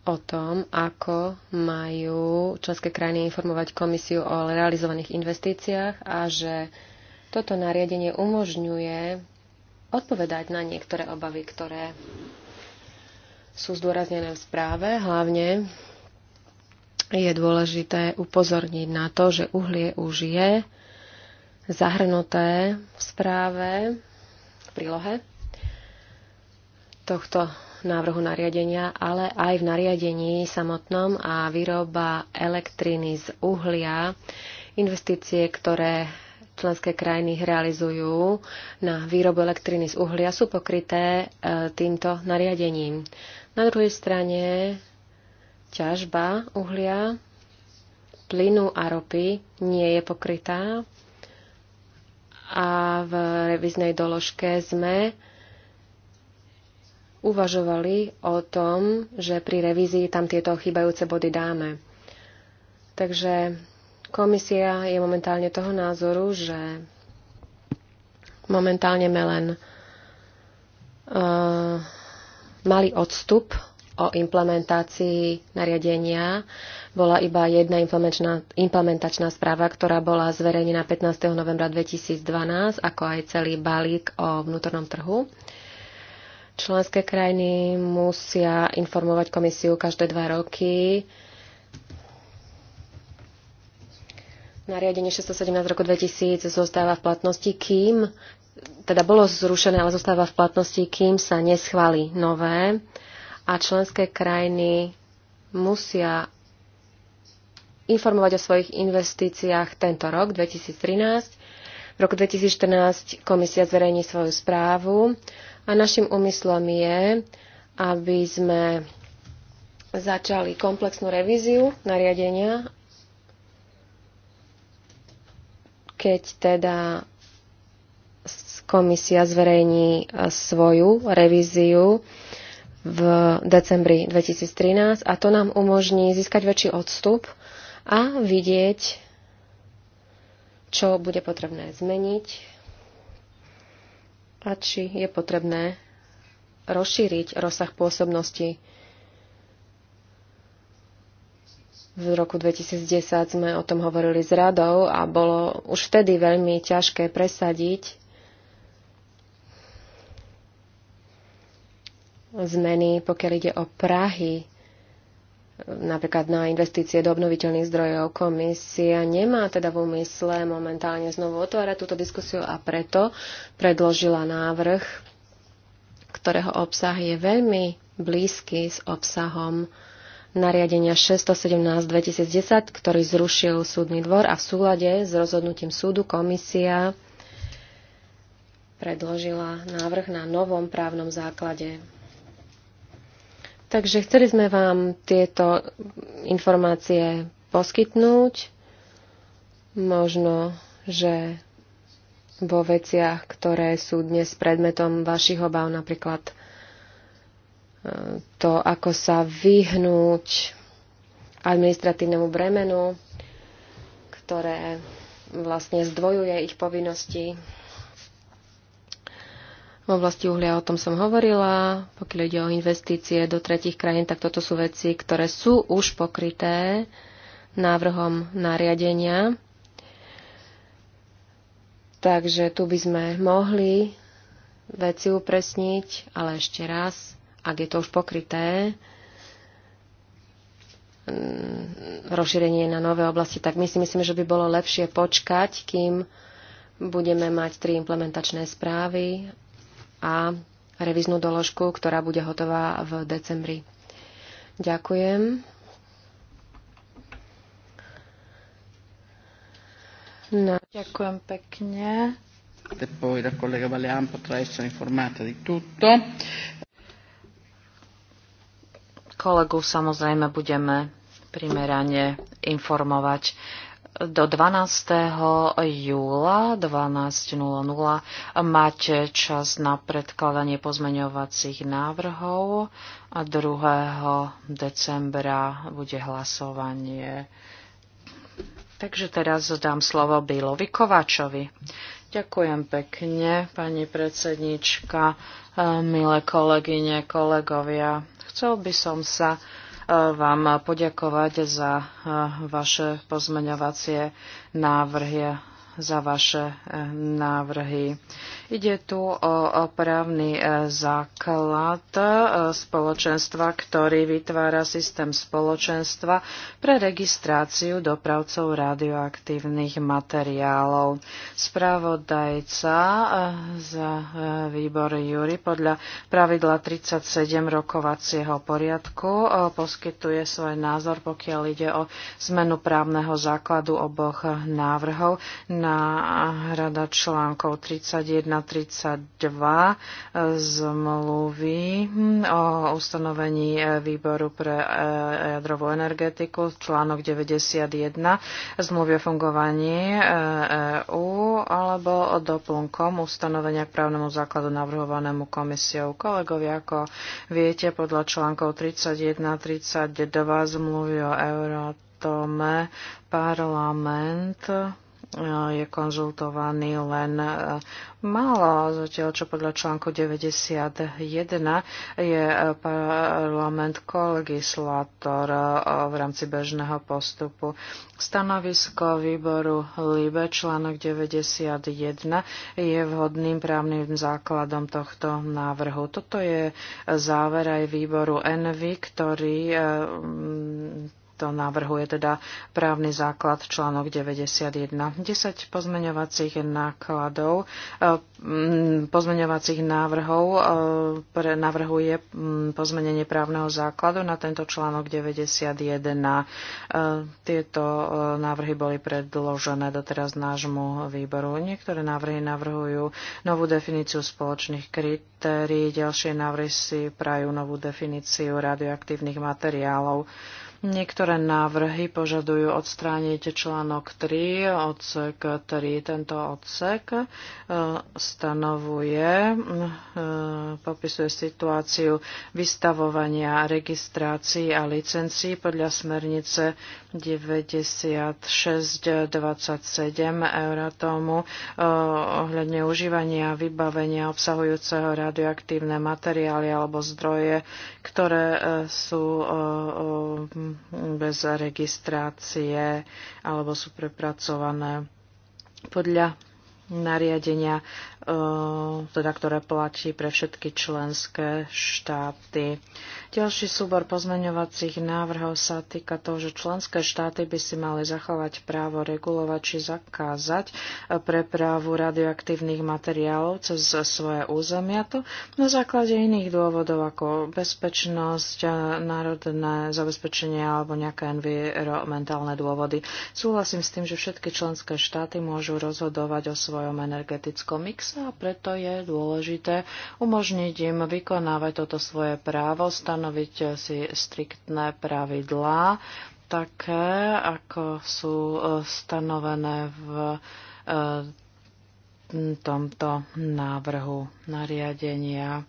o tom, ako majú členské krajiny informovať komisiu o realizovaných investíciách a že toto nariadenie umožňuje odpovedať na niektoré obavy, ktoré sú zdôraznené v správe, hlavne je dôležité upozorniť na to, že uhlie už je zahrnuté v správe, v prílohe tohto návrhu nariadenia, ale aj v nariadení samotnom a výroba elektriny z uhlia, investície, ktoré členské krajiny realizujú na výrobu elektriny z uhlia, sú pokryté e, týmto nariadením. Na druhej strane ťažba uhlia, plynu a ropy nie je pokrytá a v reviznej doložke sme uvažovali o tom, že pri revízii tam tieto chýbajúce body dáme. Takže komisia je momentálne toho názoru, že momentálne len uh, eh, malý odstup o implementácii nariadenia bola iba jedna implementačná, implementačná správa, ktorá bola zverejnená 15. novembra 2012, ako aj celý balík o vnútornom trhu. Členské krajiny musia informovať komisiu každé dva roky. Nariadenie 617 roku 2000 zostáva v platnosti, kým teda bolo zrušené, ale zostáva v platnosti, kým sa neschváli nové a členské krajiny musia informovať o svojich investíciách tento rok, 2013. V roku 2014 komisia zverejní svoju správu a našim úmyslom je, aby sme začali komplexnú revíziu nariadenia, keď teda komisia zverejní e, svoju revíziu v decembri 2013 a to nám umožní získať väčší odstup a vidieť, čo bude potrebné zmeniť a či je potrebné rozšíriť rozsah pôsobnosti. V roku 2010 sme o tom hovorili s radou a bolo už vtedy veľmi ťažké presadiť zmeny, pokiaľ ide o Prahy, napríklad na investície do obnoviteľných zdrojov. Komisia nemá teda v úmysle momentálne znovu otvárať túto diskusiu a preto predložila návrh, ktorého obsah je veľmi blízky s obsahom nariadenia 617-2010, ktorý zrušil súdny dvor a v súlade s rozhodnutím súdu komisia predložila návrh na novom právnom základe Takže chceli sme vám tieto informácie poskytnúť. Možno, že vo veciach, ktoré sú dnes predmetom vašich obav, napríklad e, to, ako sa vyhnúť administratívnemu bremenu, ktoré vlastne zdvojuje ich povinnosti v oblasti uhlia, o tom som hovorila. Pokiaľ ide o investície do tretich krajín, tak toto sú veci, ktoré sú už pokryté návrhom nariadenia. Takže tu by sme mohli veci upresniť, ale ešte raz, ak je to už pokryté, mm, rozšírenie na nové oblasti, tak my si myslíme, že by bolo lepšie počkať, kým budeme mať tri implementačné správy a reviznú doložku, ktorá bude hotová v decembri. Ďakujem. No. Ďakujem pekne. E poi la collega Balean potrà essere informata di tutto. Kolegu samozrejme budeme primerane informovať do 12. júla 12.00 máte čas na predkladanie pozmeňovacích návrhov a 2. decembra bude hlasovanie. Takže teraz dám slovo Bílovi Kováčovi. Ďakujem pekne, pani predsednička, milé kolegyne, kolegovia. Chcel by som sa vám poďakovať za eh, vaše pozmeňovacie návrhy za vaše eh, návrhy. Ide tu o právny eh, základ eh, spoločenstva, ktorý vytvára systém spoločenstva pre registráciu dopravcov radioaktívnych materiálov. Spravodajca za výbor Júri podľa pravidla 37 rokovacieho poriadku poskytuje svoj názor, pokiaľ ide o zmenu právneho základu oboch návrhov na hrada článkov 31-32 eh, zmluvy hm, o ustanovení eh, výboru pre eh, jadrovú energetiku, článok 91 zmluvy o fungovaní EU e alebo doplnkom ustanovenia k právnemu základu navrhovanému komisiou. Kolegovia, ako viete, podľa článkov 31-32 zmluvy o tome parlament Eh, je konzultovaný len eh, málo, zatiaľ čo podľa článku 91 je eh, parlament kolegislátor v rámci bežného postupu. Stanovisko výboru LIBE článok 91 je vhodným právnym základom tohto návrhu. Toto je záver aj výboru ENVY, ktorý to navrhuje teda právny základ článok 91. 10 pozmeňovacích nákladov, eh, pozmeňovacích návrhov eh, pre, navrhuje mm, pozmenenie právneho základu na tento článok 91. Eh, tieto návrhy boli predložené doteraz nášmu výboru. Niektoré návrhy navrhujú novú definíciu spoločných kritérií, ďalšie návrhy si prajú novú definíciu radioaktívnych materiálov. Niektoré návrhy požadujú odstrániť článok 3, odsek 3. Tento odsek e, stanovuje, e, popisuje situáciu vystavovania registrácií a licencií podľa smernice 9627 Euratomu e, ohľadne užívania vybavenia obsahujúceho radioaktívne materiály alebo zdroje, ktoré sú bez registrácie alebo sú prepracované podľa nariadenia E, teda ktoré platí pre všetky členské štáty. Ďalší súbor pozmeňovacích návrhov sa týka toho, že členské štáty by si mali zachovať právo regulovať či zakázať prepravu radioaktívnych materiálov cez svoje územia to na základe iných dôvodov ako bezpečnosť, e, národné zabezpečenie alebo nejaké environmentálne dôvody. Súhlasím s tým, že všetky členské štáty môžu rozhodovať o svojom energetickom mixe a preto je dôležité umožniť im vykonávať toto svoje právo, stanoviť si striktné pravidlá, také, ako sú e, stanovené v e, tomto návrhu nariadenia.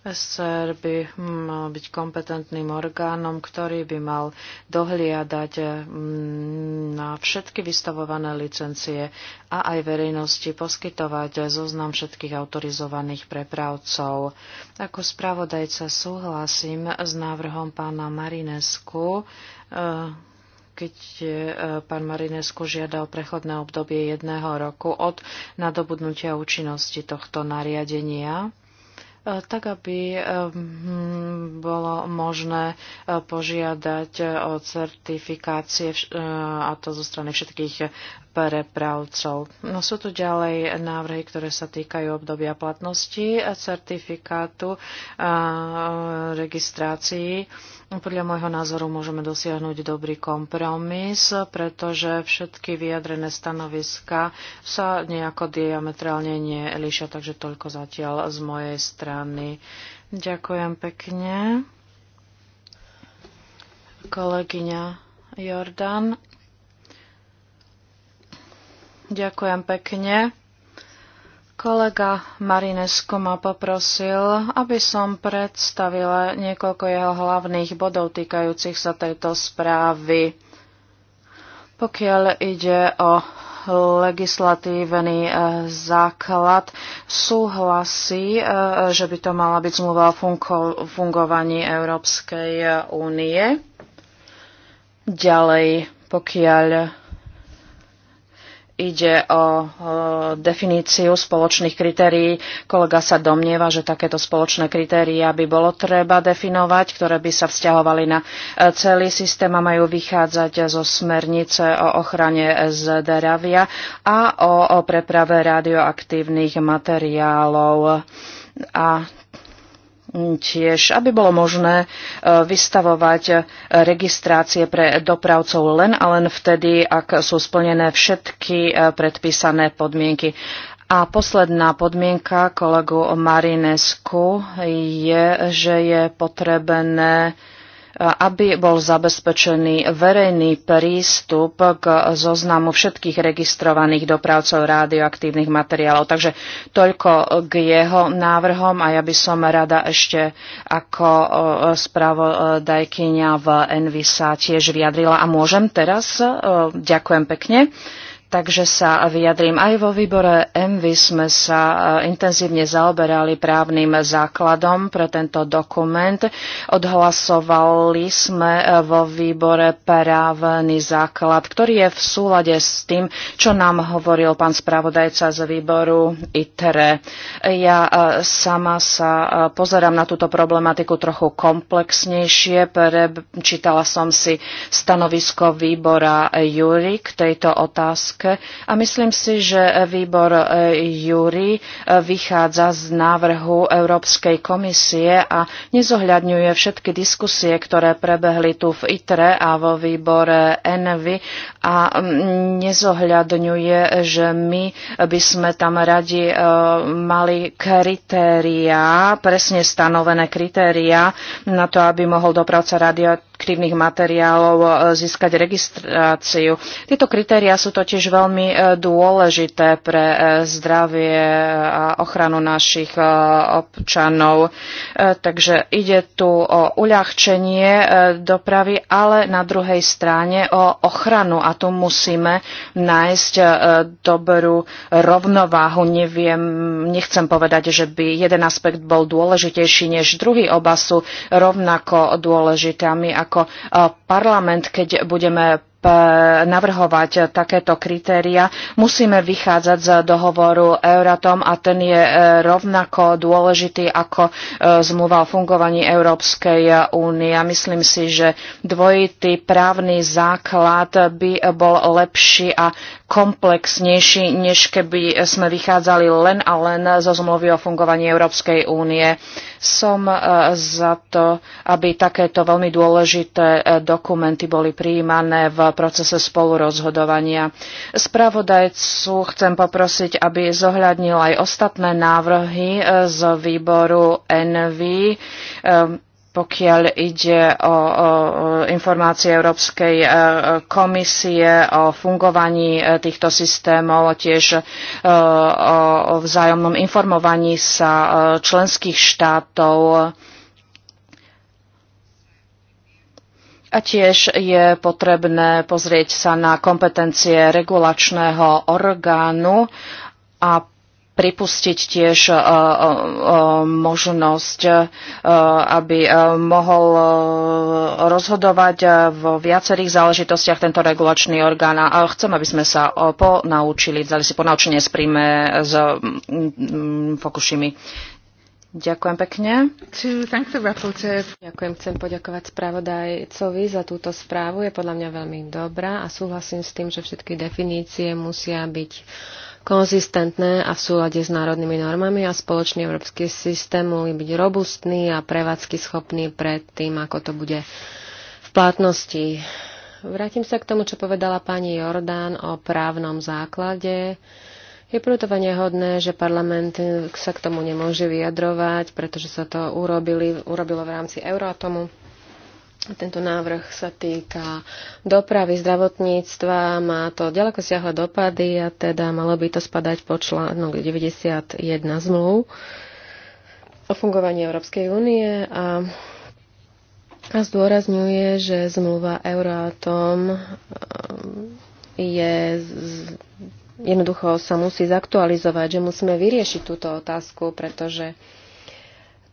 SCR by mal byť kompetentným orgánom, ktorý by mal dohliadať mm, na všetky vystavované licencie a aj verejnosti poskytovať zoznam všetkých autorizovaných prepravcov. Ako spravodajca súhlasím s návrhom pána Marinesku, eh, keď eh, pán Marinesku žiadal prechodné obdobie jedného roku od nadobudnutia účinnosti tohto nariadenia Eh, tak aby ehm, bolo možné eh, požiadať eh, o certifikácie a to zo strany všetkých prepravcov. No sú tu ďalej návrhy, ktoré sa týkajú obdobia platnosti certifikátu a registrácií. Podľa môjho názoru môžeme dosiahnuť dobrý kompromis, pretože všetky vyjadrené stanoviska sa nejako diametrálne nelišia, takže toľko zatiaľ z mojej strany. Ďakujem pekne. Kolegyňa Jordan. Ďakujem pekne. Kolega Marinesko ma poprosil, aby som predstavila niekoľko jeho hlavných bodov týkajúcich sa tejto správy. Pokiaľ ide o legislatívny e, základ súhlasí, e, že by to mala byť zmluva o fungovaní Európskej e, únie. Ďalej, pokiaľ ide o definíciu spoločných kritérií. Kolega sa domnieva, že takéto spoločné kritéria by bolo treba definovať, ktoré by sa vzťahovali na e, celý systém a majú vychádzať zo smernice o ochrane zdravia a o preprave radioaktívnych materiálov. A tiež, aby bolo možné e, vystavovať e, registrácie pre dopravcov len a len vtedy, ak sú splnené všetky e, predpísané podmienky. A posledná podmienka kolegu Marinesku je, že je potrebné aby bol zabezpečený verejný prístup k zoznamu všetkých registrovaných dopravcov radioaktívnych materiálov. Takže toľko k jeho návrhom a ja by som rada ešte ako e, spravodajkyňa v Envisa tiež vyjadrila. A môžem teraz? E, ďakujem pekne takže sa vyjadrím. Aj vo výbore ENVY sme sa eh, intenzívne zaoberali právnym základom pre tento dokument. Odhlasovali sme eh, vo výbore právny základ, ktorý je v súlade s tým, čo nám hovoril pán spravodajca z výboru ITRE. Ja eh, sama sa pozerám na túto problematiku trochu komplexnejšie. Prečítala som si stanovisko výbora Júri k tejto otázke otázke a myslím si, že výbor e, Júri e, vychádza z návrhu Európskej komisie a nezohľadňuje všetky diskusie, ktoré prebehli tu v ITRE a vo výbore ENVY a nezohľadňuje, že my by sme tam radi e, mali kritériá, presne stanovené kritériá na to, aby mohol dopravca radio aktívnych materiálov e, získať registráciu. Tieto kritéria sú totiž veľmi e, dôležité pre e, zdravie a ochranu našich občanov. Takže ide tu o uľahčenie dopravy, ale na druhej strane o ochranu a tu musíme nájsť dobrú rovnováhu. Neviem, nechcem povedať, že by jeden aspekt bol dôležitejší než druhý. Oba sú rovnako dôležité a my ako ako eh, parlament, keď budeme Eh, navrhovať takéto kritéria, musíme vychádzať z dohovoru Euratom a ten je eh, rovnako dôležitý ako eh, zmluva o fungovaní Európskej únie. A myslím si, že dvojitý právny základ by bol lepší a komplexnejší, než keby sme vychádzali len a len zo zmluvy o fungovaní Európskej únie. Som za to, aby takéto veľmi dôležité dokumenty boli prijímané v procese spolurozhodovania. Spravodajcu chcem poprosiť, aby zohľadnil aj ostatné návrhy e, z výboru NV e, pokiaľ ide o, informácie Európskej e, komisie o fungovaní týchto systémov, tiež o vzájomnom informovaní sa členských štátov A tiež je potrebné pozrieť sa na kompetencie regulačného orgánu a pripustiť tiež e, e, e, možnosť, aby mohol rozhodovať vo viacerých záležitostiach tento regulačný orgán. A chcem, aby sme sa ponaučili, dali si ponaučenie z príjme s Fukushimy. Ďakujem pekne. Ďakujem, chcem poďakovať spravodajcovi za túto správu. Je podľa mňa veľmi dobrá a súhlasím s tým, že všetky definície musia byť konzistentné a v súlade s národnými normami a spoločný európsky systém môže byť robustný a prevádzky schopný pred tým, ako to bude v platnosti. Vrátim sa k tomu, čo povedala pani Jordán o právnom základe. Je prutovania hodné, že parlament sa k tomu nemôže vyjadrovať, pretože sa to urobili, urobilo v rámci Euroatomu. Tento návrh sa týka dopravy, zdravotníctva, má to ďaleko siahle dopady a teda malo by to spadať po článok 91 zmluv o fungovaní Európskej únie a a zdôrazňuje, že zmluva Euroatom um, je jednoducho sa musí zaktualizovať, že musíme vyriešiť túto otázku, pretože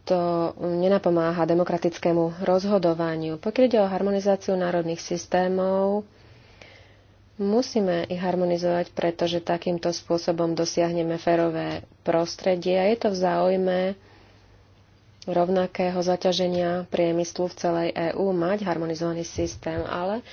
to nenapomáha demokratickému rozhodovaniu. Pokiaľ ide o harmonizáciu národných systémov, musíme ich harmonizovať, pretože takýmto spôsobom dosiahneme férové prostredie a je to v záujme rovnakého zaťaženia priemyslu v celej EÚ mať harmonizovaný systém, ale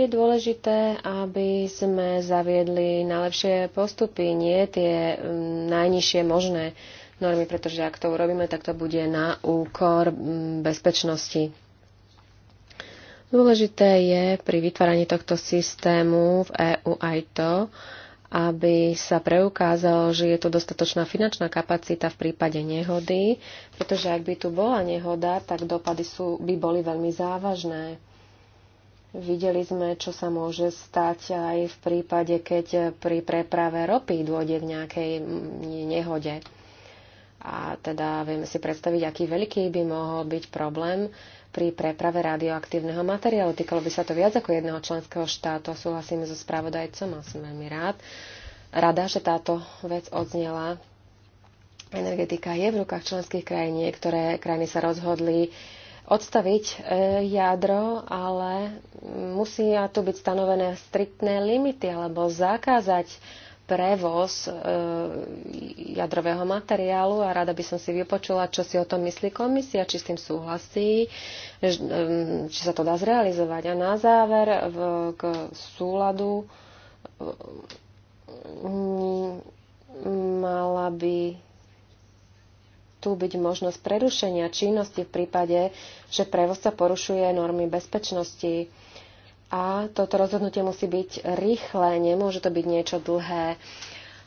je dôležité, aby sme zaviedli najlepšie postupy, nie tie mm, najnižšie možné normy, pretože ak to urobíme, tak to bude na úkor mm, bezpečnosti. Dôležité je pri vytváraní tohto systému v EÚ aj to, aby sa preukázalo, že je tu dostatočná finančná kapacita v prípade nehody, pretože ak by tu bola nehoda, tak dopady sú, by boli veľmi závažné. Videli sme, čo sa môže stať aj v prípade, keď pri preprave ropy dôjde k nejakej nehode. A teda vieme si predstaviť, aký veľký by mohol byť problém pri preprave radioaktívneho materiálu. Týkalo by sa to viac ako jedného členského štátu. a Súhlasíme so spravodajcom a som veľmi rád. Rada, že táto vec odznela. Energetika je v rukách členských krajín. Niektoré krajiny sa rozhodli uh, odstaviť e, jadro, ale musia tu byť stanovené striktné limity alebo zakázať prevoz e, jadrového materiálu a rada by som si vypočula, čo si o tom myslí komisia, či s tým súhlasí, e, či sa to dá zrealizovať. A na záver v, k súladu mala by tu byť možnosť prerušenia činnosti v prípade, že prevozca porušuje normy bezpečnosti. A toto rozhodnutie musí byť rýchle, nemôže to byť niečo dlhé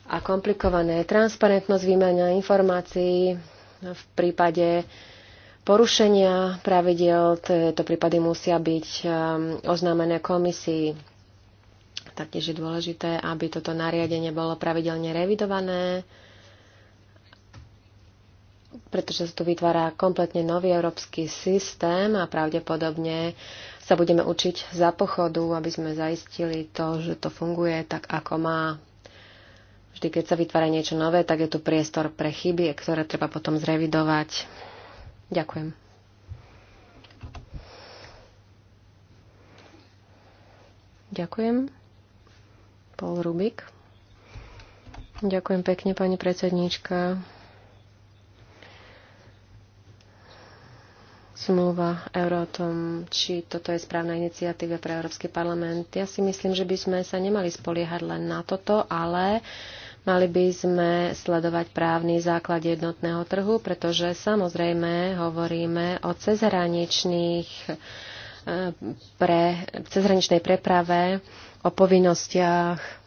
a komplikované. Transparentnosť výmena informácií v prípade porušenia pravidel, tieto prípady musia byť um, oznámené komisii. Taktiež je dôležité, aby toto nariadenie bolo pravidelne revidované pretože sa tu vytvára kompletne nový európsky systém a pravdepodobne sa budeme učiť za pochodu, aby sme zaistili to, že to funguje tak, ako má. Vždy, keď sa vytvára niečo nové, tak je tu priestor pre chyby, ktoré treba potom zrevidovať. Ďakujem. Ďakujem. Paul Rubik. Ďakujem pekne, pani predsedníčka. zmluva Eurotom, či toto je správna iniciatíva pre Európsky parlament. Ja si myslím, že by sme sa nemali spoliehať len na toto, ale mali by sme sledovať právny základ jednotného trhu, pretože samozrejme hovoríme o cezhraničných eh, pre, cezhraničnej preprave, o povinnostiach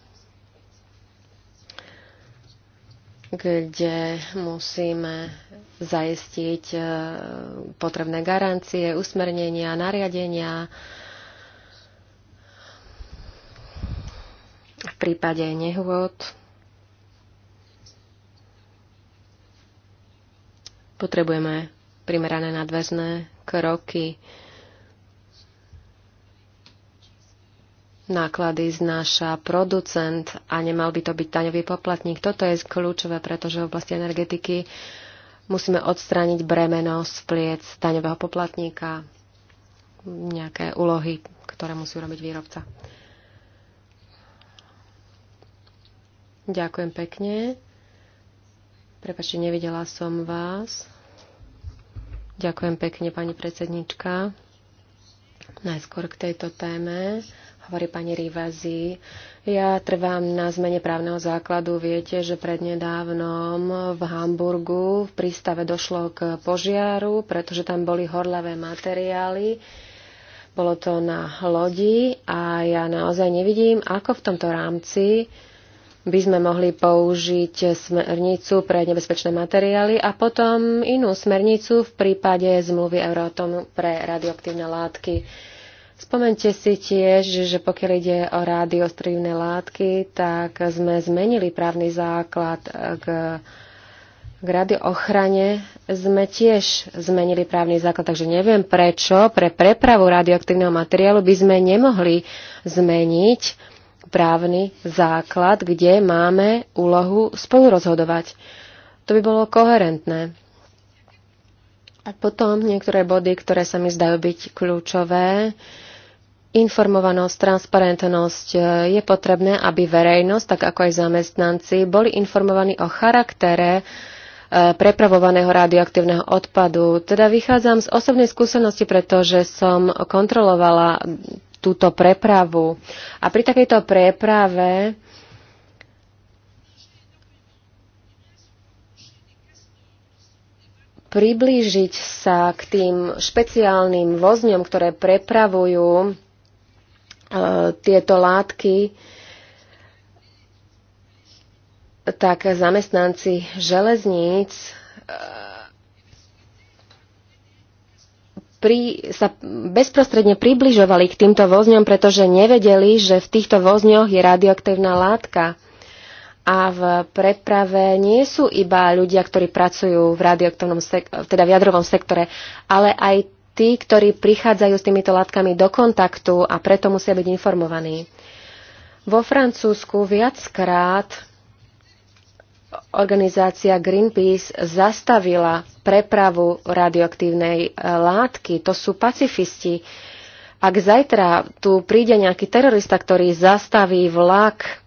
kde musíme zaistiť e, potrebné garancie, usmernenia, nariadenia. V prípade nehôd potrebujeme primerané nadväzné kroky, náklady znáša producent a nemal by to byť daňový poplatník. Toto je kľúčové, pretože v oblasti energetiky musíme odstrániť bremeno z pliec daňového poplatníka, nejaké úlohy, ktoré musí robiť výrobca. Ďakujem pekne. Prepačte, nevidela som vás. Ďakujem pekne, pani predsednička. Najskôr k tejto téme hovorí pani Rivazi. Ja trvám na zmene právneho základu. Viete, že prednedávnom v Hamburgu v prístave došlo k požiaru, pretože tam boli horľavé materiály. Bolo to na lodi a ja naozaj nevidím, ako v tomto rámci by sme mohli použiť smernicu pre nebezpečné materiály a potom inú smernicu v prípade zmluvy Euratom pre radioaktívne látky. Spomente si tiež, že pokiaľ ide o rádiostrivné látky, tak sme zmenili právny základ k, k radioochrane. Sme tiež zmenili právny základ, takže neviem prečo pre prepravu radioaktívneho materiálu by sme nemohli zmeniť právny základ, kde máme úlohu spolurozhodovať. To by bolo koherentné. A potom niektoré body, ktoré sa mi zdajú byť kľúčové informovanosť, transparentnosť. E, je potrebné, aby verejnosť, tak ako aj zamestnanci, boli informovaní o charaktere e, prepravovaného radioaktívneho odpadu. Teda vychádzam z osobnej skúsenosti, pretože som kontrolovala túto prepravu. A pri takejto preprave priblížiť sa k tým špeciálnym vozňom, ktoré prepravujú E, tieto látky, tak zamestnanci železníc e, pri, sa bezprostredne približovali k týmto vozňom, pretože nevedeli, že v týchto vozňoch je radioaktívna látka. A v preprave nie sú iba ľudia, ktorí pracujú v, radioaktívnom sek- teda v jadrovom sektore, ale aj tí, ktorí prichádzajú s týmito látkami do kontaktu a preto musia byť informovaní. Vo Francúzsku viackrát organizácia Greenpeace zastavila prepravu radioaktívnej e, látky. To sú pacifisti. Ak zajtra tu príde nejaký terorista, ktorý zastaví vlak,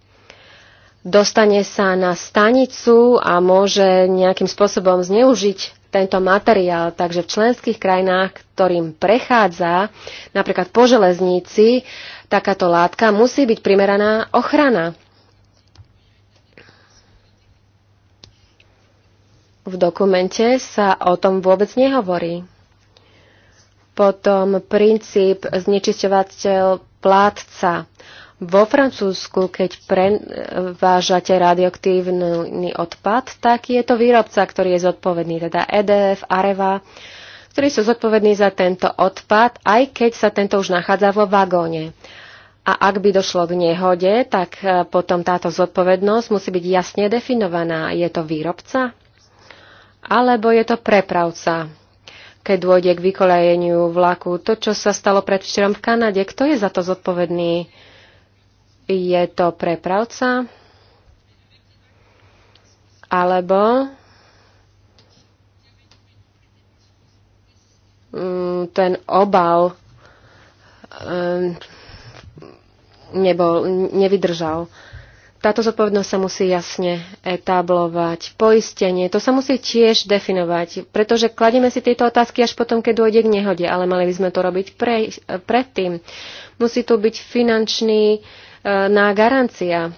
dostane sa na stanicu a môže nejakým spôsobom zneužiť tento materiál. Takže v členských krajinách, ktorým prechádza napríklad po železnici, takáto látka musí byť primeraná ochrana. V dokumente sa o tom vôbec nehovorí. Potom princíp znečisťovateľ plátca. Vo Francúzsku, keď prevážate radioaktívny odpad, tak je to výrobca, ktorý je zodpovedný, teda EDF, Areva, ktorí sú zodpovední za tento odpad, aj keď sa tento už nachádza vo vagóne. A ak by došlo k nehode, tak e, potom táto zodpovednosť musí byť jasne definovaná. Je to výrobca? Alebo je to prepravca? Keď dôjde k vykolejeniu vlaku, to, čo sa stalo predvčerom v Kanade, kto je za to zodpovedný? je to prepravca alebo mm, ten obal ehm, nebol, nevydržal. Táto zodpovednosť sa musí jasne etablovať. Poistenie, to sa musí tiež definovať, pretože kladieme si tieto otázky až potom, keď dôjde k nehode, ale mali by sme to robiť pre, predtým. Musí tu byť finančný na garancia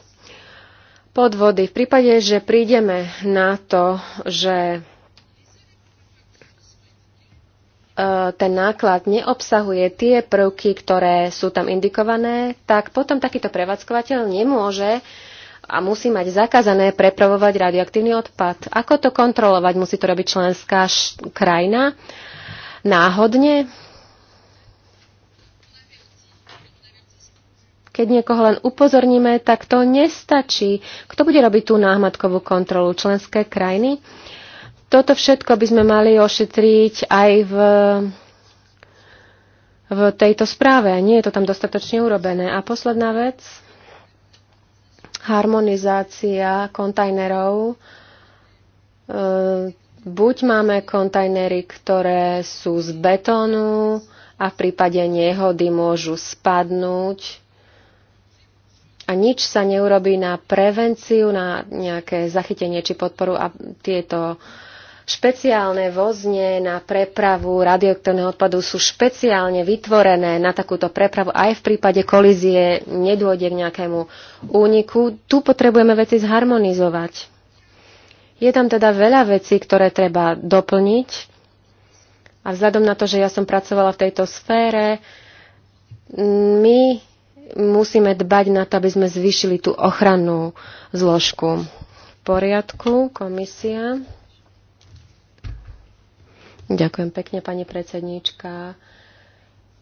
podvody. V prípade, že prídeme na to, že e, ten náklad neobsahuje tie prvky, ktoré sú tam indikované, tak potom takýto prevádzkovateľ nemôže a musí mať zakázané prepravovať radioaktívny odpad. Ako to kontrolovať? Musí to robiť členská krajina náhodne? Keď niekoho len upozorníme, tak to nestačí. Kto bude robiť tú náhmatkovú kontrolu? Členské krajiny? Toto všetko by sme mali ošetriť aj v, v tejto správe. Nie je to tam dostatočne urobené. A posledná vec. Harmonizácia kontajnerov. E, buď máme kontajnery, ktoré sú z betónu a v prípade nehody môžu spadnúť a nič sa neurobí na prevenciu, na nejaké zachytenie či podporu a tieto špeciálne vozne na prepravu radioaktívneho odpadu sú špeciálne vytvorené na takúto prepravu. Aj v prípade kolízie nedôjde k nejakému úniku. Tu potrebujeme veci zharmonizovať. Je tam teda veľa vecí, ktoré treba doplniť. A vzhľadom na to, že ja som pracovala v tejto sfére, my musíme dbať na to, aby sme zvýšili tú ochrannú zložku. V poriadku, komisia. Ďakujem pekne, pani predsedníčka.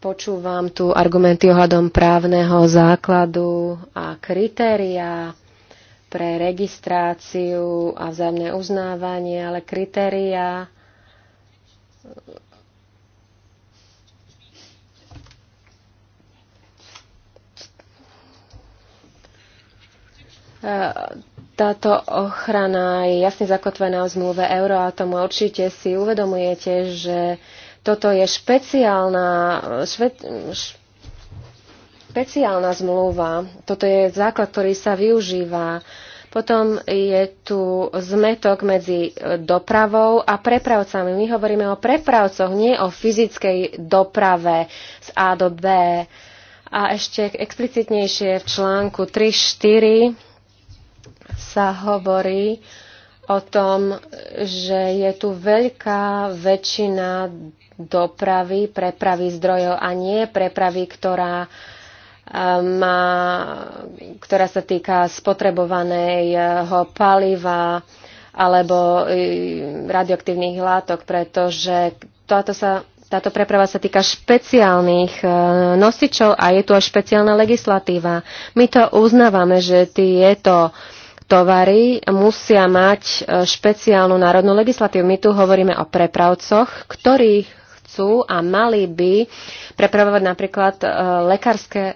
Počúvam tu argumenty ohľadom právneho základu a kritéria pre registráciu a vzájomné uznávanie, ale kritéria Táto ochrana je jasne zakotvená v zmluve Euroatomu. Určite si uvedomujete, že toto je špeciálna, špe, špeciálna zmluva. Toto je základ, ktorý sa využíva. Potom je tu zmetok medzi dopravou a prepravcami. My hovoríme o prepravcoch, nie o fyzickej doprave z A do B. A ešte explicitnejšie v článku 3.4 sa hovorí o tom, že je tu veľká väčšina dopravy, prepravy zdrojov a nie prepravy, ktorá eh, má, ktorá sa týka spotrebovaného paliva alebo eh, radioaktívnych látok, pretože táto, sa, táto preprava sa týka špeciálnych eh, nosičov a je tu aj špeciálna legislatíva. My to uznávame, že tieto tovary musia mať e, špeciálnu národnú legislatívu. My tu hovoríme o prepravcoch, ktorí chcú a mali by prepravovať napríklad e, lekárske e,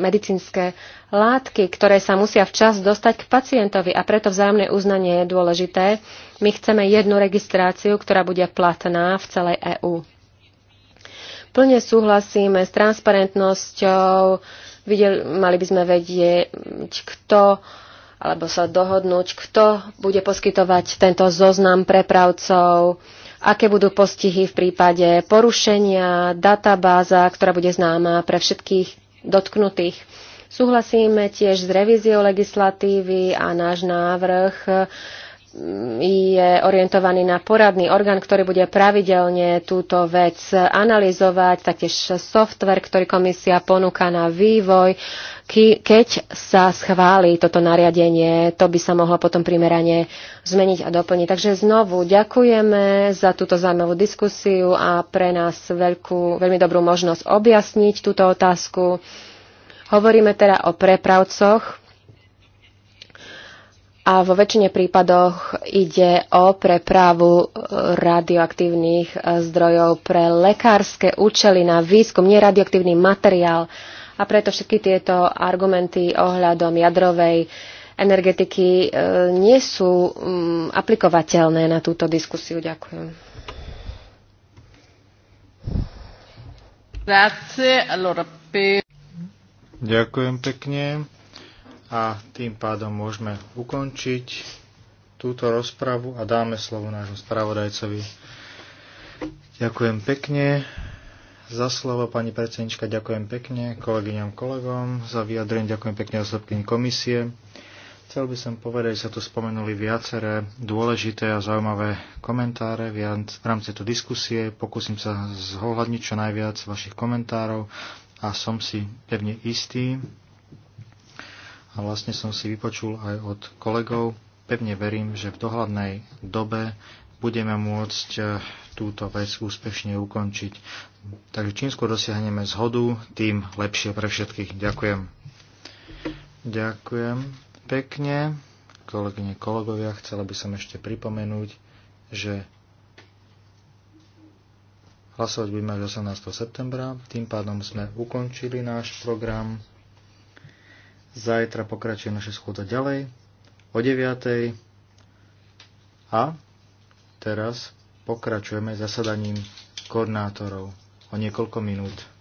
medicínske látky, ktoré sa musia včas dostať k pacientovi a preto vzájomné uznanie je dôležité. My chceme jednu registráciu, ktorá bude platná v celej EÚ. Plne súhlasíme s transparentnosťou, videli, mali by sme vedieť, kto uh, alebo sa dohodnúť, kto bude poskytovať tento zoznam prepravcov, aké budú postihy v prípade porušenia, databáza, ktorá bude známa pre všetkých dotknutých. Súhlasíme tiež s revíziou legislatívy a náš návrh je orientovaný na poradný orgán, ktorý bude pravidelne túto vec analyzovať, taktiež software, ktorý komisia ponúka na vývoj, keď sa schváli toto nariadenie, to by sa mohlo potom primerane zmeniť a doplniť. Takže znovu ďakujeme za túto zaujímavú diskusiu a pre nás veľkú, veľmi dobrú možnosť objasniť túto otázku. Hovoríme teda o prepravcoch, a vo väčšine prípadoch ide o prepravu e, radioaktívnych e, zdrojov pre lekárske účely na výskum, nie radioaktívny materiál. A preto všetky tieto argumenty ohľadom jadrovej energetiky e, nie sú mm, aplikovateľné na túto diskusiu. Ďakujem. Ďakujem pekne a tým pádom môžeme ukončiť túto rozpravu a dáme slovo nášmu spravodajcovi. Ďakujem pekne za slovo, pani predsednička, ďakujem pekne kolegyňam, kolegom za vyjadrenie, ďakujem pekne osobkyni komisie. Chcel by som povedať, že sa tu spomenuli viaceré dôležité a zaujímavé komentáre v rámci tejto diskusie. Pokúsim sa zhohľadniť čo najviac vašich komentárov a som si pevne istý, a vlastne som si vypočul aj od kolegov. Pevne verím, že v dohľadnej dobe budeme môcť eh, túto vec úspešne ukončiť. Takže čím skôr dosiahneme zhodu, tým lepšie pre všetkých. Ďakujem. Ďakujem pekne. Kolegyne, kolegovia, chcela by som ešte pripomenúť, že hlasovať budeme až 18. septembra. Tým pádom sme ukončili náš program. Zajtra pokračuje naša schôdza ďalej o 9. A teraz pokračujeme zasadaním koordinátorov o niekoľko minút.